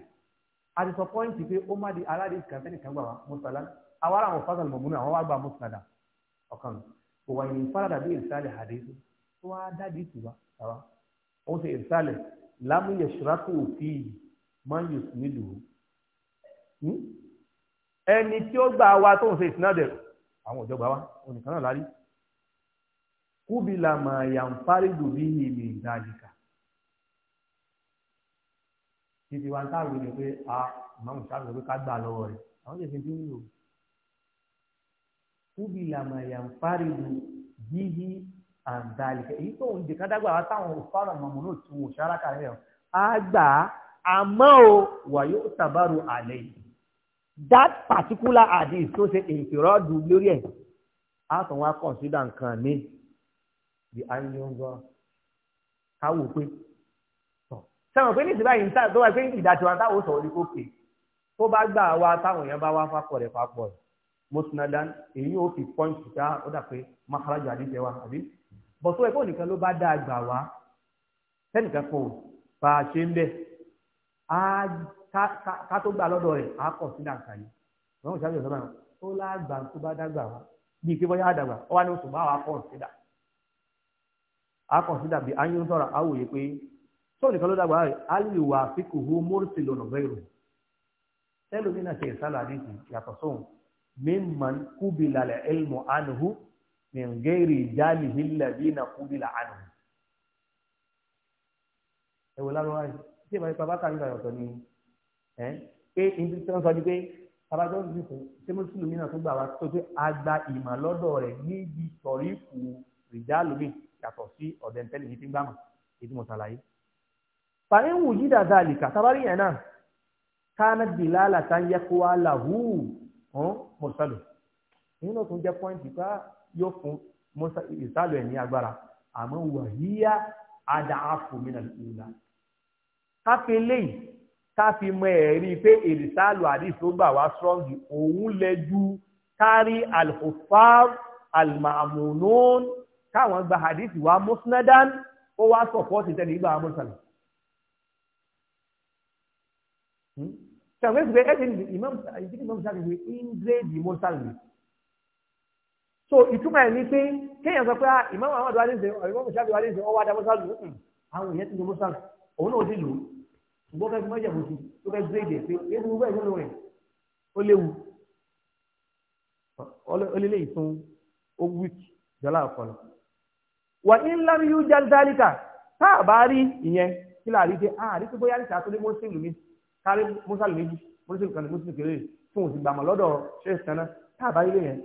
a ti sọ pọ́ǹtì pé ó má di aládé kàfẹ́nì kan gbà wá mùsàlá àwọn ará àwọn fásitì mọ̀múnú àwọn wá gba mùsàlá ọ̀kan wà ní ìfára bí ìrìsàlẹ̀ hadithi tó wá dáàbì tì wá tàwa ó sì ìrìsàlẹ̀ lámúyẹ̀ ṣùrákù òfin máa ń yùsùn nílùú hm? ẹni tí ó gbà wá tó ń ṣe ìsìnádẹ̀ àwọn òjò gbà wá onìkan náà kubila ma yanfaridu bihi min dalika títí wa ń táwọn ènìyàn a máa ń sábà pé ká gbà lọ́wọ́ rẹ̀ àwọn ṣèṣin tí ń O kubila ma yanfaridu bihi an dalika èyí tó ń di kádágbà wa táwọn òfàrọ̀ mọ̀mọ́ náà tún wò ṣáraka rẹ̀ hàn á gbà á àmọ́ o wà yóò tàbárò that particular hadith tó ṣe èkìrọ́dù lórí ẹ̀ á tàn wá consider nǹkan mi bí ayélujára ká wò pé tọ̀ sẹ́wọ̀n pé níṣẹ́ báyìí níta tó wá pé ìdájọ́ wa táwọn sọ̀rọ̀ ní òkè tó bá gbà wá táwọn èèyàn bá wá fapọ̀ rẹ̀ papọ̀ rẹ̀ mọ́túnádán èyí ó fi pọ́ǹtì ká ó dà pé mákàrájà àdìsẹ́ wa àbí bọ̀tọ́ ẹ̀kọ́ nìkan ló bá dá a gbà wá sẹ́nìkan kò bá a ṣe ń bẹ̀ á ká tó gbà lọ́dọ̀ rẹ̀ á kọ̀ sí nàǹkà yìí wọ́n ń ṣàbẹ̀wò sọ́mọ́ ó lágbà tó bá dá gbà wá bíi pé bọ́yá àdàgbà ó wá ní oṣù bá wa kọ̀ sí nàǹkà a consider bí ayé sọ̀rọ̀ awòye pé sọ̀rọ̀ nìkan ló dàgbà rẹ̀ aliwa fikuhu morsi lọ́nà bẹ́ẹ̀rù ẹlòmínà ṣe ìsálà àdìsí yàtọ̀ sóhun mímman kúbìlà lẹ̀ ẹlmọ̀ ànuhu mìngẹ́rì jáàlì hílẹ̀ bí nà kúbìlà ànuhu. ẹ wò lárúbá yìí tí ìbáyìí pa bákà nígbà yọ̀tọ̀ ni ẹ pé ibi tí wọ́n sọ ni pé abájọ́ ní sọ ṣé mùsùlùmí náà tó gbà wá tó pé a ìmọ̀ lọ́dọ̀ rẹ̀ níbi sọ̀rí kù rìjálùmí yàtọ̀ sí ọ̀dẹ̀ ntẹ́lẹ̀ yìí ti ń gbàmà èyí tí mo ṣàlàyé. fàáhìnwù yìí dàda àlìkà sábàrí yẹn náà kánà bìlálà tá ń yẹkọ wa làwù hàn mọ̀sálò èyí náà tún jẹ́ pọ́ìntì ká yóò fún ìsálò ẹ̀ ní agbára àmọ́ wàhíyá adáàfò mi náà ìlà káfíńlẹ̀ yìí ká fi mọ ẹ̀rí pé ìrìsálò àdìs gbà wá strọ́ngì òun lẹ́jú kárí alhufar almamunun káwọn gba hadith wa musnadan ó wá sọ̀pọ̀tì tẹ́lẹ̀ ìgbà amúsàlẹ̀ ṣàwọn ìgbẹ́ ẹ̀sìn ìmọ̀ ìṣàlẹ̀ ìwé ingrédi mọ́sàlẹ̀ so ìtumọ̀ ẹ̀ ní pé kéèyàn sọ pé ìmọ̀ àwọn àdúrà ní ìṣẹ́ ìmọ̀ ìṣàlẹ̀ wà ní ìṣẹ́ ọwọ́ adá mọ́sàlẹ̀ àwọn èèyàn ti lo mọ́sàlẹ̀ òun náà ti lò ó ṣùgbọ́n fẹ́ fi mọ́jà bó ti tó fẹ́ gírèdì ẹ̀ pé kí ẹ̀sìn gbogbo ẹ̀sìn rẹ̀ ó léwu ọlẹ́lẹ́ ìtún ó wíìkì jọlá ọ̀pọ̀lọpọ̀ wà ní ńlá mi yóò já dálíkà tá a bá rí ìyẹn kí là rí pé ah, a rí pé bóyá níta tó ní mọ́sílù mi kárí mọ́sálù méjì mọ́sílù kan ní mọ́sílù kéré fún òsì gbàmọ̀ lọ́dọ̀ ṣẹ́ẹ̀sì kan náà tá bá rí lé yẹn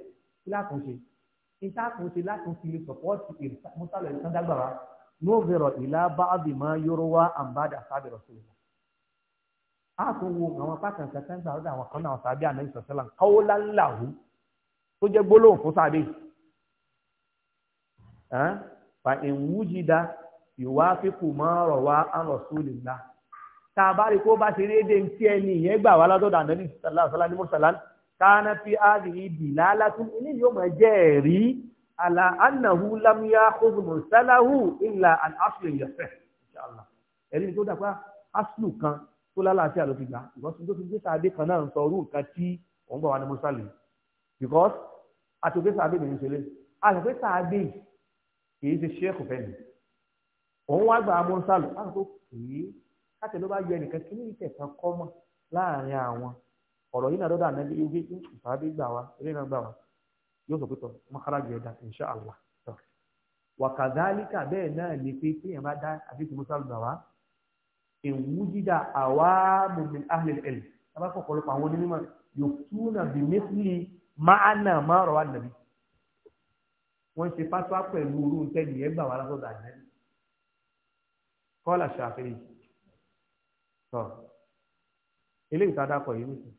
kí látúnṣe níta kò ṣe látúnṣe lè sọ̀pọ́ọ̀tì mọ́sálù kan dágbàrá nóòvèrò ìlà báàbì máa yọrọ wá àǹbádà sábẹ̀ rọ̀ṣẹ̀lẹ̀ fa ìwújìdá ìwáfíkù mọ́rọ̀ wá àrọ̀súlìlá tá a bá rí kó bá ṣe rédè ń tí ẹni ìyẹn gbà wá lọ́dọ̀ ànábì sàlásàlá ní mọ́sàlá káná fi áàdìrí bìlá látún ilé yóò mọ̀ jẹ́ ẹ̀rí àlà ánàhù lámúyá kóòmù sáláhù ìlà àn áṣù ìyẹ̀fẹ́ inshallah ẹ̀rí tó dàpá áṣù kan tó lálàáfíà ló fi gbà ìgbọ́sùn tó fi gbé sáadé kan náà ń sọ orú nǹkan tí òun gbà wá ní mọ́sàlẹ̀ because àtòkè sáadé mi ń ṣeré àtòkè sáadé kì í ṣe ṣéèkù bẹ́ẹ̀ ni òun wá gba amúnsálù láti tó kì í láti ló bá yẹ nìkan kí ní ìtẹ̀kan kọ́ mọ̀ láàrin àwọn ọ̀rọ̀ yìí náà lọ́dọ̀ ànábi ewé ìfàbí gbà wá eré náà gbà wá yóò sọ pé tọ́ mọ́kàrájì ẹ̀dá insha Allah tọ́ wàkàdálíkà bẹ́ẹ̀ náà lè pé téèyàn bá dá àdéhùn mọ́sálù gbà wá ìwújídà àwa mọ̀mìn ahlil tábà fọ̀pọ̀lọpọ̀ àwọn onímọ̀ yòókù náà bí wọ́n ṣe fatuwa pẹ̀lú orú tẹ́lẹ̀ yẹn gbà wá lọ́sọ̀dọ̀ àjẹ́lẹ̀ kọ́lá ṣàfihàn tọ́ eléyìí tá a dákọ̀ yìí nìkan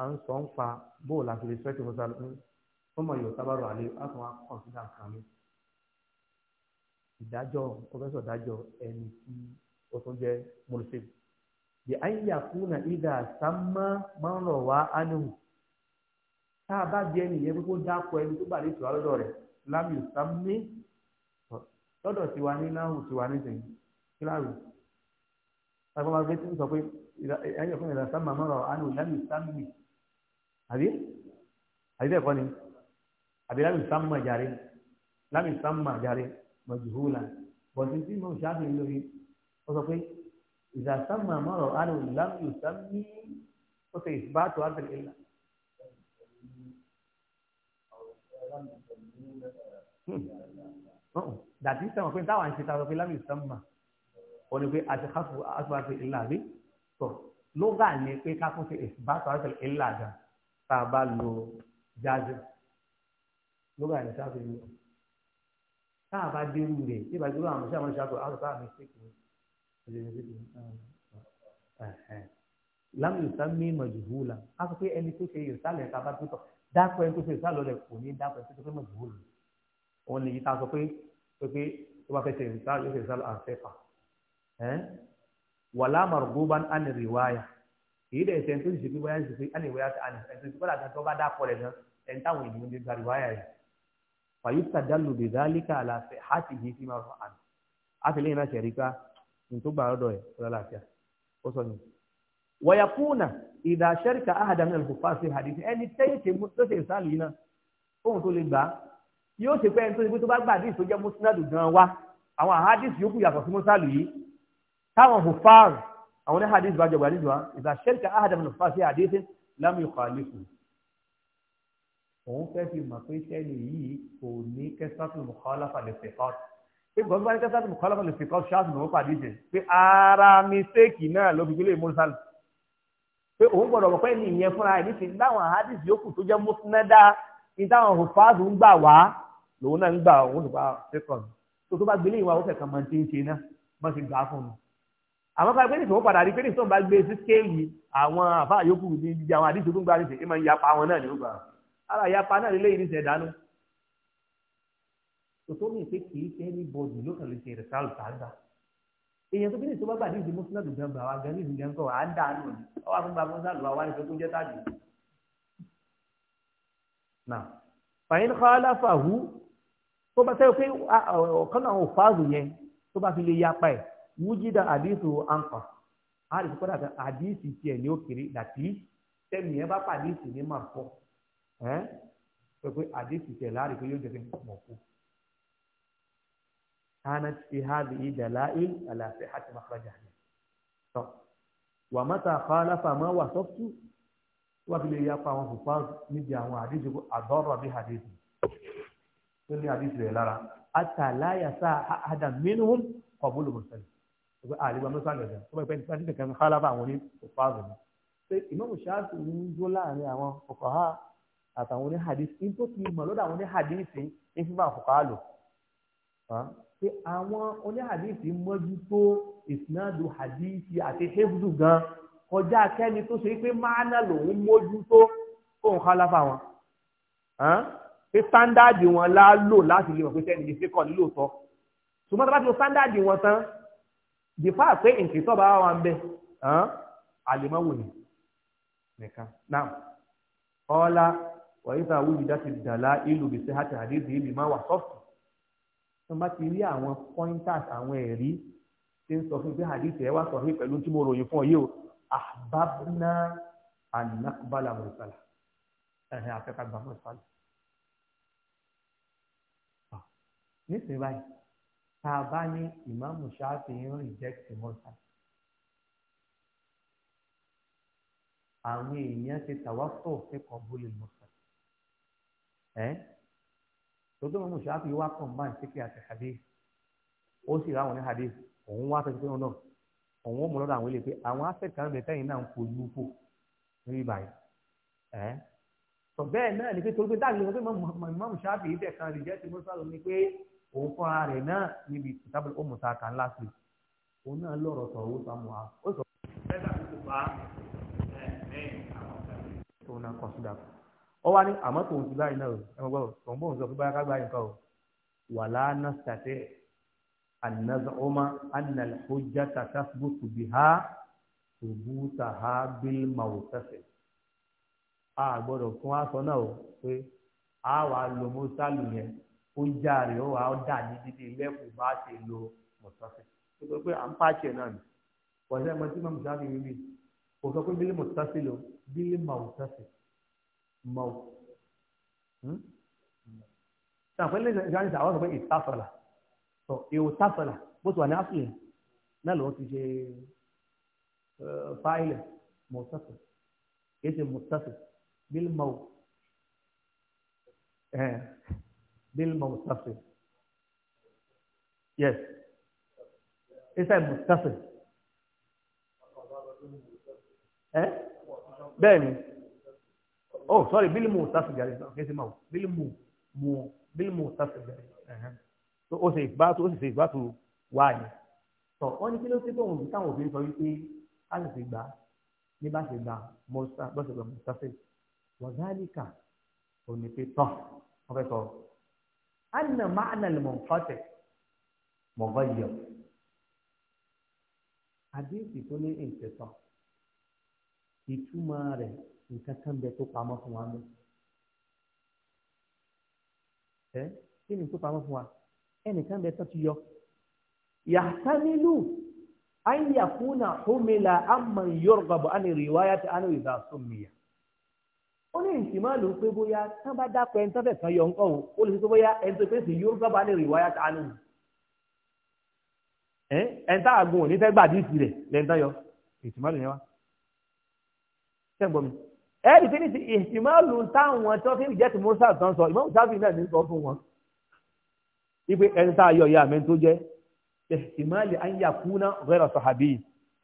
à ń sọ ń fa bóòlù àti lè sẹ́kì mọ́tà lọ́wọ́ wọ́n mọ̀ yóò sábàrọ̀ àlẹ́ á tún wá kọ̀ǹsídà kan mi ìdájọ́ pọfẹ́sọ̀ dájọ́ ẹni tí ó tún jẹ́ mọ̀lẹ́sẹ̀ bí àyè àkúnà ìdá sámá máa ń tá a bá di ẹnìyẹn gbogbo dákọ ẹni tó bá lè tura lọ́dọ̀ rẹ̀ lámì sámi lọ́dọ̀ tiwa ní náhùn tiwa ní sẹ́yìn kíláàrù táwọn bá gbé tí ń sọ pé ẹyọ fún ìlànà sámi àmọ́ràn àánú lámì sámi àbí àbí bẹ́ẹ̀ kọ́ ni àbí lámì sámi àjàre lámì sámi àjàre mọ̀jùhúlà bọ̀dé tí mo ṣáàbì lórí ó sọ pé ìlànà sámi àmọ́ràn àánú lámì sámi ó sọ ìbátò àbẹ̀lẹ̀ ìlànà. dàtí sẹ́wọ̀n pé táwọn àìsí ta sọ pé lámì sánmà ó ní pé àti káfù àtúwàsí ìlà rí tọ̀ lóga ni pé káfù sí ìbátọ̀ àti ìlà gan tá a bá lo jáde lóga ni sáfì ní tá a bá dérú rẹ̀ tí ìbájú ló àwọn sẹ́wọ̀n ṣàkóso àtúntà mi sí kù lámì sánmì mọ̀jùhùlà á sọ pé ẹni tó ṣe yòó sálẹ̀ ká bá tó tọ̀ dákọ̀ ẹni tó ṣe ìsàlọ̀ rẹ̀ kò ní dákọ̀ ẹni tó ṣe pé mọ̀ gbòòrò òun lè yí ta sọ pé pé tó bá fẹ́ ṣe ìsàlọ̀ yóò ṣe ìsàlọ̀ àfẹ́fà wàlá màrúgbóbá àni rìwáyà èyí dẹ̀ ṣe ẹni tó ṣe pé wáyà ṣe pé àni ìwáyà àni ẹni tó bá tó bá dákọ̀ rẹ̀ gan ẹni táwọn ènìyàn lè gba rìwáyà rẹ̀ wàyí sàdálù bèdálíkà àlàfẹ́ àti yìí fi máa fọ àná àtìlẹ́yìn náà ṣẹ̀ríkà ní tó gbà ọ́dọ̀ ẹ̀ ọ̀làlàfíà wọ̀yàkúnà ìdá ṣẹ́ríkà áhàdà al kò fáṣe hadith ẹni tẹ́yìn tó ṣe ìsáàlù yìí náà ohun tó lè gbà á yóò ṣe pé ẹni tó ṣe pé tó bá gbà àdìs tó jẹ́ mùsùlùmí gan wa àwọn àhádìs yòókù yàtọ̀ sí mùsàlù yìí táwọn kò fáàrù àwọn ní hadith bá jọba àdìs wa ìdá ṣẹ́ríkà áhàdà mìíràn kò fáṣe hadith lámì ọkọ̀ àlékù òun fẹ́ fi mọ̀ pé sẹ́ni yìí kò ní kẹ́sàtù mùkọ́láfà lè fẹ́kọ́t pé gbọ́dọ̀ bá ní kẹ́sàtù mùkọ́láfà lè fẹ́kọ́t ṣáàtù lòún pàdé jẹ pé ara mi séèkì náà ló fi gbélé mọ́sálù pé òun gbọdọ mọ̀ pé ní ìyẹn fúnra ẹ̀ nífi láwọn ahadis yòókù tó jẹ́ mọ́sánádá ní táwọn hufaz ń gbà wá lòun náà ń gbà òun nípa fẹ́kọ̀n tó tó bá gbélé ìwà òfẹ́ kan máa ti ń ṣe náà má ti gbà á fún un. àmọ́ ká pé padà rí pé bá gbé sí kéèyì àwọn àfa yòókù ní ibi àwọn ahadis tó ń gbà náà ara ìyapa náà èèyàn tó bí ní ìtọ́gbà ní ìdí mùsùlùmí gan gbà wá gan ní ìdí gan kọ́ à ń dà nù ní ọwọ́ àfúngbà mùsùlùmí àlùwà wá ìfẹ́ tó jẹ́ tàbí. nà fàyín kọ́lá fàwù tó bá sẹ́yìn pé ọ̀kan náà ò fáàzù yẹn tó bá fi lè yapa ẹ̀ wújídà àdìsù àǹkà á lè fọ́dà kan àdìsù tiẹ̀ ní òkèrè dàtí tẹ́mi ẹ bá pàdé ìsìn ní màkọ́ ẹ́ pé àdìsù tiẹ̀ láàrin pé yóò jẹ́ كانت في هذه دلائل على صحة مخرجها طب ومتى خالف ما وصفت وبلي يقع وفاز نجي àwọn hadith adorra bi hadith tó ní hadith rẹ̀ lára hatta la yasa ahada minhum qabul mursal wa ali wa musa le so be pe ni kan khalafa àwọn ni faz ni ṣé imam shafi ni jo láàrin àwọn fuqaha àtàwọn ni hadith in tó ti mọ̀ lọ́dọ̀ àwọn ni hadith in fi ba fuqaha lo ha pé àwọn oníhàdíìsì mójútó ìsinádùn hàdíìsì àti hefdu gan kọjá kẹ́ni tó ṣe pé máàna lòun mójútó fóun kálábà wọn pé sáńdáàdì wọn lá lò láti lè mọ̀ pé sẹ́ni lè ṣe kọ́ nílò tọ́ ṣùgbọ́n tó bá ti lo sáńdáàdì wọn tán dìfà pé nǹkan tó bá wà ń bẹ àlèmọ́wò ni nìkan náà ọ̀la wàyíṣà wújì dá ti dàlá ìlú bìsí àti àdéhùn ìlú máa wà sọ́ọ̀tù tó bá ti rí àwọn pointers àwọn ẹ̀rí tí ń sọ fún pé hadith ẹ wá sọ fún pẹ̀lú tí mo ròyìn fún ọ yìí o ahbabna anakubala murisala ẹ̀hìn afẹ́kagbà murisala. Ah, nísìnyí báyìí tá a bá ní ìmáàmù ṣáàtì ń rìjẹ́kìtì murisala. àwọn èèyàn ti tàwá fò fẹ́kọ̀ọ́ bólú murisala tòótọ́ mọ́mú ṣáàpì wá kọ̀ǹbá ìṣèké àti hadith ó sì ráwọn ní hadith òun wá fẹ́ẹ́ fẹ́ràn náà òun ó mú lọ́dọ̀ àwọn ilé pé àwọn aspect kan bẹ̀ẹ́ tẹ́yìn náà ń fojú fò níbi báyìí ẹ̀ sọ bẹ́ẹ̀ náà ni ni pé òun fúnra rẹ̀ náà níbi ìtàbí òmù ta kàn láti òun náà lọ́rọ̀ ọ wá ní àmọ́ tòun ti báyìí náà o ẹ mọ̀ gbọ́dọ̀ tòun bóun sọ pé báyà ká gbá yín kọ́ o wà lánà sàtẹ́ ànàzọ́mà ànàlẹ́kọ́jà tàtà bùtù bí ha tòbú tàhá bíl màwùtẹ́sẹ̀ a gbọ́dọ̀ fún wa sọ náà o pé a wà lo mọ́sálù yẹn ó járe ó wà ó dà ní dídí lẹ́kùn bá ṣe lo mọ̀tẹ́sẹ̀ tó sọ pé à ń pàṣẹ náà ni wọ́n ṣe é mọ́ tí mọ́mùsáfì wíwí kò sọ pé bílí mọ̀tẹ́sẹ̀ lo bílí màwùtẹ́sẹ̀ Mau? ọ. sàǹfẹ́ lè ni sàwọn sọ pé ìtafàlà sọ èèwò tafàlà bó ti wà ní áfíà náà lọ́wọ́ ti ṣe fáìlì mọ̀tàfẹ́ kì í ṣe mọ̀tàfẹ́ bíl mọ́ ọ. bíl mọ̀tàfẹ́ yes isa mọ̀tàfẹ́. ni? oh sorry bílí mu tasi jari kí n sì máa wò bílí mu mu bílí mu tasi jari uh-huh. so ó ṣe ìbátú ó sì ṣe ìbátú wáyé tọ wọn ní kí ló ṣe pé òun táwọn òfin sọ wípé a sì ti gbà ní bá ṣe gbà mọ́sá bá ṣe gbà mọ́sá fẹ́ wàzálíkà òun ni pé tán wọn fẹ́ sọ anna ma'ana lè mọ̀ fọ́tẹ̀ mọ̀ bá yọ àdéhùn tó ní ìṣẹ̀tàn ìtumọ̀ nǹkan kan bẹ tó pamọ́ fún wa mọ́ ẹ kí ni tó pamọ́ fún wa ẹnìkan bẹ tó ti yọ yàtàmílù ayàkúnà hómìlà àmàn yorùbá àni rìwáyà tí àni ìdá sọmìyà ó ní ìtìmáàlù pé bóyá tán bá dápẹ́ ẹni tán fẹ̀ kan yọ nǹkan o ó lè sọ bóyá ẹni tó fèsì yorùbá àni rìwáyà tí àni ẹ ẹni tá àgùn ò ní fẹ́ gbàdí ìsì rẹ̀ lẹ́ni tán yọ ìtìmáàlù yẹn wá sẹ́gbọ́n mi ẹ̀rì tí ní ti ìhìmáàlù táwọn tó fi jẹ́ ti musa tán sọ ìmọ̀ sábì náà ní sọ fún wọn wípé ẹni tá a yọ ìyá mi tó jẹ́ ìhìmáàlì àyà kúná rẹ́rọ̀ sọ̀hábì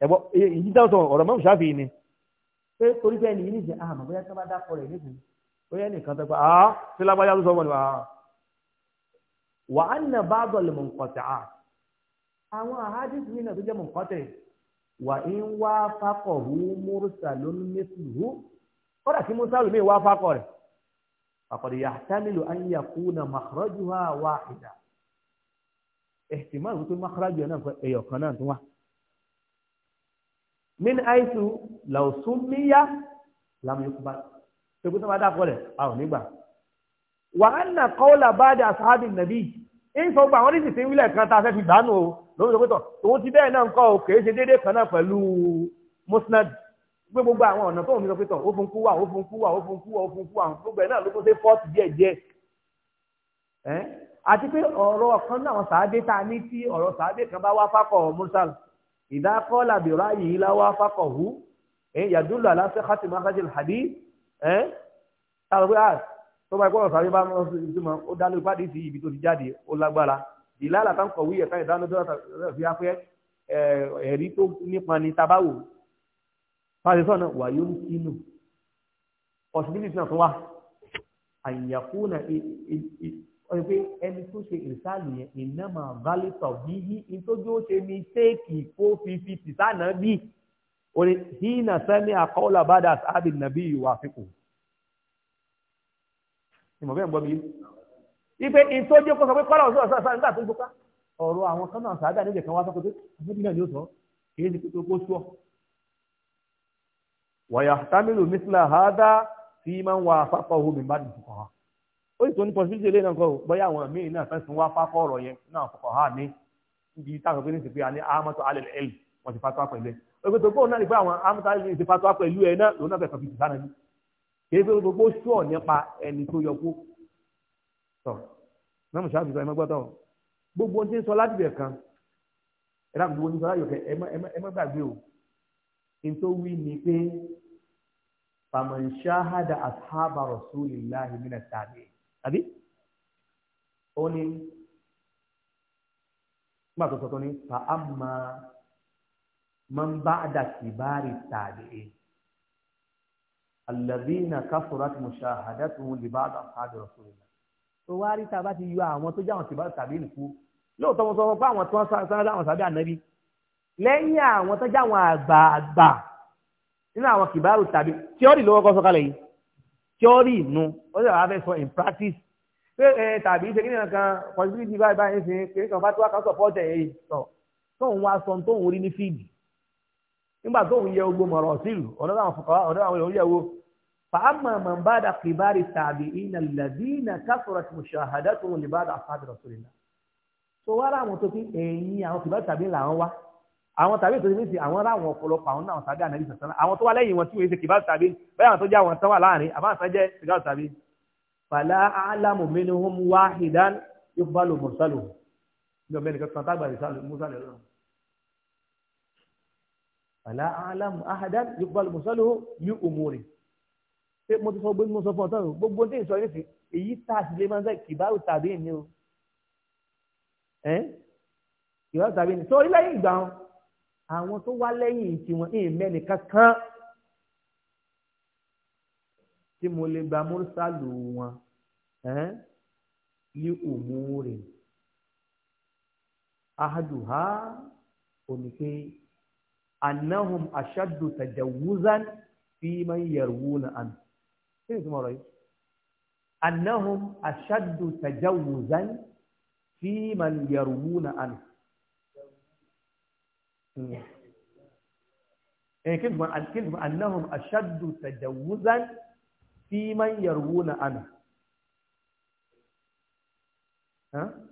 ẹ̀bọ èyí tó sọ ọ̀rọ̀ mọ́ sábì ni pé torí pé ẹni yìí ní ṣe àmọ́ bóyá tó bá dákọ̀ rẹ̀ níbi ó yẹ nìkan tó pa á sí lágbájá ló sọ wọn ni wà á nà bá bọ̀lù mọ̀ mọ̀ nkọ̀tà wà kódà tí musa lómi wá fákọ rẹ̀ àkọ̀dé yahtamilu an yakuna makhrajuha wahida ihtimal wípé makhrajuha náà ẹ̀yọ̀ kan náà tó wá. min aisu law summiya lam yuqbal ṣègùn tó bá dákọ̀ rẹ̀ a ò nígbà. wa anna qawla ba'da ashabi nabi ń sọ gba àwọn oníṣìí tí ń wílẹ̀ kan tá a fẹ́ fi gbàánu o lórí ìdókòtò òun ti bẹ́ẹ̀ náà ń kọ́ o kèé ṣe déédéé kan náà pẹ̀lú musnad gbé gbogbo àwọn ọ̀nà tó ń sọ pé tọ̀ ó fún kú wà ó fún kú wà ó fún kú wà ó fún kú wà gbogbo ẹ̀ náà ló tún ṣe fọ́ọ̀tì díẹ̀ díẹ̀ àti pé ọ̀rọ̀ kan náà àwọn sàábé tá a ní tí ọ̀rọ̀ sàábé kan bá wá fákọ̀ mursal ìdákọ́ làbẹ̀rọ ayé yìí láwá fákọ̀ hù yàdúlù aláṣẹ khatìmọ́ akásẹ̀ hàdí táwọn pé ah, tó bá ìkọ́rọ̀ sàábé bá mọ́ sí mọ́ ó dá lórí pàdé sí ibi tó ti jáde ó lágbára ìlàlà táǹkọ̀ wíyẹ̀ káyọ̀ dáná dọ́rọ̀ fi afẹ́ ẹ̀rí fàájì sọ́nà wà yóò ń kínú possibility náà tó wá àyàkú na ọ̀yọ́ pé ẹni tó ṣe ìrìsáàlù yẹn iná máa value of yíyí nítorí ó ṣe ní téèkì kó fi fi tìsánà bí orí hínà sẹ́mi àkọ́ọ́lá bàdà sábì nàbí ìwà àfikún. ìmọ̀ bẹ́ẹ̀ ń gbọ́ mi yìí. ipe ìtọ́jú kó sọ pé kọ́lá òṣèlú ọ̀sán sáà nígbà tó ń kópa ọ̀rọ̀ àwọn kan náà sáà dà níjẹ̀ kan wá sọ́kọ́ pé sọ pé kó wàyàtàmìlù mísìlá hádá fi máa ń wà fáfọ́ ohun mi bá dùn fún ọ. ó sì tó ní pọ̀sibítì ilé náà kọ́ bóyá àwọn míì náà fẹ́ sun wá fáfọ́ ọ̀rọ̀ yẹn náà fọkọ̀ há ní ibi táwọn gbé ní ìsìnkú àní amọ́tò alẹ́ ẹ̀l wọ́n ti fatọ́ pẹ̀lú ẹ̀. ògbètò kó náà ní pé àwọn amọ́tò alẹ́ ẹ̀l ti fatọ́ pẹ̀lú ẹ̀ náà lòun náà fẹ́ kọ̀ọ̀fì tìsánà ni nítorí wí ni pé faman shahada ashaba rasulillahi mina tàbí àbí ó ní nígbà tó sọ́tọ́ ní fa amma man ba'da kibari tàbí alladhina kafurat mushahadatuhum li ba'd ashabi rasulillah tó wá rí tá a bá ti yọ àwọn tó jẹ́ àwọn tìbá tàbí nìkú mo sọ fún pé àwọn tó ń sáré àwọn sàbí ànábì lẹ́yìn àwọn tó jáwọn àgbààgbà nínú àwọn kìbáàrù tàbí tíọ́rì lówó kọ́ sọ́kàlẹ̀ yìí tíọ́rì nu ó sì wà fẹ́ sọ in practice pé ẹ tàbí ṣe kíni kan possibility báyìí báyìí ṣe kí kan fatuwa kan support ẹ̀ yìí sọ tóun wá sọ tóun rí ní fíìdì nígbà tóun yẹ ogbó mọ̀rọ̀ sílù ọ̀dọ́ àwọn fọkàwá àwọn olùyẹ̀wò àwọn tàbí tó ti ní sí àwọn aláwọn ọ̀pọ̀lọpọ̀ àwọn náà tàbí ànábì sọ̀tàn àwọn tó wá lẹ́yìn wọn tí wọ́n ṣe kìbáàtù tàbí bẹ́ẹ̀ àwọn tó jẹ́ àwọn tán láàrin àbá àtàn jẹ́ kìbáàtù tàbí. fàlà alamu minhum wahidan yuqbalu mursalu ní ọ̀bẹ nìkan kan tágbà ìsàlù musa lè fàlà alamu ahadan yuqbalu mursalu ní umuri. ṣé mo ti sọ gbé mo sọ fún ọ̀tọ̀ gbogbo tí ìsọ yìí èyí tá a sì lè máa ń sẹ́ kìbáàtù tàbí ni o. kìbáàtù àwọn tó wá lẹ́yìn tiwọn ní ìmẹ́ni kankan tí mo lè gba mọ́sálù wọn ní òmùúrè ahaduha onípe annahum ashaddu tajawuzan fi man yarwuna an kí ni túmọ̀ rẹ̀ yìí annahum ashaddu tajawuzan fi yarwuna an. إيه كلمة الكلمة أنهم أشد تجوزا في من يروون أنا ها؟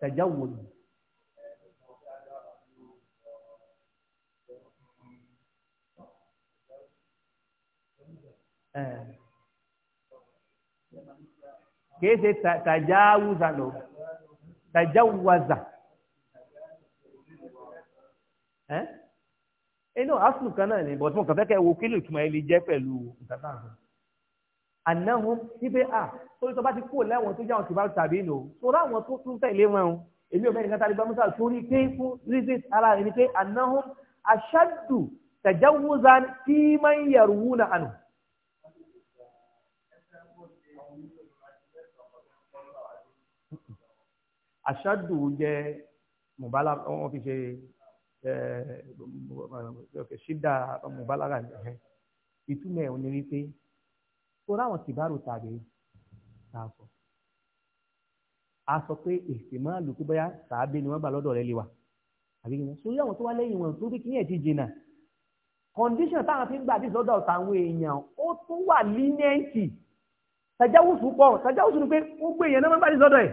تجوز آه. kìí ṣe tàjáwùzà lọ tàjáwùzà inú asùn kan náà ni bọ̀tí mo kàn fẹ́ kẹ́ wo kí lè túmọ̀ ẹni jẹ́ pẹ̀lú ìtàkùn àná ànáhùn síbẹ̀ à torí tó bá ti kúrò lẹ́wọ̀n tó jáwọn tìbá tàbí nù tó ráwọn tó tún tẹ̀lé wọn o èmi ò mẹ́rin kan tàbí torí pé fún reasons ara ẹni pé ànáhùn aṣáàdù tàjáwùzà tí máa ń yẹ̀rù wúna àná. aṣáàdù jẹ́ mùbálà wọ́n fi ṣe ṣídà mùbálà rà nìyẹn ìtumọ̀ ẹ̀ ní wípé tó ráwọn tìbárò tàbí tá a sọ a pé èsì máa lù pé bóyá sàábé ni wọ́n gbà lọ́dọ̀ rẹ̀ lè wà àbí kí ni sórí àwọn tó wá lẹ́yìn wọn torí kí ni ẹ̀ ti jìnnà condition táwọn fi ń gbà dí sọ́dọ̀ táwọn èèyàn ó tún wà línẹ́ǹtì tajawusu pọ̀ tajawusu ni pé ó èèyàn náà máa ń gbà dí sọ́dọ̀ ẹ̀.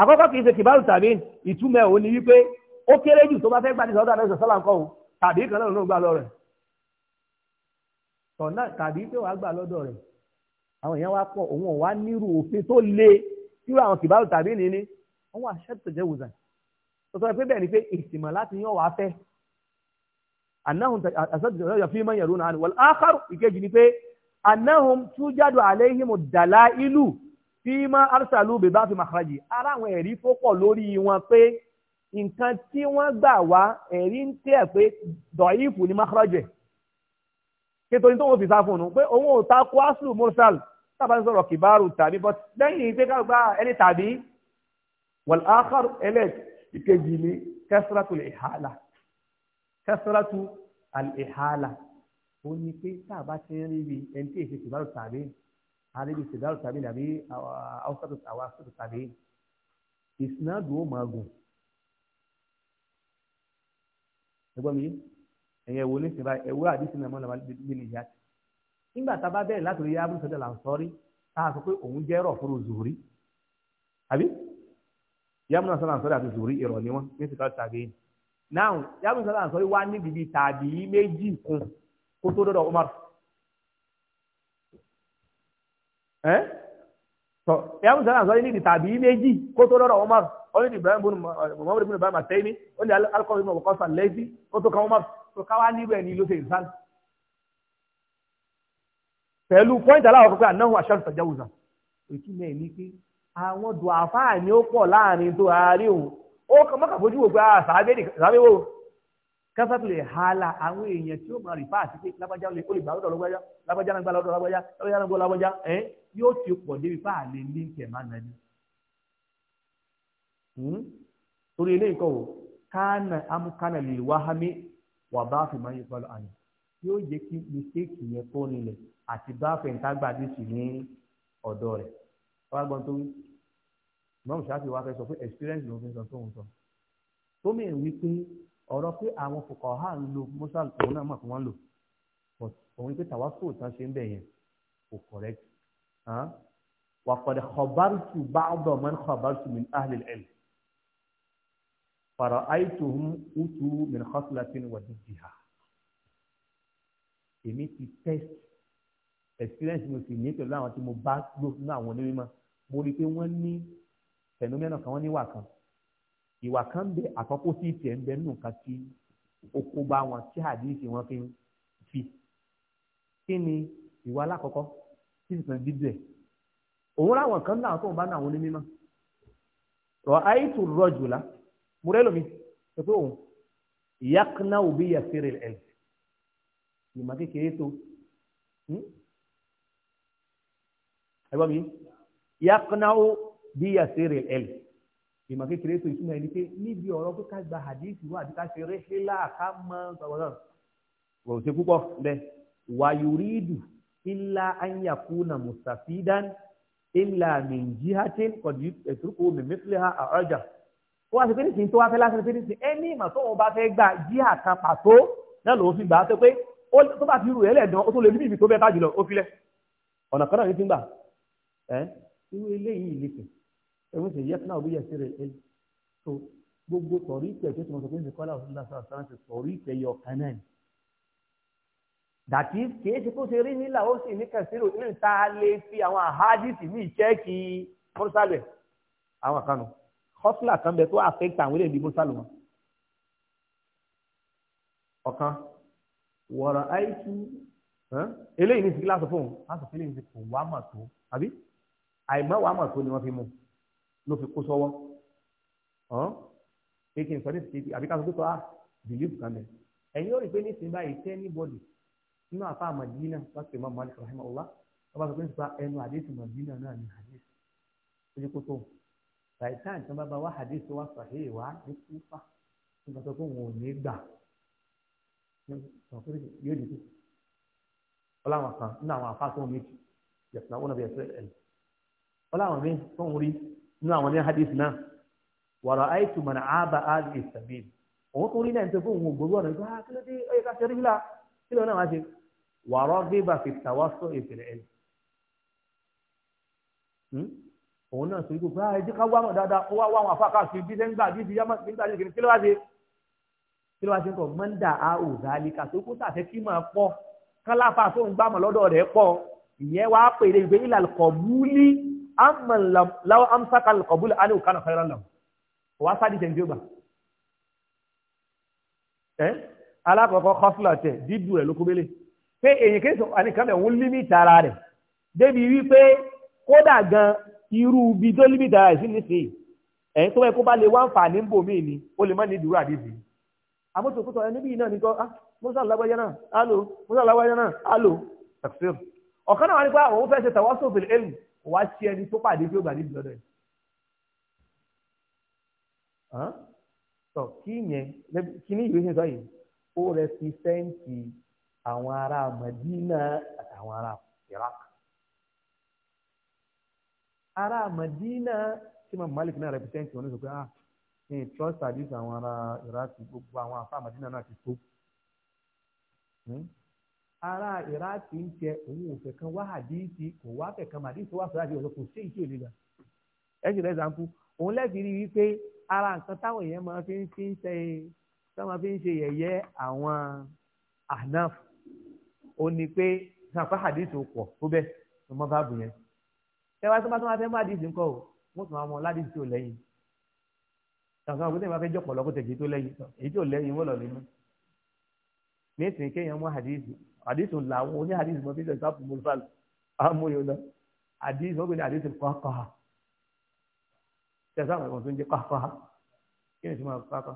àkọ́kọ́ kìí ṣe kìbáàrù tàbí ìtumọ̀ ò ní wípé ó kéré jù tó bá fẹ́ gbàdí sọ́dọ̀ àdáṣọ sọ́là ńkọ́ o tàbí kan náà ló gbà lọ́rẹ̀ tọ̀nà tàbí pé wàá gbà lọ́dọ̀ rẹ̀ àwọn èèyàn wá pọ̀ òun ò wá nírú òfin tó le irú àwọn kìbáàrù tàbí ní ní wọ́n wà ṣẹ́ tẹ̀jẹ́ wùzà tó sọ pé bẹ́ẹ̀ ni pé ìsìmọ̀ láti yàn wá fẹ́ anahun asọ́jọ́ fi ma arsalu bèbá fi màkàràjì ara àwọn ẹ̀rí tó pọ̀ lórí wọn pé nǹkan tí wọ́n gbà wá ẹ̀rí ń tẹ̀ pé dọ̀yìfù ni màkàràjì kéto ní tó wọ́n fi sá fún un pé òun ò ta kó aslu mursal tábà ń sọ̀rọ̀ kìbáàrù tàbí bọ́t lẹ́yìn ìpè ká gba ẹni tàbí wal akhar ẹlẹ́ ìkejì ni kasratu al-ihala kasratu al-ihala pé tábà ti ń rí ibi ẹni tí èsì kìbáàrù tàbí àdébí sèdáàrú tàbí nàbí àwòsàtò àwọn àṣàtò tàbí ìsìnàdù ó máa gùn ẹgbọ́n mi ẹ̀yẹ wo nísìnyí báyìí ẹ̀wọ́ àdìsí náà mọ́nà bí ní ìyá nígbà tá a bá bẹ̀rẹ̀ látòrí yá abúlé sọ́jà là ń sọ́rí tá a sọ pé òun jẹ́ rọ̀ fúru zùrí àbí yàmúnà sọ́jà là ń sọ́rí àti zùrí ìrọ̀ ni wọ́n ní sèdáàrú tàbí náà yàmúnà sọ́jà là ń sọ́rí wá níbi bíi tàbí méjì kún kó tó dọ́dọ̀ Umar ẹ́ tọ́ ìyá musa náà sọ ní ìdí tàbí méjì kó tó lọ́rọ̀ Umar ó ní Ibrahim bùnú Muhammad bùnú Ibrahim àtẹ́yìní ó ní alukọ́ bùnú ọ̀kọ́sà lẹ́sí kó tó kan Umar tó pẹ̀lú aláwọ̀ pé anáhùn aṣáájú ní pé àwọn dùn àfáà ni ó pọ̀ láàrin tó àárín òun ó wò kásáfìlẹ̀ hàlà àwọn èèyàn tí ó máa rìfà àti pé lábájá ó lè gbà lọ́dọ̀ lágbájá lábájá náà gbà lọ́dọ̀ lágbájá lábájá náà gbọ́ lágbájá ẹ̀ yóò ti pọ̀ débi fà lè ní kẹ̀ máa nà ní. Hmm? torí eléyìí kọ́ wò kánà amúkánà lè wá hámi wà bá fi máa yẹ pẹ̀lú àná yóò jẹ́ kí mistake yẹn kó nílẹ̀ àti bá fẹ̀ǹtà gbà dé sí ní ọ̀dọ̀ rẹ̀ wọ́n gbọ́n experience ló fi sọ tóun ọ̀rọ̀ pé àwọn fòkànhá ń lo mọ́ṣáàl òun náà mọ̀ fún wọn lò òun pé tàwa sóò tán ṣe ń bẹ̀ yẹn kò correct wà pàdé kọ̀bárùtù bá ọ̀dọ̀ mọ́ni kọ̀bárùtù min ahli al-ilm fara aituhum utu min khaslatin wa diddiha èmi ti test experience mo sì ní pẹ̀lú àwọn tí mo bá lò nínú àwọn onímọ̀ mo rí i pé wọ́n ní phenomenon kan wọ́n ní wà kan ìwà kan bẹ àkọ́kọ́ sí ìtì ẹ̀ ń bẹ nínú nǹkan tí oko bá wọn tí àdéhìsì wọn fi ń fi kí ni ìwà alákọ̀ọ́kọ́ tí ìsìn dídẹ̀ òun láwọn kan náà tó ń bá náà wọn ní mímọ́ rọ àìtù rọjùlá mo rẹ́ lómi sọ pé òun ìyá òbí yà sí rẹ̀ ìmọ̀ kékeré tó hmm? ẹ̀gbọ́n mi ìyá kaná òbí yà sí rẹ̀ ìmọ̀ kékeré tó ìtumọ̀ ẹni pé níbi ọ̀rọ̀ pé ká gba hadithi wà àti ká ṣe rẹ́ṣẹ́lá ká mọ́ ọ̀rọ̀ kò ṣe púpọ̀ bẹ́ẹ̀ wàyúrídù ilá anyakuna mustafidan ilá minjihatin kọ̀dí ẹ̀tùrúkọ̀ mẹ́mẹ́fìlẹ́hà àọ́jà ó wá sí pé nísìnyí tó wá fẹ́ lásán pé nísìnyí ẹni ìmọ̀ tó wọn bá fẹ́ gbà jíhà kan pàtó náà lòun fi gbà á sọ pé tó bá fi rú ẹ̀ lẹ́ẹ̀dán ẹ̀rọ ṣe yẹ fúnà òbíyẹ sí rẹ̀ ẹ̀ so gbogbo tọ̀rí ìpẹ́ tó ti mọ̀ sọ pé nìkan láwọn ọ̀sán lásán àṣà ṣe tọ̀rí ìpẹ́ yọ ọ̀kan náà ni. dàtí kìí ṣe kó ṣe rí nílà ó sì ní kẹsìrò ní ta lè fi àwọn àhádìsì ní ìṣẹ́ẹ̀kì mọ́tòsálẹ̀ àwọn àkànnù hustler kan bẹ tó affect àwọn ilé ìdìbò sálọ wọn. ọ̀kan wọ̀rọ̀ àìsí eléyìí ní ló fi kó sọ́wọ́ pé kí n sọ ní ìsìnkú àbí ká sọ pé sọ ah believe kan bẹ ẹ̀yin ó rí i pé ní ìsìn báyìí tẹ́ ní bọ́ọ̀lì nínú àfa àmàdínà láti ìmọ̀ malik rahimahullah wọ́n bá sọ pé nípa ẹnu àdéhùn àmàdínà náà ní hadith ó yẹ kó tó báyìí táà nǹkan bá bá wá hadith wá sahih wá ní kúfà nípa sọ pé wọn ò ní gbà yóò dìbò ọláwọn kan nínú àwọn àfa tó ń méjì yàtọ̀ nínú àwọn ní hadith náà wàrà àìtù mọ̀nà àbá àdì ìsàbíl òun tó rí náà tó fún òun gbogbo ọ̀nà tó á kí ló dé ó yẹ ká ṣe rí bílà kí ló náà wá ṣe wàrà bíbà fi tàwa sọ ìfìlẹ̀ ẹ̀ òun náà sọ gbogbo ẹ jẹ́ ká wá mọ̀ dáadáa ó wá wá àwọn afá káàkiri bí sẹ́ńgbà bí ti yámọ̀ nígbà tí kí ló wá ṣe kí ló wá ṣe ń kọ mọ́ndà a ò zálíkà tó kó sàfẹ́ kí máa pọ̀ kálápà amman law amsaka al-qabul anu kana khairan lahu wa sadi ten joba eh ala ko khosla te didu e loko bele pé eyin ke so ani kan be won limit ara rẹ̀ débi wí pé kódà gan irú bi do limit ara si ni si eh tó bá ko ba le wa nfani nbo mi ni ó lè má ní dúró adisi amoto ko eh, to ẹni bí náà ni ko ah musa lagbaja náà alo musa lagbaja náà alo takfir ọ̀kan náà wà ní pé àwọn ah, fẹ́ ṣe tàwásọ̀ fìlẹ̀ ẹ̀lù wá sí ẹni tó pàdé tí ó gbà nídìí lọ́dọ̀ ẹ̀ tọ kí yẹn kí ní ìwé ṣe sọ yìí ó rẹpísẹ́ǹtì àwọn ará Mẹdínà àtàwọn ará Iraq ará Mẹdínà tí mo Malik náà rẹpísẹ́ǹtì wọn ní sọ pé ah ní trust service àwọn ará Iraq gbogbo àwọn afá Mẹdínà náà ti tó. Hmm? ara ìrántí ń jẹ òun ò fẹ́ kan wá àdíìsì kò wá fẹ́ kan màdíìsì wà sọ́dọ̀ àti ọ̀sọ̀ kò sí ìtì òlè gbà ẹ sì lẹ́sàn án kú òun lẹ́sì rí i ara nǹkan táwọn èèyàn máa fi ń fi ń ṣe táwọn máa fi ń ṣe yẹ̀yẹ́ àwọn ànáf o ní pé sàpá àdíìsì ò pọ̀ tó bẹ́ẹ̀ ló mọ́ báàbù yẹn ẹ wá tó bá tó máa fẹ́ mú àdíìsì ńkọ́ o wọ́n tún máa mọ ládìsí tí ò lẹ́yìn kankan òkúta ìbá fẹ́ jọ̀pọ̀ lọ́kùtẹ̀ èyí tó lẹ́yìn àdìsù làwọn oní àdìsù mọ́ fíjọ ìsáàpù mọ́lúfà àmúyọ lọ àdìsù wọ́n pè ní àdìsù kọ́kọ́ tẹ̀sán àwọn ọ̀gbọ̀n tó ń jẹ́ kọ́kọ́ kí ni ìtumọ̀ kọ́kọ́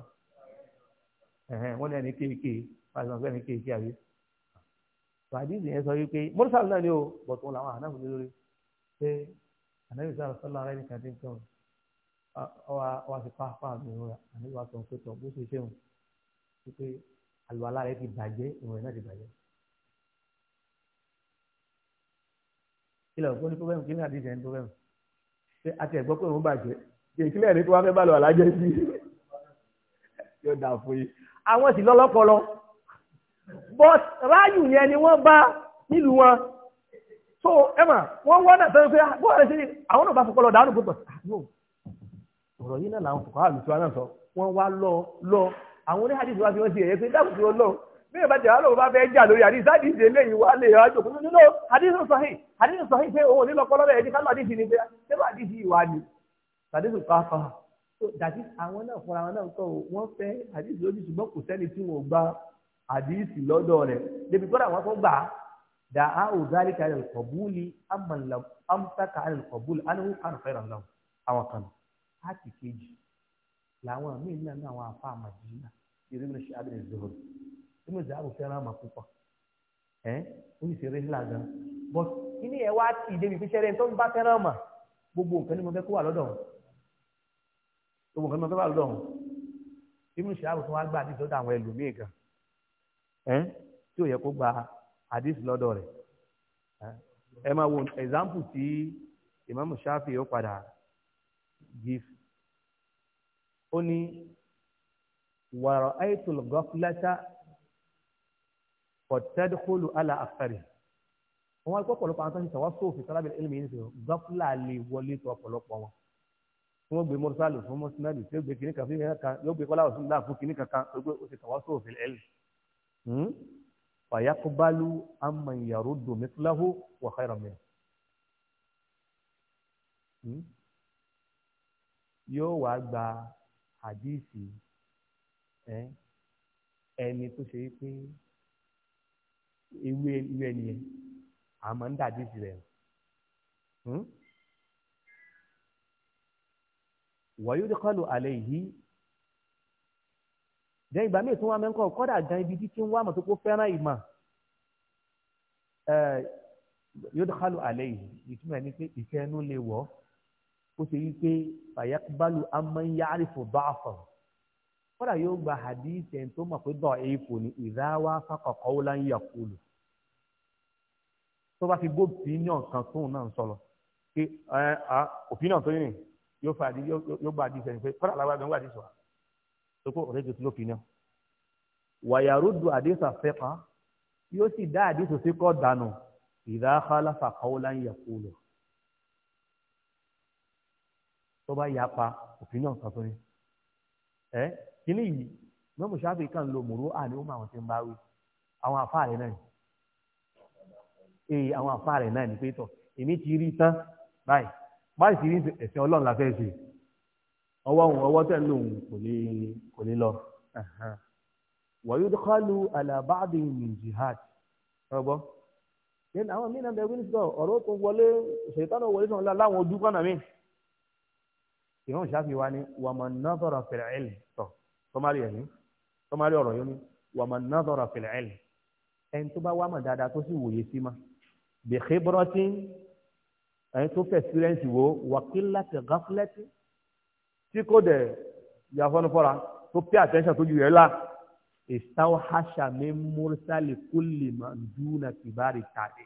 wọ́n ní ẹni kéèké pàṣẹ wọn fẹ́ ní kéèké àbí àdìsù yẹn sọ wípé mọ́lúfà náà ni ó bọ̀tún làwọn ànáwó lórí pé ànáwó sọ àlọ́sọ́lá rẹ̀ nìkan tí ń tọ́ wa ti pàápàá mi rọra ànáwó wa sọ ti bàjẹ́ ìwọ̀n náà ti bàjẹ́ ilẹ̀ òkú ní pọ́bẹ́mù kí ní àdìsẹ́ ní pọ́bẹ́mù ṣé àti ẹ̀gbọ́ pé òun bàjẹ́ ìkílẹ̀ ní tí fẹ́ bá lọ àlájẹ́ sí yóò dà fún yìí àwọn sì lọ́lọ́pọlọ but ráyù yẹn ni wọ́n bá nílùú wọn so emma wọ́n wọ́n náà sọ pé ah, bó ẹ̀rẹ́ sí àwọn náà bá fọpọ́ lọ dànù pípọ̀ ah, ọ̀rọ̀ yìí náà làwọn fọkàn àlùfáà náà sọ wọ́n wá lọ lọ àwọn oníhàdìsí wa fi wọ́n ti ẹ̀yẹ pé dáàbò bí ìbá tẹ̀wá lóun bá fẹ́ jà lórí àdìsí àdìsí eléyìí wà lè ọjọ́ kó nínú àdìsí sọ̀hìn àdìsí sọ̀hìn pé òun nílọ kọ́lọ́bẹ̀ ẹni kálọ̀ àdìsí ni pé sẹ́wọ́ àdìsí ìwà ni àdìsí pàápàá tó dàbí àwọn náà fúnra wọn náà kọ́ wọ́n fẹ́ àdìsí lójú ṣùgbọ́n kò sẹ́ni tí wọn ò gba àdìsí lọ́dọ̀ rẹ̀ débi gbọ́dọ̀ àwọn tó gbà á da a ò gárí ka àlẹ́ kọ̀búlì amúsaka àlẹ́ kọ̀búlì anáwó kan fẹ́ràn náà àwọn kan láti mọ̀sí àbò fẹ́ràn àmà púpọ̀ ẹ́ ó Onye ṣeré ńlá gan but kíní ẹ̀ wá tì í débi pé sẹ́rẹ́ tó bá fẹ́ràn àmà gbogbo nǹkan ni mo fẹ́ kó wà lọ́dọ̀ gbogbo nǹkan ni mo fẹ́ wà lọ́dọ̀ ibùdó ṣe àbò tó wá gbà àdìs lọ́dọ̀ àwọn ẹlòmíì gan ẹ́ tí ò yẹ kó gba àdìs lọ́dọ̀ rẹ̀ ẹ máa wo example tí ìmáàmù ṣáfì yóò padà give ó ní wàrà kọ̀tẹ́dẹ́kọ́lù àlà àfẹ́rẹ́ wọn wá pọ̀pọ̀lọpọ̀ àwọn tó ń ṣe tàwọn sóòfin sálábẹ̀ ẹlẹ́mì yìí ṣe gbọ́fúlà lè wọlé tó ọ̀pọ̀lọpọ̀ wọn wọn gbé mọ́tòsálù fún mọ́tòsálù tí ó gbé kìnnìkan fún kìnnìkan kan yóò gbé kọ́lá ọ̀sùn náà fún kìnnìkan kan ó gbé ó ṣe tàwọn sóòfin ẹlẹ́mì fàyàkúbálù àmàyàrú dùmísíláhù wà káyọ̀mẹ́ yóò wá gba àdíìsì ẹni tó ṣe é pé ewé ewé ẹni yẹn àmọ́ ń dàdí sí rẹ̀ wọ́n yóò kọ́ lu àlẹ́ yìí jẹ́ ìgbà míì tún wá mẹ́ńkọ́ kọ́dà gan ibi títí ń wá mọ̀ tó kó fẹ́ràn ìmọ̀ yóò kálù àlẹ́ yìí ìtumọ̀ ẹni pé ìfẹ́ ẹnu lè wọ̀ ó ṣe yí pé fàyàkúbálù amáyárìfò bá àfọ̀rọ̀ kódà yóò gba hadith ẹ̀ tó mọ̀ pé dọ̀ èèfò ni ìdáwà fàkọ̀kọ́ ó láń yà kúlù tó bá fi gbó opinion kan tóun náà ń sọ lọ pé opinion tó yìnbọn yóò fa àdí yóò gba àdí sẹ́yìn pé kódà làwọn àgbẹ̀ ń wà àdísọ̀ tó kó ọ̀rẹ́ tuntun opinion wàyàrú du àdísọ̀ fẹ́kàn yóò sì dá àdísọ̀ sí kọ́ dànù ìdáhàlà fàkọ́ ó láń yà tó bá yapa opinion kan tó yìnbọn kíní yìí mọ́mú ṣáfì kan lo mòró àní ó mọ àwọn tí ń bá wí àwọn àfa rẹ̀ náà ee eh, àwọn àfa rẹ̀ náà ní pé tọ̀ èmi ti rí tán báyìí báyìí ti rí ẹ̀sìn ọlọ́run la fẹ́ ṣe ọwọ́ òun ọwọ́ tẹ̀ lóun kò lè kò lè lọ wàyúdúkọ́lù alábàdì min ọgbọ́ yẹn àwọn mí náà bẹ wíńsì náà ọ̀rọ̀ tó wọlé ṣètàn náà wọlé sọ̀rọ̀ láwọn ojú kọ́nà mi ìwọ̀n ṣáfi wá ní wàmọ̀ nọ́tọ̀rọ̀ fẹ̀rẹ̀ ẹ̀lì tọ̀ tọ́márì ẹ̀ ní tọ́márì ọ̀rọ̀ yẹn ní wàmà nàdọ̀rà fìlẹ̀ ẹ̀ ẹni tó bá wà mà dáadáa tó sì wòye sí ma bẹ̀kẹ́ bọ́rọ́tì ẹni tó fẹ́ experience wo wàkílá tẹ̀ gáfúlẹ́tì tí kò dẹ̀ yàfọ́nù fọ́ra tó pay attention tó ju yẹn la ìsáwọ́ haṣà mi múrísàlì kúlì mà ń dúnà kìbárì tàdé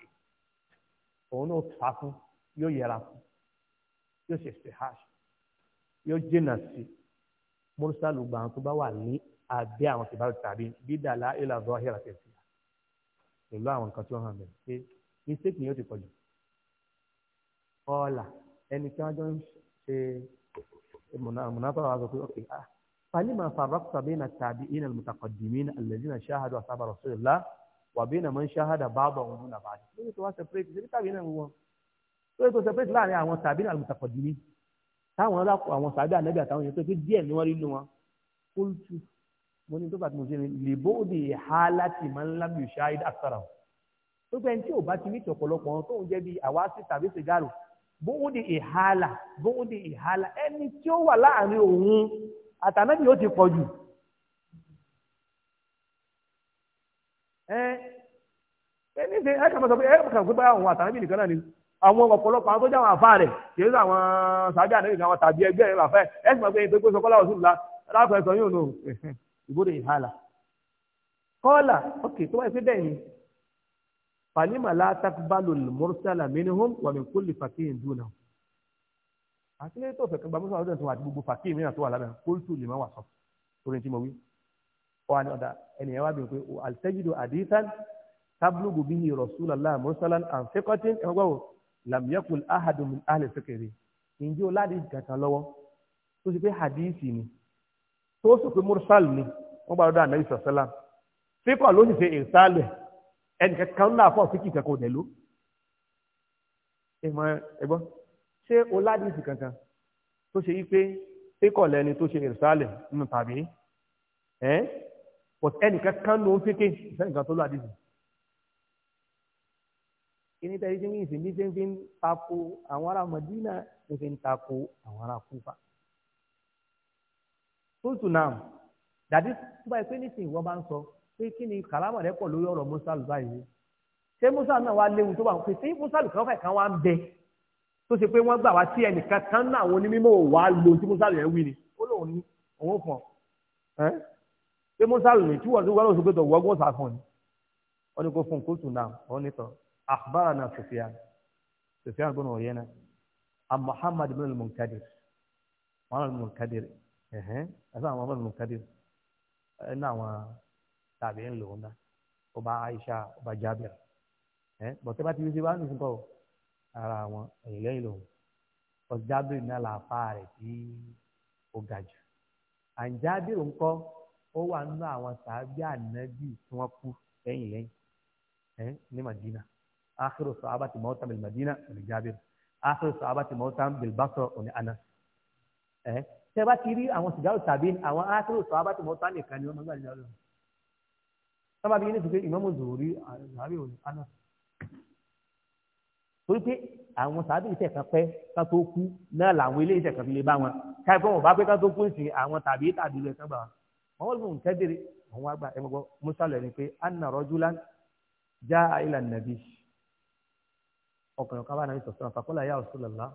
òun náà fà fún yóò yẹra fún yóò ṣe ṣe haṣà yóò jìnnà sí mọ́rúsálù gbà tó bá wà ní abẹ́ àwọn tìbárò tàbí bídà láìlà zọ́hìrà tẹ̀sí pẹ̀lú àwọn nǹkan tí wọ́n hàn bẹ̀rẹ̀ pé mistake ni yóò ti pọ̀jù ọ̀la ẹni tí wọ́n jọ ń ṣe mùnátọ̀ wa sọ pé ok ah fali ma farakta bayna tabi'ina al-mutaqaddimin alladhina shahadu asaba rasulillah wa bayna man shahada ba'dahum duna ba'd lórí tó wá separate ṣe tàbí náà wọ́n lórí tó separate láàrin àwọn tabi'ina al-mutaqaddimin táwọn alákọ àwọn sàbẹ ànábì àtàwọn èèyàn tó pé díẹ̀ ni wọ́n rí inú wọn kóòtù mo ní tó bá ti mo ṣe ni lèbóòdì hálàtì máa ń lábì ṣáídà sára o tó pé ní tí ò bá ti ní ti ọ̀pọ̀lọpọ̀ wọn jẹ́ bíi àwa sí tàbí sìgáàrò bóòdì ìhálà bóòdì ìhálà ẹni tí ó wà láàrin òun àtànábì ó ti pọ̀ jù ẹ ẹ ní ṣe ẹ kàn sọ pé ẹ kàn sọ pé báyà òun àtànábì nìkan náà ni àwọn ọ̀pọ̀lọpọ̀ àwọn tó jẹ́ àwọn àfáà rẹ̀ kì í sọ àwọn sàájà nínú ìgbà wọn tàbí ẹgbẹ́ rẹ̀ bàfẹ́ ẹ sì mọ̀ pé pé kóso kọ́lá òṣùlù la láàpọ̀ ẹ̀sọ́ yóò nù ìbúrò ìhàlà. kọ́là ọkè tó wáyé pé bẹ́ẹ̀ ni fanima la takbalu mursala minhum ní tó fẹ̀kẹ́ gbàmúsọ̀ ọdún tó wà àti gbogbo fàkì làmúyẹ́kùn ahadùn alẹ́ sẹ́kẹ̀rẹ́ ǹjẹ́ o láti kankan lọ́wọ́ tó ṣe pé hadisi ni tó sì pé mursal ni wọ́n bá lọ́dọ̀ ànábì sọ̀sọ́lá fíkọ̀ ló sì ṣe ìsàlẹ̀ ẹnì kankan ńlá fọ́ fíkì kankan òdẹ̀ ló ẹ̀mọ ẹ̀gbọ́ ṣé o láti sì kankan tó ṣe yí pé fíkọ̀ lẹni tó ṣe ìsàlẹ̀ nínú tàbí ẹ̀ but ẹnì kankan ló ń fíkì ìsẹ́nìkan tó lọ́ àdìsí kíní tẹ́lẹ̀ tí wọ́n ìsìn bí ṣe ń fi ń tako àwọn ará Madina ń fi ń tako àwọn ará Kúfà. tóòtù náà dàbí túbọ̀ ẹ pé nísìnyí wọ́n bá ń sọ pé kí ni kàlámà rẹ pọ̀ lórí ọ̀rọ̀ Musa lù báyìí ṣé Musa náà wá léwu tó bá wọn pè sí Musa lù kan kan wá ń bẹ tó ṣe pé wọ́n gbà wá sí ẹnìkan kan náà àwọn onímọ̀ wá lo tí Musa lù yẹn wí ni ó lóun ní òun fọ̀ ẹ́ pé Musa lù ní tí wọ́n ti wọ́n lọ́sọ̀gbẹ́tọ̀ wọ́gbọ́n sàfọ̀ ni wọ́n ní kó fún kóòtù náà wọ́n ní tán أخبرنا سفيان سفيان بن عيينة عن محمد بن المنكدر محمد بن المنكدر إيه أسمع محمد بن المنكدر نعم تابعين له هنا وبا عائشة وبا جابر إيه بطبعا تيجي بقى نسمعه ara wọn ẹ̀yìn lẹ́yìn lòun ọ̀jábìrì náà là fa rẹ̀ tí ó ga jù àǹjábìrì ńkọ́ ó wà nínú àwọn sàábì ànábì tí wọ́n kú lẹ́yìn lẹ́yìn ní Madina akhiru sahabati mawtan bil madina ni jabir akhiru sahabati mawtan bil basra ni anas ẹ tẹ bá ti rí àwọn sìgáwò tàbí àwọn akhiru sahabati mawtan nìkan ni wọn máa ń gbà nílẹ̀ Ọlọ́run sábà bí yín ní sọ pé Imamu Zuhuri àbí òní anas torí pé àwọn sàbí iṣẹ́ kan pẹ́ ká tó kú náà làwọn ilé iṣẹ́ kan fi lè bá wọn káyọ̀ pé wọn bá pé ká tó kú sí àwọn tàbí tàbí ilé kan bá wọn wọn lòun kẹ́dẹ̀rẹ̀ àwọn àgbà ẹ̀mọ́gbọ́ musa lẹ́ni pé anna rajulan jaa ila nabi ọkùnrin kan bá nàbí sọ̀tún àfàkọ́lá yà Rasulullah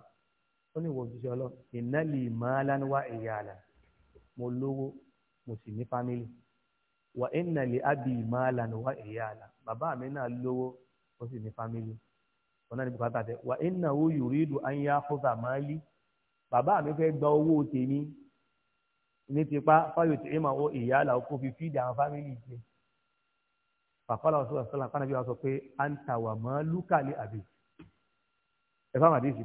ó ní ìwọ òjíṣẹ́ ọlọ́ ìnálì màálán wá ẹ̀yà àlà mo lówó mo sì ní fámìlì wà ìnálì ábì màálán wá ẹ̀yà àlà bàbá mi náà lówó ó sì ní fámìlì wọn náà ní bùkátà tẹ wà ìnáwó yuridu an ya'khudha mali bàbá mi fẹ́ gba owó tèmi ní tipa fáyọ̀ tèmi máa wọ ẹ̀yà àlà kó fi fídà àwọn fámìlì jẹ fàkọ́lá ọ̀ṣọ́ ọ̀ṣọ́ làkànnàbí wa sọ pé ẹ fáwọn àdìsí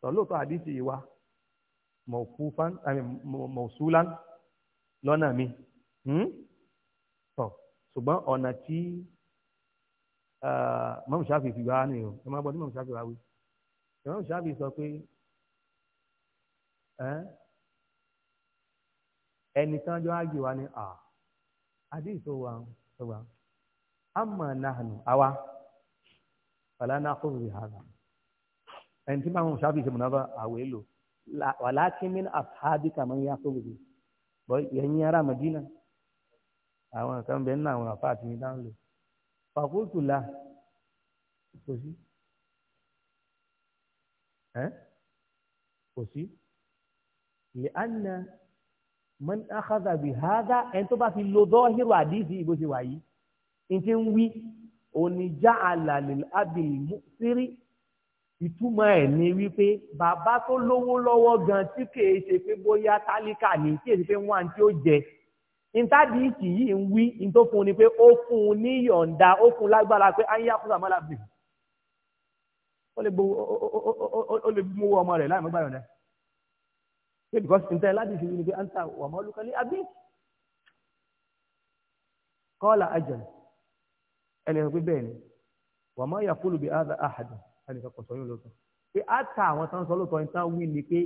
tọ́lóòtọ́ àdìsí yìí wá mọ̀fúfán mọ̀súlán lọ́nà mi hmm? tọ̀ ṣùgbọ́n ọ̀nà tí mọ̀mù ṣáfì fi wá nìyẹn ẹ máa gbọ́ ní mọ̀mù ṣáfì wá wí mọ̀mù ṣáfì sọ pé ẹnì kan jọ ágbè wá ní à àdìsí wa wa àmọ̀ nàánú àwa fàlànà kò rí hàn ẹni tí máa ń ṣáàbì ṣe mọ̀nàbà àwẹ̀ lò wàlákin min àfáàbí kàmọ́ yá sóbìbì bọ́ ẹ̀yin ará Mẹ́dínà àwọn kan bẹ́ẹ̀ ní àwọn àfa àti mi dáhùn lò fàkóòtù la kò sí ẹ kò sí lè ànà mọ́n àkàzà bí hádà ẹni tó bá fi lo dọ́hírò àdìsí ìbò ṣe wà yìí ti ń wí oníjà àlàlè abil mùsírì ìtumọ̀ ẹ̀ ni wípé bàbá tó lówó lọ́wọ́ gan tí kìí ṣe pé bóyá tálíkà ni kìí ṣe pé wọ́n àti ó jẹ ìtàdíìtì yìí ń wí ní tó fún ni pé ó fún un ní yọ̀ǹda ó fún un lágbára pé ayé àkúrò àmàlà bì ó lè mú owó ọmọ rẹ̀ láì mọ́gbà yọ̀ǹda pé because ìtàn ládìsí yìí ni pé anta wà mọ́ olúkọ́lé abí kọ́ọ̀là ajẹ́ ẹni sọ pé bẹ́ẹ̀ ni wà mọ́ yàkúlù bí ẹnìkan kò sọ yóò lóòótọ́ pé á ta àwọn tán sọ lóòótọ́ ní tán wí ni pé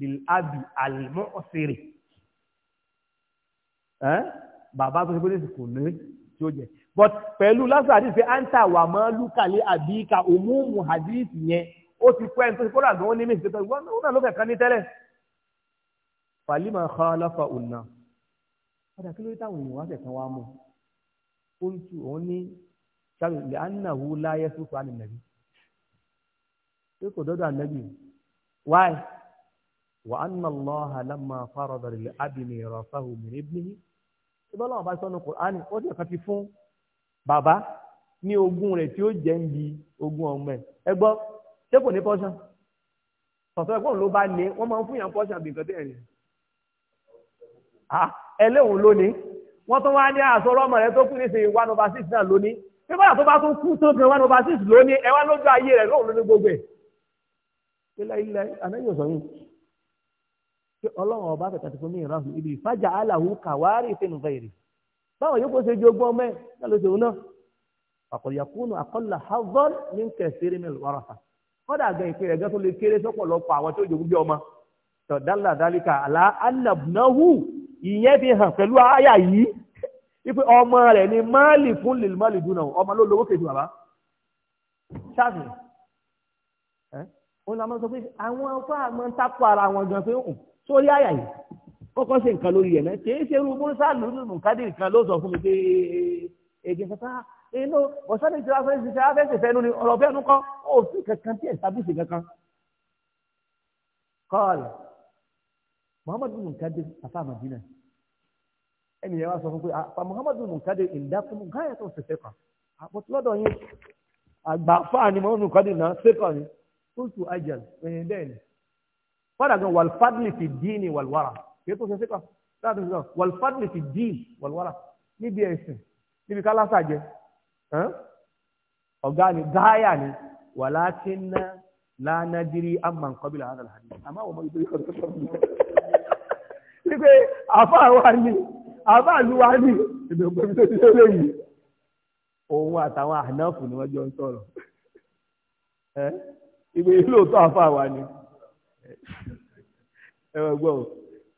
lil abi alimọ́ ọ̀sẹ̀rẹ̀ bàbá tó ṣe pé ní kò ní tí ó jẹ but pẹ̀lú lásán àti ìfẹ́ áńtà wà mọ́ lúkàlẹ́ àbí ka òmùmù hadith yẹn ó ti pẹ́ ní tó ṣe kó rà gan-an ní méjì tó wọ́n náà ló kẹ̀kẹ́ ní tẹ́lẹ̀ falima khalafa unna padà kí ló dé táwọn èèyàn wá tẹ̀sán wa mú ó ń tu òun ní sábẹ̀ lẹ́ánà wú láyé sùkúrú ànínàbí pé kò dọ́dọ̀ ànábì why wa anna allaha lamma farada lil abini rafahu min ibnihi ìbá lọ́wọ́ bá sọ́nu Qur'an ó ti kàn ti fún bàbá ní ogún rẹ̀ tí ó jẹ́ ń bi ogún ọmọ ẹ̀ ẹ gbọ́ ṣé kò ní pọ́ṣán sọ̀tọ́ ẹ̀kọ́ ló bá ní wọ́n máa ń fún yàn pọ́ṣán bí nǹkan tẹ̀ ẹ̀rìn ah, ẹlẹ́hùn lónìí wọ́n tún wá ní àsọ̀rọ̀ ọmọ rẹ̀ tó kú níṣe one over six náà lónìí pípọ́nà tó bá tún kú tó gan one over six lónìí ẹ wá lójú ayé rẹ̀ lóhùn lónìí gbogbo ẹ̀ ilẹ̀ anáyọ̀ sọ yìí ṣé ọlọ́run ọba kẹta ti fún mi ìran fún ibi ìfájà aláwo kàwárì ìfẹ́nu fẹ́ẹ̀rì báwọn yóò kó ṣe ju ogún ọmọ ẹ̀ náà ló ṣe òun náà àkọ̀yàkúnù àkọ́là hazọ́n ní kẹsìrì mi lọ́rọ̀fà kọ́dà gan ìpín gan tó lè kéré sọ́pọ̀lọpọ̀ àwọn tó jogún bí ọmọ tọ̀dálà dálíkà àlá anabnahu ìyẹn fi hàn pẹ̀lú àyà yìí wípé ọmọ rẹ̀ ni máàlì fún lèlmáàlì dúnà ọmọ ló lówó kejì bàbá ṣáàfì ó la máa sọ pé àwọn afọ àmọ́ ń takò ara wọn gan pé ń sórí àyà yìí kọ́kọ́ ṣe nǹkan lórí ẹ̀ kì í ṣe irú mọ́sá lùlù nùkádìrì kan ló sọ fún mi pé èdè kankan inú ọ̀sán ìṣẹ́ afẹ́sẹ̀ ìṣẹ́ afẹ́sẹ̀ fẹ́nu ni ọ̀rọ̀ fẹ́nu kan ó fi kankan tí ẹ̀ sábùsì kankan. kọ́ọ̀lù muhammadu nùkádìrì afa madina ẹni yẹn wá sọ fún pé àpá ah, muhammadu nùkádìrì ìdákùnmù gáyà tó ṣẹṣẹ kan àpótí ah, lọ́dọ̀ yẹn àgbà fáà ni muhammadu nùkádìrì náà ṣẹ́kọ̀ ni kóòtù ajal ẹ̀yìn then, ni fọ́dà gan wàlfàdìlì fi dín ní wàlwàrà kí ètò ìṣẹ́sẹ́kà láti sọ wàlfàdìlì fi dín wàlwàrà níbi ẹ̀sìn níbi kálásà jẹ ọ̀gá ni gáyà ni wàlákínná lánàdírí amman qabila hadha alhadith àmọ́ àwọn ọmọ ìdílé kan tó sọ fún mi wípé àfáà wa ni àfáà lu wa ni ìdògbò mi tó ti lé yìí òun àtàwọn àhànáfù ni wọ́n jọ ń sọ̀rọ̀ ìgbè lóòótọ́ àfa wa ni ẹ̀rọ gbọ́ ò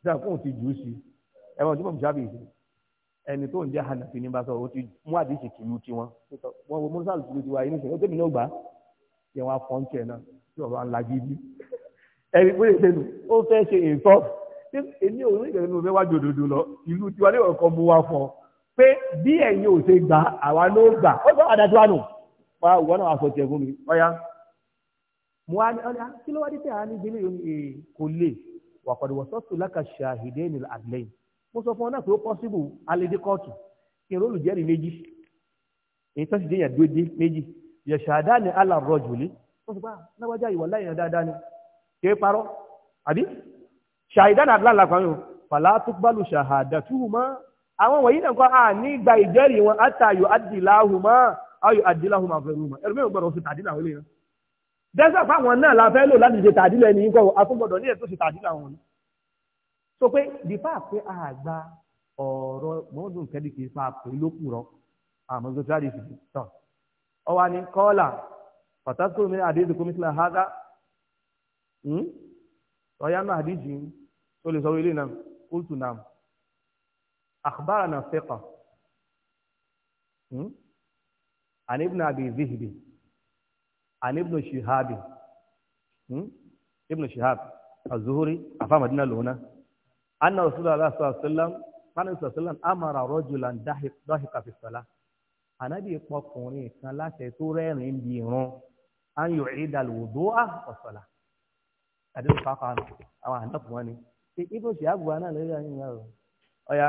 dáa fóun ti jù ú sí ẹ̀rọ tí mo ṣáà bì ẹni tó ń jẹ́ hanafi ní bá sọ ó ti mú àdìsí tìlú tiwọn wọn wo mọ́sálù tìlú tiwa yìí níṣẹ́ ó tẹ̀mí náà gbà yẹn wọn afọ́ ń náà tí ọ̀rọ̀ alájí bí ẹni pé ìṣẹ́nu ó fẹ́ ṣe ìtọ́ èmi ò ní ìgbẹ̀rẹ̀ mi wá jòdòdò lọ ìlú tiwa ní ọ̀kan mú wa fọ pé bí ẹ̀yin ò ṣe gbà àwa ló gbà ó sọ àdàtúwà nù wọn àwọn àfọ̀tẹ̀ fún mi ọ̀ya mo wá ní ọ̀nà ah, kí ló wá dé tẹ̀ á ní ìdílé yìí eh, kò lè wà pàdé wọ́n sọ́tù lákàṣà ìdè ní àgbẹ̀yìn mo sọ fún ọ náà pé ó pọ́sibù alẹ́dẹ́ kóòtù kí n rólù jẹ́rìí méjì èyí tó sì dé yàn déédéé méjì yẹ̀ṣàdá ni alàrọ̀jùlé wọ́n ti bá lágbájá ìwà láyìn dáadáa ni kí é parọ́ àbí ṣàìdá náà láàlá kan yóò fàlá tó gbálù ṣàhàdà túhù àwọn wọ̀nyí náà kọ́ àní ah, gba ìjẹ́rìí wọn àtàyò àdìláhùmọ́ ayò àdìláhùmọ́ àfẹ́rùmọ́ ẹ̀rọ mẹ́rin gbọ́dọ̀ sí tàdínà wọlé náà dẹ́sẹ̀ fáwọn náà la fẹ́ lò láti ṣe tàdílẹ̀ ní nǹkan afúngbọ̀dọ̀ ní ètò ṣe tàdílẹ̀ àwọn ni. so pé dìpá pé àgbà ọ̀rọ̀ mọ́dún kẹ́lí kì í fa pé lókùn rọ àmọ́ tó ṣáà di ìsìnkú tán. ọwọ́ ni kọ́ọ̀là pàtàkì mi àdéhùn kò mísìlẹ̀ ọ̀yá náà àdéhùn tó lè sọ ilé náà náà àkùbára náà an ibn shihab ibn shihab az-zuhri afa madina lona anna rasulullah sallallahu alaihi wasallam kana sallallahu amara rajulan dahik dahika fi salah anabi pọkùnrin kan láṣẹ tó rẹ́rìn bí irun an yu'ida al-wudu'a wa salah adin fafa àwọn hanaf wani ti ibn shihab wa na le yan yaro oya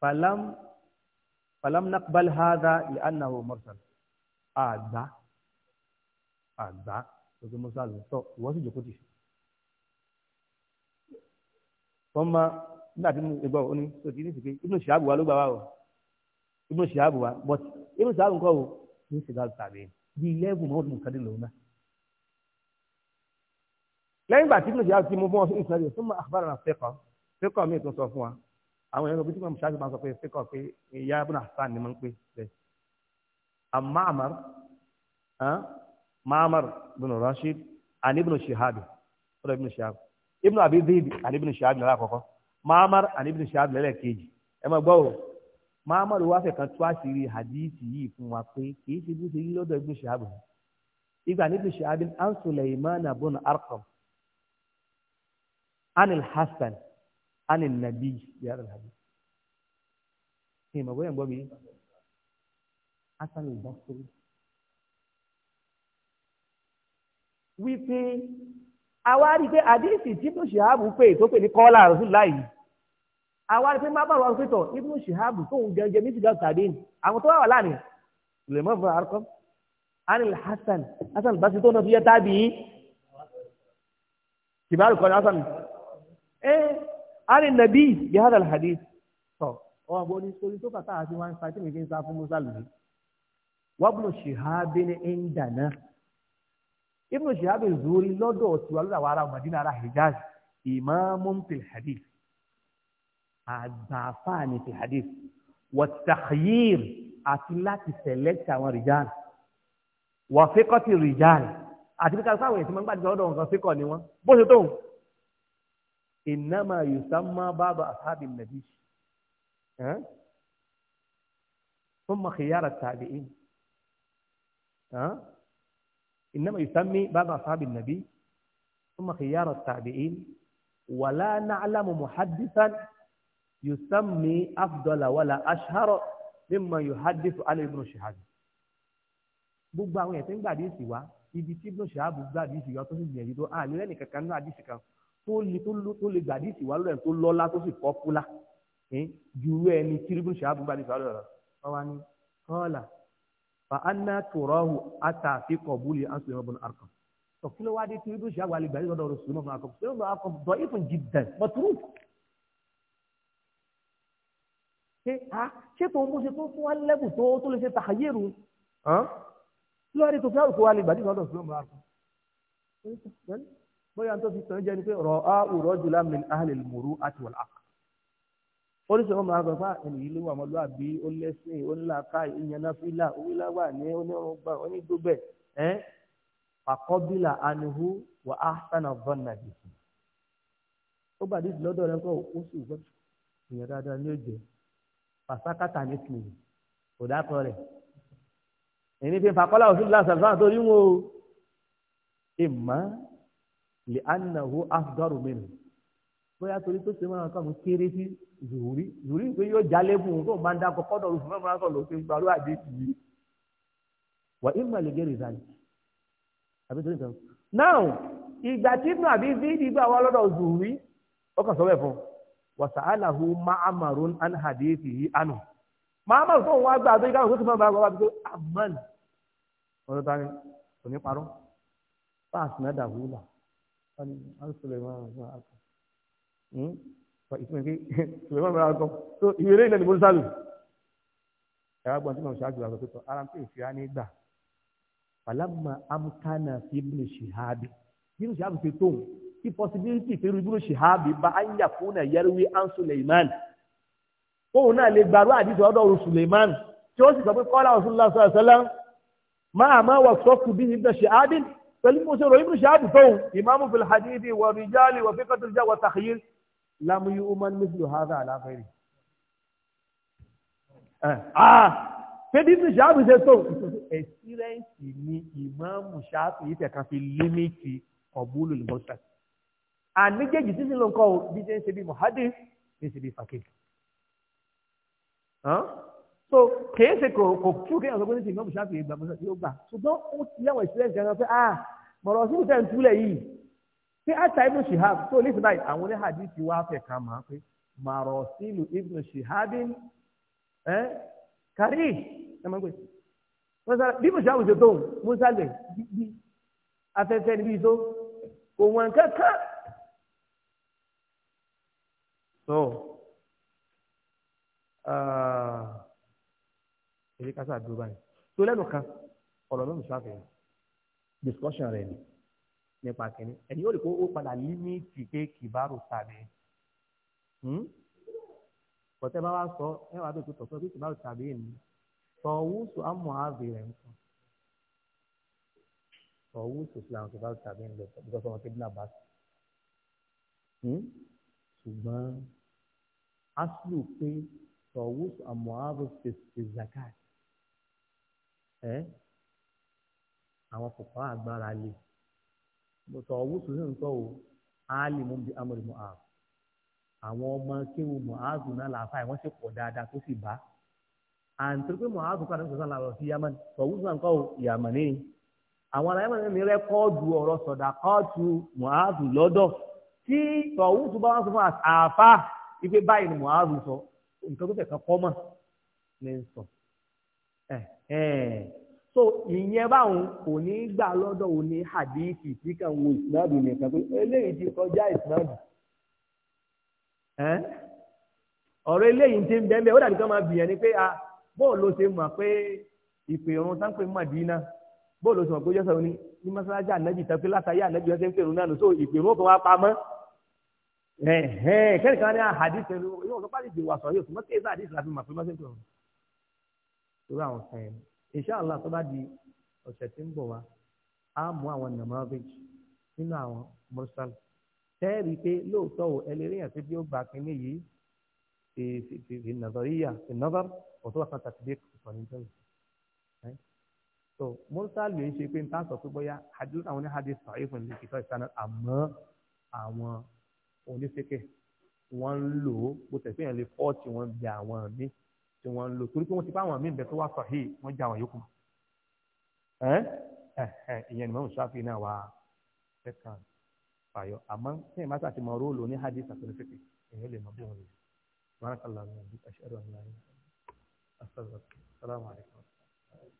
falam falam naqbal hadha li annahu mursal àgbá àgbá gbogbo musa ló tọ ìwọ sì jókòó tì wọn máa nígbà tí mo gbọ́ ọ ní sọtì ní sèké ibùdó ṣìáàbù wa ló gbà wá o ibùdó ṣìáàbù wa but ibùdó ṣìáàbù kọ o ní sèké àtàbí bí ilẹ́ẹ̀bù mọ́ ọdún kàdé lòun náà lẹ́yìn ìgbà tí ibùdó ṣìáàbù ti mú fún ọsùn ìsìnkú tó máa àkàbàrà náà fẹ́kọ̀ fẹ́kọ̀ mi tó sọ fún wa àwọn ẹ̀rọ bí tí mo ṣáàbù máa sọ pé fẹ́kọ̀ pé ìyá ibùdó àṣà ni mo ń pè bẹ́ẹ̀ معمر معمر بن راشد عن ابن شهاب ولا ابن شهاب ابن ابي ذئب عن ابن شهاب لا كوكو معمر عن ابن شهاب لا kejì ẹ má gbọ́ معمر wá fẹ́ kan tú àṣírí hadith yìí fún wa pé kì í ṣe bó ṣe rí lọ́dọ̀ ibn shahab ìgbà ní ibn shahab an sulaiman ibn arqam an al-hasan an an-nabi ya al-hadith ni mo gbọ́ yẹn gbọ́ mi Hasan al-Basri wípé àwa rí i pé àdéhìsì tí ibùn ṣìhábù pé tó pè ní kọ́lá rasulullah yìí àwa rí i pé má bàbá wọn pẹ̀tọ̀ ibùn ṣìhábù tóun gẹ́gẹ́ méjì gàù tàbí ní àwọn tó wà wà láàrin lèmọ́ fún arkam anil hasan hasan al-Basri tó náà fi yẹ tábì yìí kìbáàrù kọ́ni hasan ẹ anil nabi bi hadal hadith tọ ọ àbọ̀ ní sori tó fàtà àti wọn fàtí mi fi ń sá fún musa lùmí wábùlù ṣèhábí ní ìndàná ibùdó ṣèhábí zuri lọ́dọ̀ tiwa lọ́dọ̀ àwọn ará Madina ará Hijaz ìmáàmù fil hadith àgbàfáàní fil hadith wàtàkìyìr àti láti select àwọn rijal wàfíkọ́tì rijal àti bí kálífà wòye tí wọ́n ń gbàdúrà lọ́dọ̀ ni wọ́n bó ṣe tó ń yusamma baba ashabi nabi ثم خيار التابعين إنما يسمي بعض أصحاب النبي ثم خيار التابعين ولا نعلم محدثا يسمي أفضل ولا أشهر مما يحدث علي ابن شهاب gbogbo àwọn èèyàn tó ń gbà àdìsí wa ibi tí ibùdó ṣáàbù gbà àdìsí wa tó sì gbìyànjú tó àní lẹ́nu kankan nínú àdìsí kan tó le tó le gbà àdìsí wa lọ́rẹ̀ tó lọ́lá tó sì pọ́pùlà eh, ju ẹni tí ibùdó ṣáàbù gbà àdìsí wa lọ́rẹ̀ wọn wá kọ́ọ̀là fa anna turahu ata fi qabuli aslim ibn arqam to kilo wadi ti du sha wali bari do rasul ibn arqam so ibn arqam da'ifun jiddan matruf ṣe a ṣe tó mú ṣe tó fún wa lẹ́bù tó tó lè ṣe tàyẹ̀rù lórí tó fi àrùkọ wa lè gbàdúrà lọ́dọ̀ sílọ́mù àrùkọ. bóyá tó fi tàn jẹ́ ni pé rọ̀ á òrọ̀ jùlá min ahlil muru àti wàlá oríṣi wọn máa sọ fún ah, ẹnì yìí ló wà ọmọlúwàbí ó lẹ́sìn ó ńlá ká ìyànnáfílà oníláwà ní onírúgbà onídùúbẹ̀ ẹ́ àkọ́bílà anihu wà á sànà vọ́nà jìbì ó gbàdí lọ́dọ̀ rẹ kọ́ ó sì gbọ́ ìyẹn dáadáa ní òjò pàṣákàtà ní tìlù kò dákọ rẹ̀ èyí fi fàkọ́lá òfin lásán fún àtòrí wọn o ìmọ̀ lè anahu afdọ́rù bóyá torí tó ṣe máa kọ́ mi kéré sí. Zuri, Zuri pé yóò jalè fún un tó ń bá ń dákọ kọ́dọ̀ lóṣù mẹ́fà sọ̀rọ̀ lóṣù ń parọ́ àdé tì í wà ìmọ̀ àlejò rẹ̀ zàlẹ̀ àbí tó ń tàn. now ìgbà tí ibùdó àbí fídì gbà wá lọ́dọ̀ zòrí ó kàn sọ bẹ́ẹ̀ fún wa sàálàhu ma'amarun an hadithi anu ma'amar tó ń wá gbà tó yí káwọn tó ti máa bá wà pé aman ọ̀rọ̀ ta ìtumọ̀ pé sùlẹ̀mọ́n bá gọ́ tó ìwé lẹ́yìn náà ni mọ́sálù ẹ̀rọ agbọ̀n tí mo ṣáájú àgbà tó tọ́ ara ń pè fi á ní gbà pàlámà amúkánà fi ibùdó ṣèhábì ibùdó ṣèhábì ti tóun tí possibility pé ibùdó ṣèhábì bá á ń yà fún náà yẹrùwé ansu lèimán fóun náà lè gbàrú àdìsọ ọ̀dọ̀ oṣù lèimán tí ó sì sọ pé kọ́lá ọ̀sùn lọ́sọ̀ ọ̀sọ́lá fil hadithi wà rìjálì wà fíkàtúrjà lámú yí umar mislu haza aláfẹ́rì fẹ́dí eh, ah, ní ṣáàbù ṣe tó ẹ̀sírẹ́ǹsì ni ìmáàmù ṣáàbù yìí tẹ̀kan fi límìtì ọ̀búlù lùmọ́sà àníjèjì títí ló ń kọ́ bí ṣe ń ṣe bí mohadi ní ṣe bí fakir so kìí ṣe kò kò tú kéèyàn sọ pé ní ti ìmáàmù ṣáàbù yìí gbà mọ́sà yóò gbà ṣùgbọ́n ó ti láwọn ẹ̀sírẹ́ǹsì kan pé ah mọ̀rọ̀ sí ṣé àtà ibn shihab tó lè ṣe báyìí àwọn oníhàdíìsì wá fẹ̀ ká máa pé marosilu ibn shihabin ẹ́ kárí ẹ máa ń pè bí ibn shihab ṣe tóun mọ́sálẹ̀ bí afẹ́fẹ́ níbi tó kò wọ́n kankan. so èyí ah, ká sáà dúró báyìí tó lẹ́nu kan ọ̀rọ̀ ló ń discussion rẹ̀ ni nípa kìíní ẹni yóò rí pé ó padà límìtì pé kìbárù tàbí hmm? pọ̀tẹ́ bá wá sọ ẹ wàá tó tọ̀ sọ pé kìbárù tàbí ẹni tọ̀wúsù àmọ́ àbí rẹ̀ ń kàn tọ̀wúsù islam kìbárù tàbí ẹni lọ́tọ̀ bí wọ́n ti dín àbá hmm? ṣùgbọ́n aṣlù pé tọ̀wúsù àmọ́ àbí ṣe zakat ẹ àwọn kòkòrò agbára lè. bọ̀tọ̀ ọ̀wúsù ní nǹkan o alimu bi amri àwọn ọmọ kéwu mu'az náà làáfà wọn sì pọ̀ dáadáa tó sì bá àǹtí pé mu'az kọ́ àdéhùn sọ̀tàn làwọn sí yamani ọ̀wúsù náà nǹkan yamani àwọn ará yamani rẹ́kọ́ọ̀dù ọ̀rọ̀ sọ̀dà lọ́dọ̀ tí bá wọn sọ fún àfà sọ nǹkan tó sọ so ìyẹn báwọn kò ní gbà lọ́dọ̀ òní hadithi tí kàn wo ìsìnàdù nìkan pé eléyìí ti kọjá ìsìnàdù ọ̀rọ̀ eléyìí ti ń bẹ́ẹ̀ ó dàbí kí wọ́n máa bìyàn ni pé a ah, bóò ló ṣe mọ̀ pé ìpè irun sáńpé Mádínà bóò ló ṣe mọ̀ pé jọ́sọ̀ ní ní mọ́sálásí ànábì tán pé látàyé ànábì wọ́n ṣe ń pèrún náà lò so ìpè irun kan wá pamọ́ kẹ́nìkan ní àhàdìsẹ̀ ah, yóò sọ pálí ìdìwàsọ yóò sọ mọ́ inshallah tó bá di ọ̀sẹ̀ tí ń bọ̀ wá á mú àwọn namaravage nínú àwọn mursal tẹ́ẹ̀rí pé lóòótọ́ o ẹlẹ́rìíyàn tó bí ó gba kínní yìí fi nàzọríyà fi nàzọr ọ̀tọ́ wà kan tàbí ìkọ̀ ní tẹ́lẹ̀ so mursal yìí ṣe pé n ta sọ pé bóyá hadith àwọn oníhadith sọ̀rọ̀ ìfún ní kìtọ́ ìsáná àmọ́ àwọn onífẹ́kẹ̀ wọ́n ń lò ó bó tẹ̀ lè fọ́ọ̀tì wọn bí àwọn míì tí wọ́n ń lò torí pé wọ́n ti bá àwọn míì bẹ̀ tó wá sahih wọ́n já àwọn yòókù ìyẹn ni mọ̀mú ṣáfì náà wá ẹ̀kan fàyọ àmọ́ tí ìmọ̀ àti mọ̀ róòlù ní hadith àti onífẹ̀kì èèyàn lè mọ̀ bí wọ́n lè wọ́n á kàlà ní ọdún ẹ̀ṣẹ́ rẹ̀ ní ayé assalamu alaikum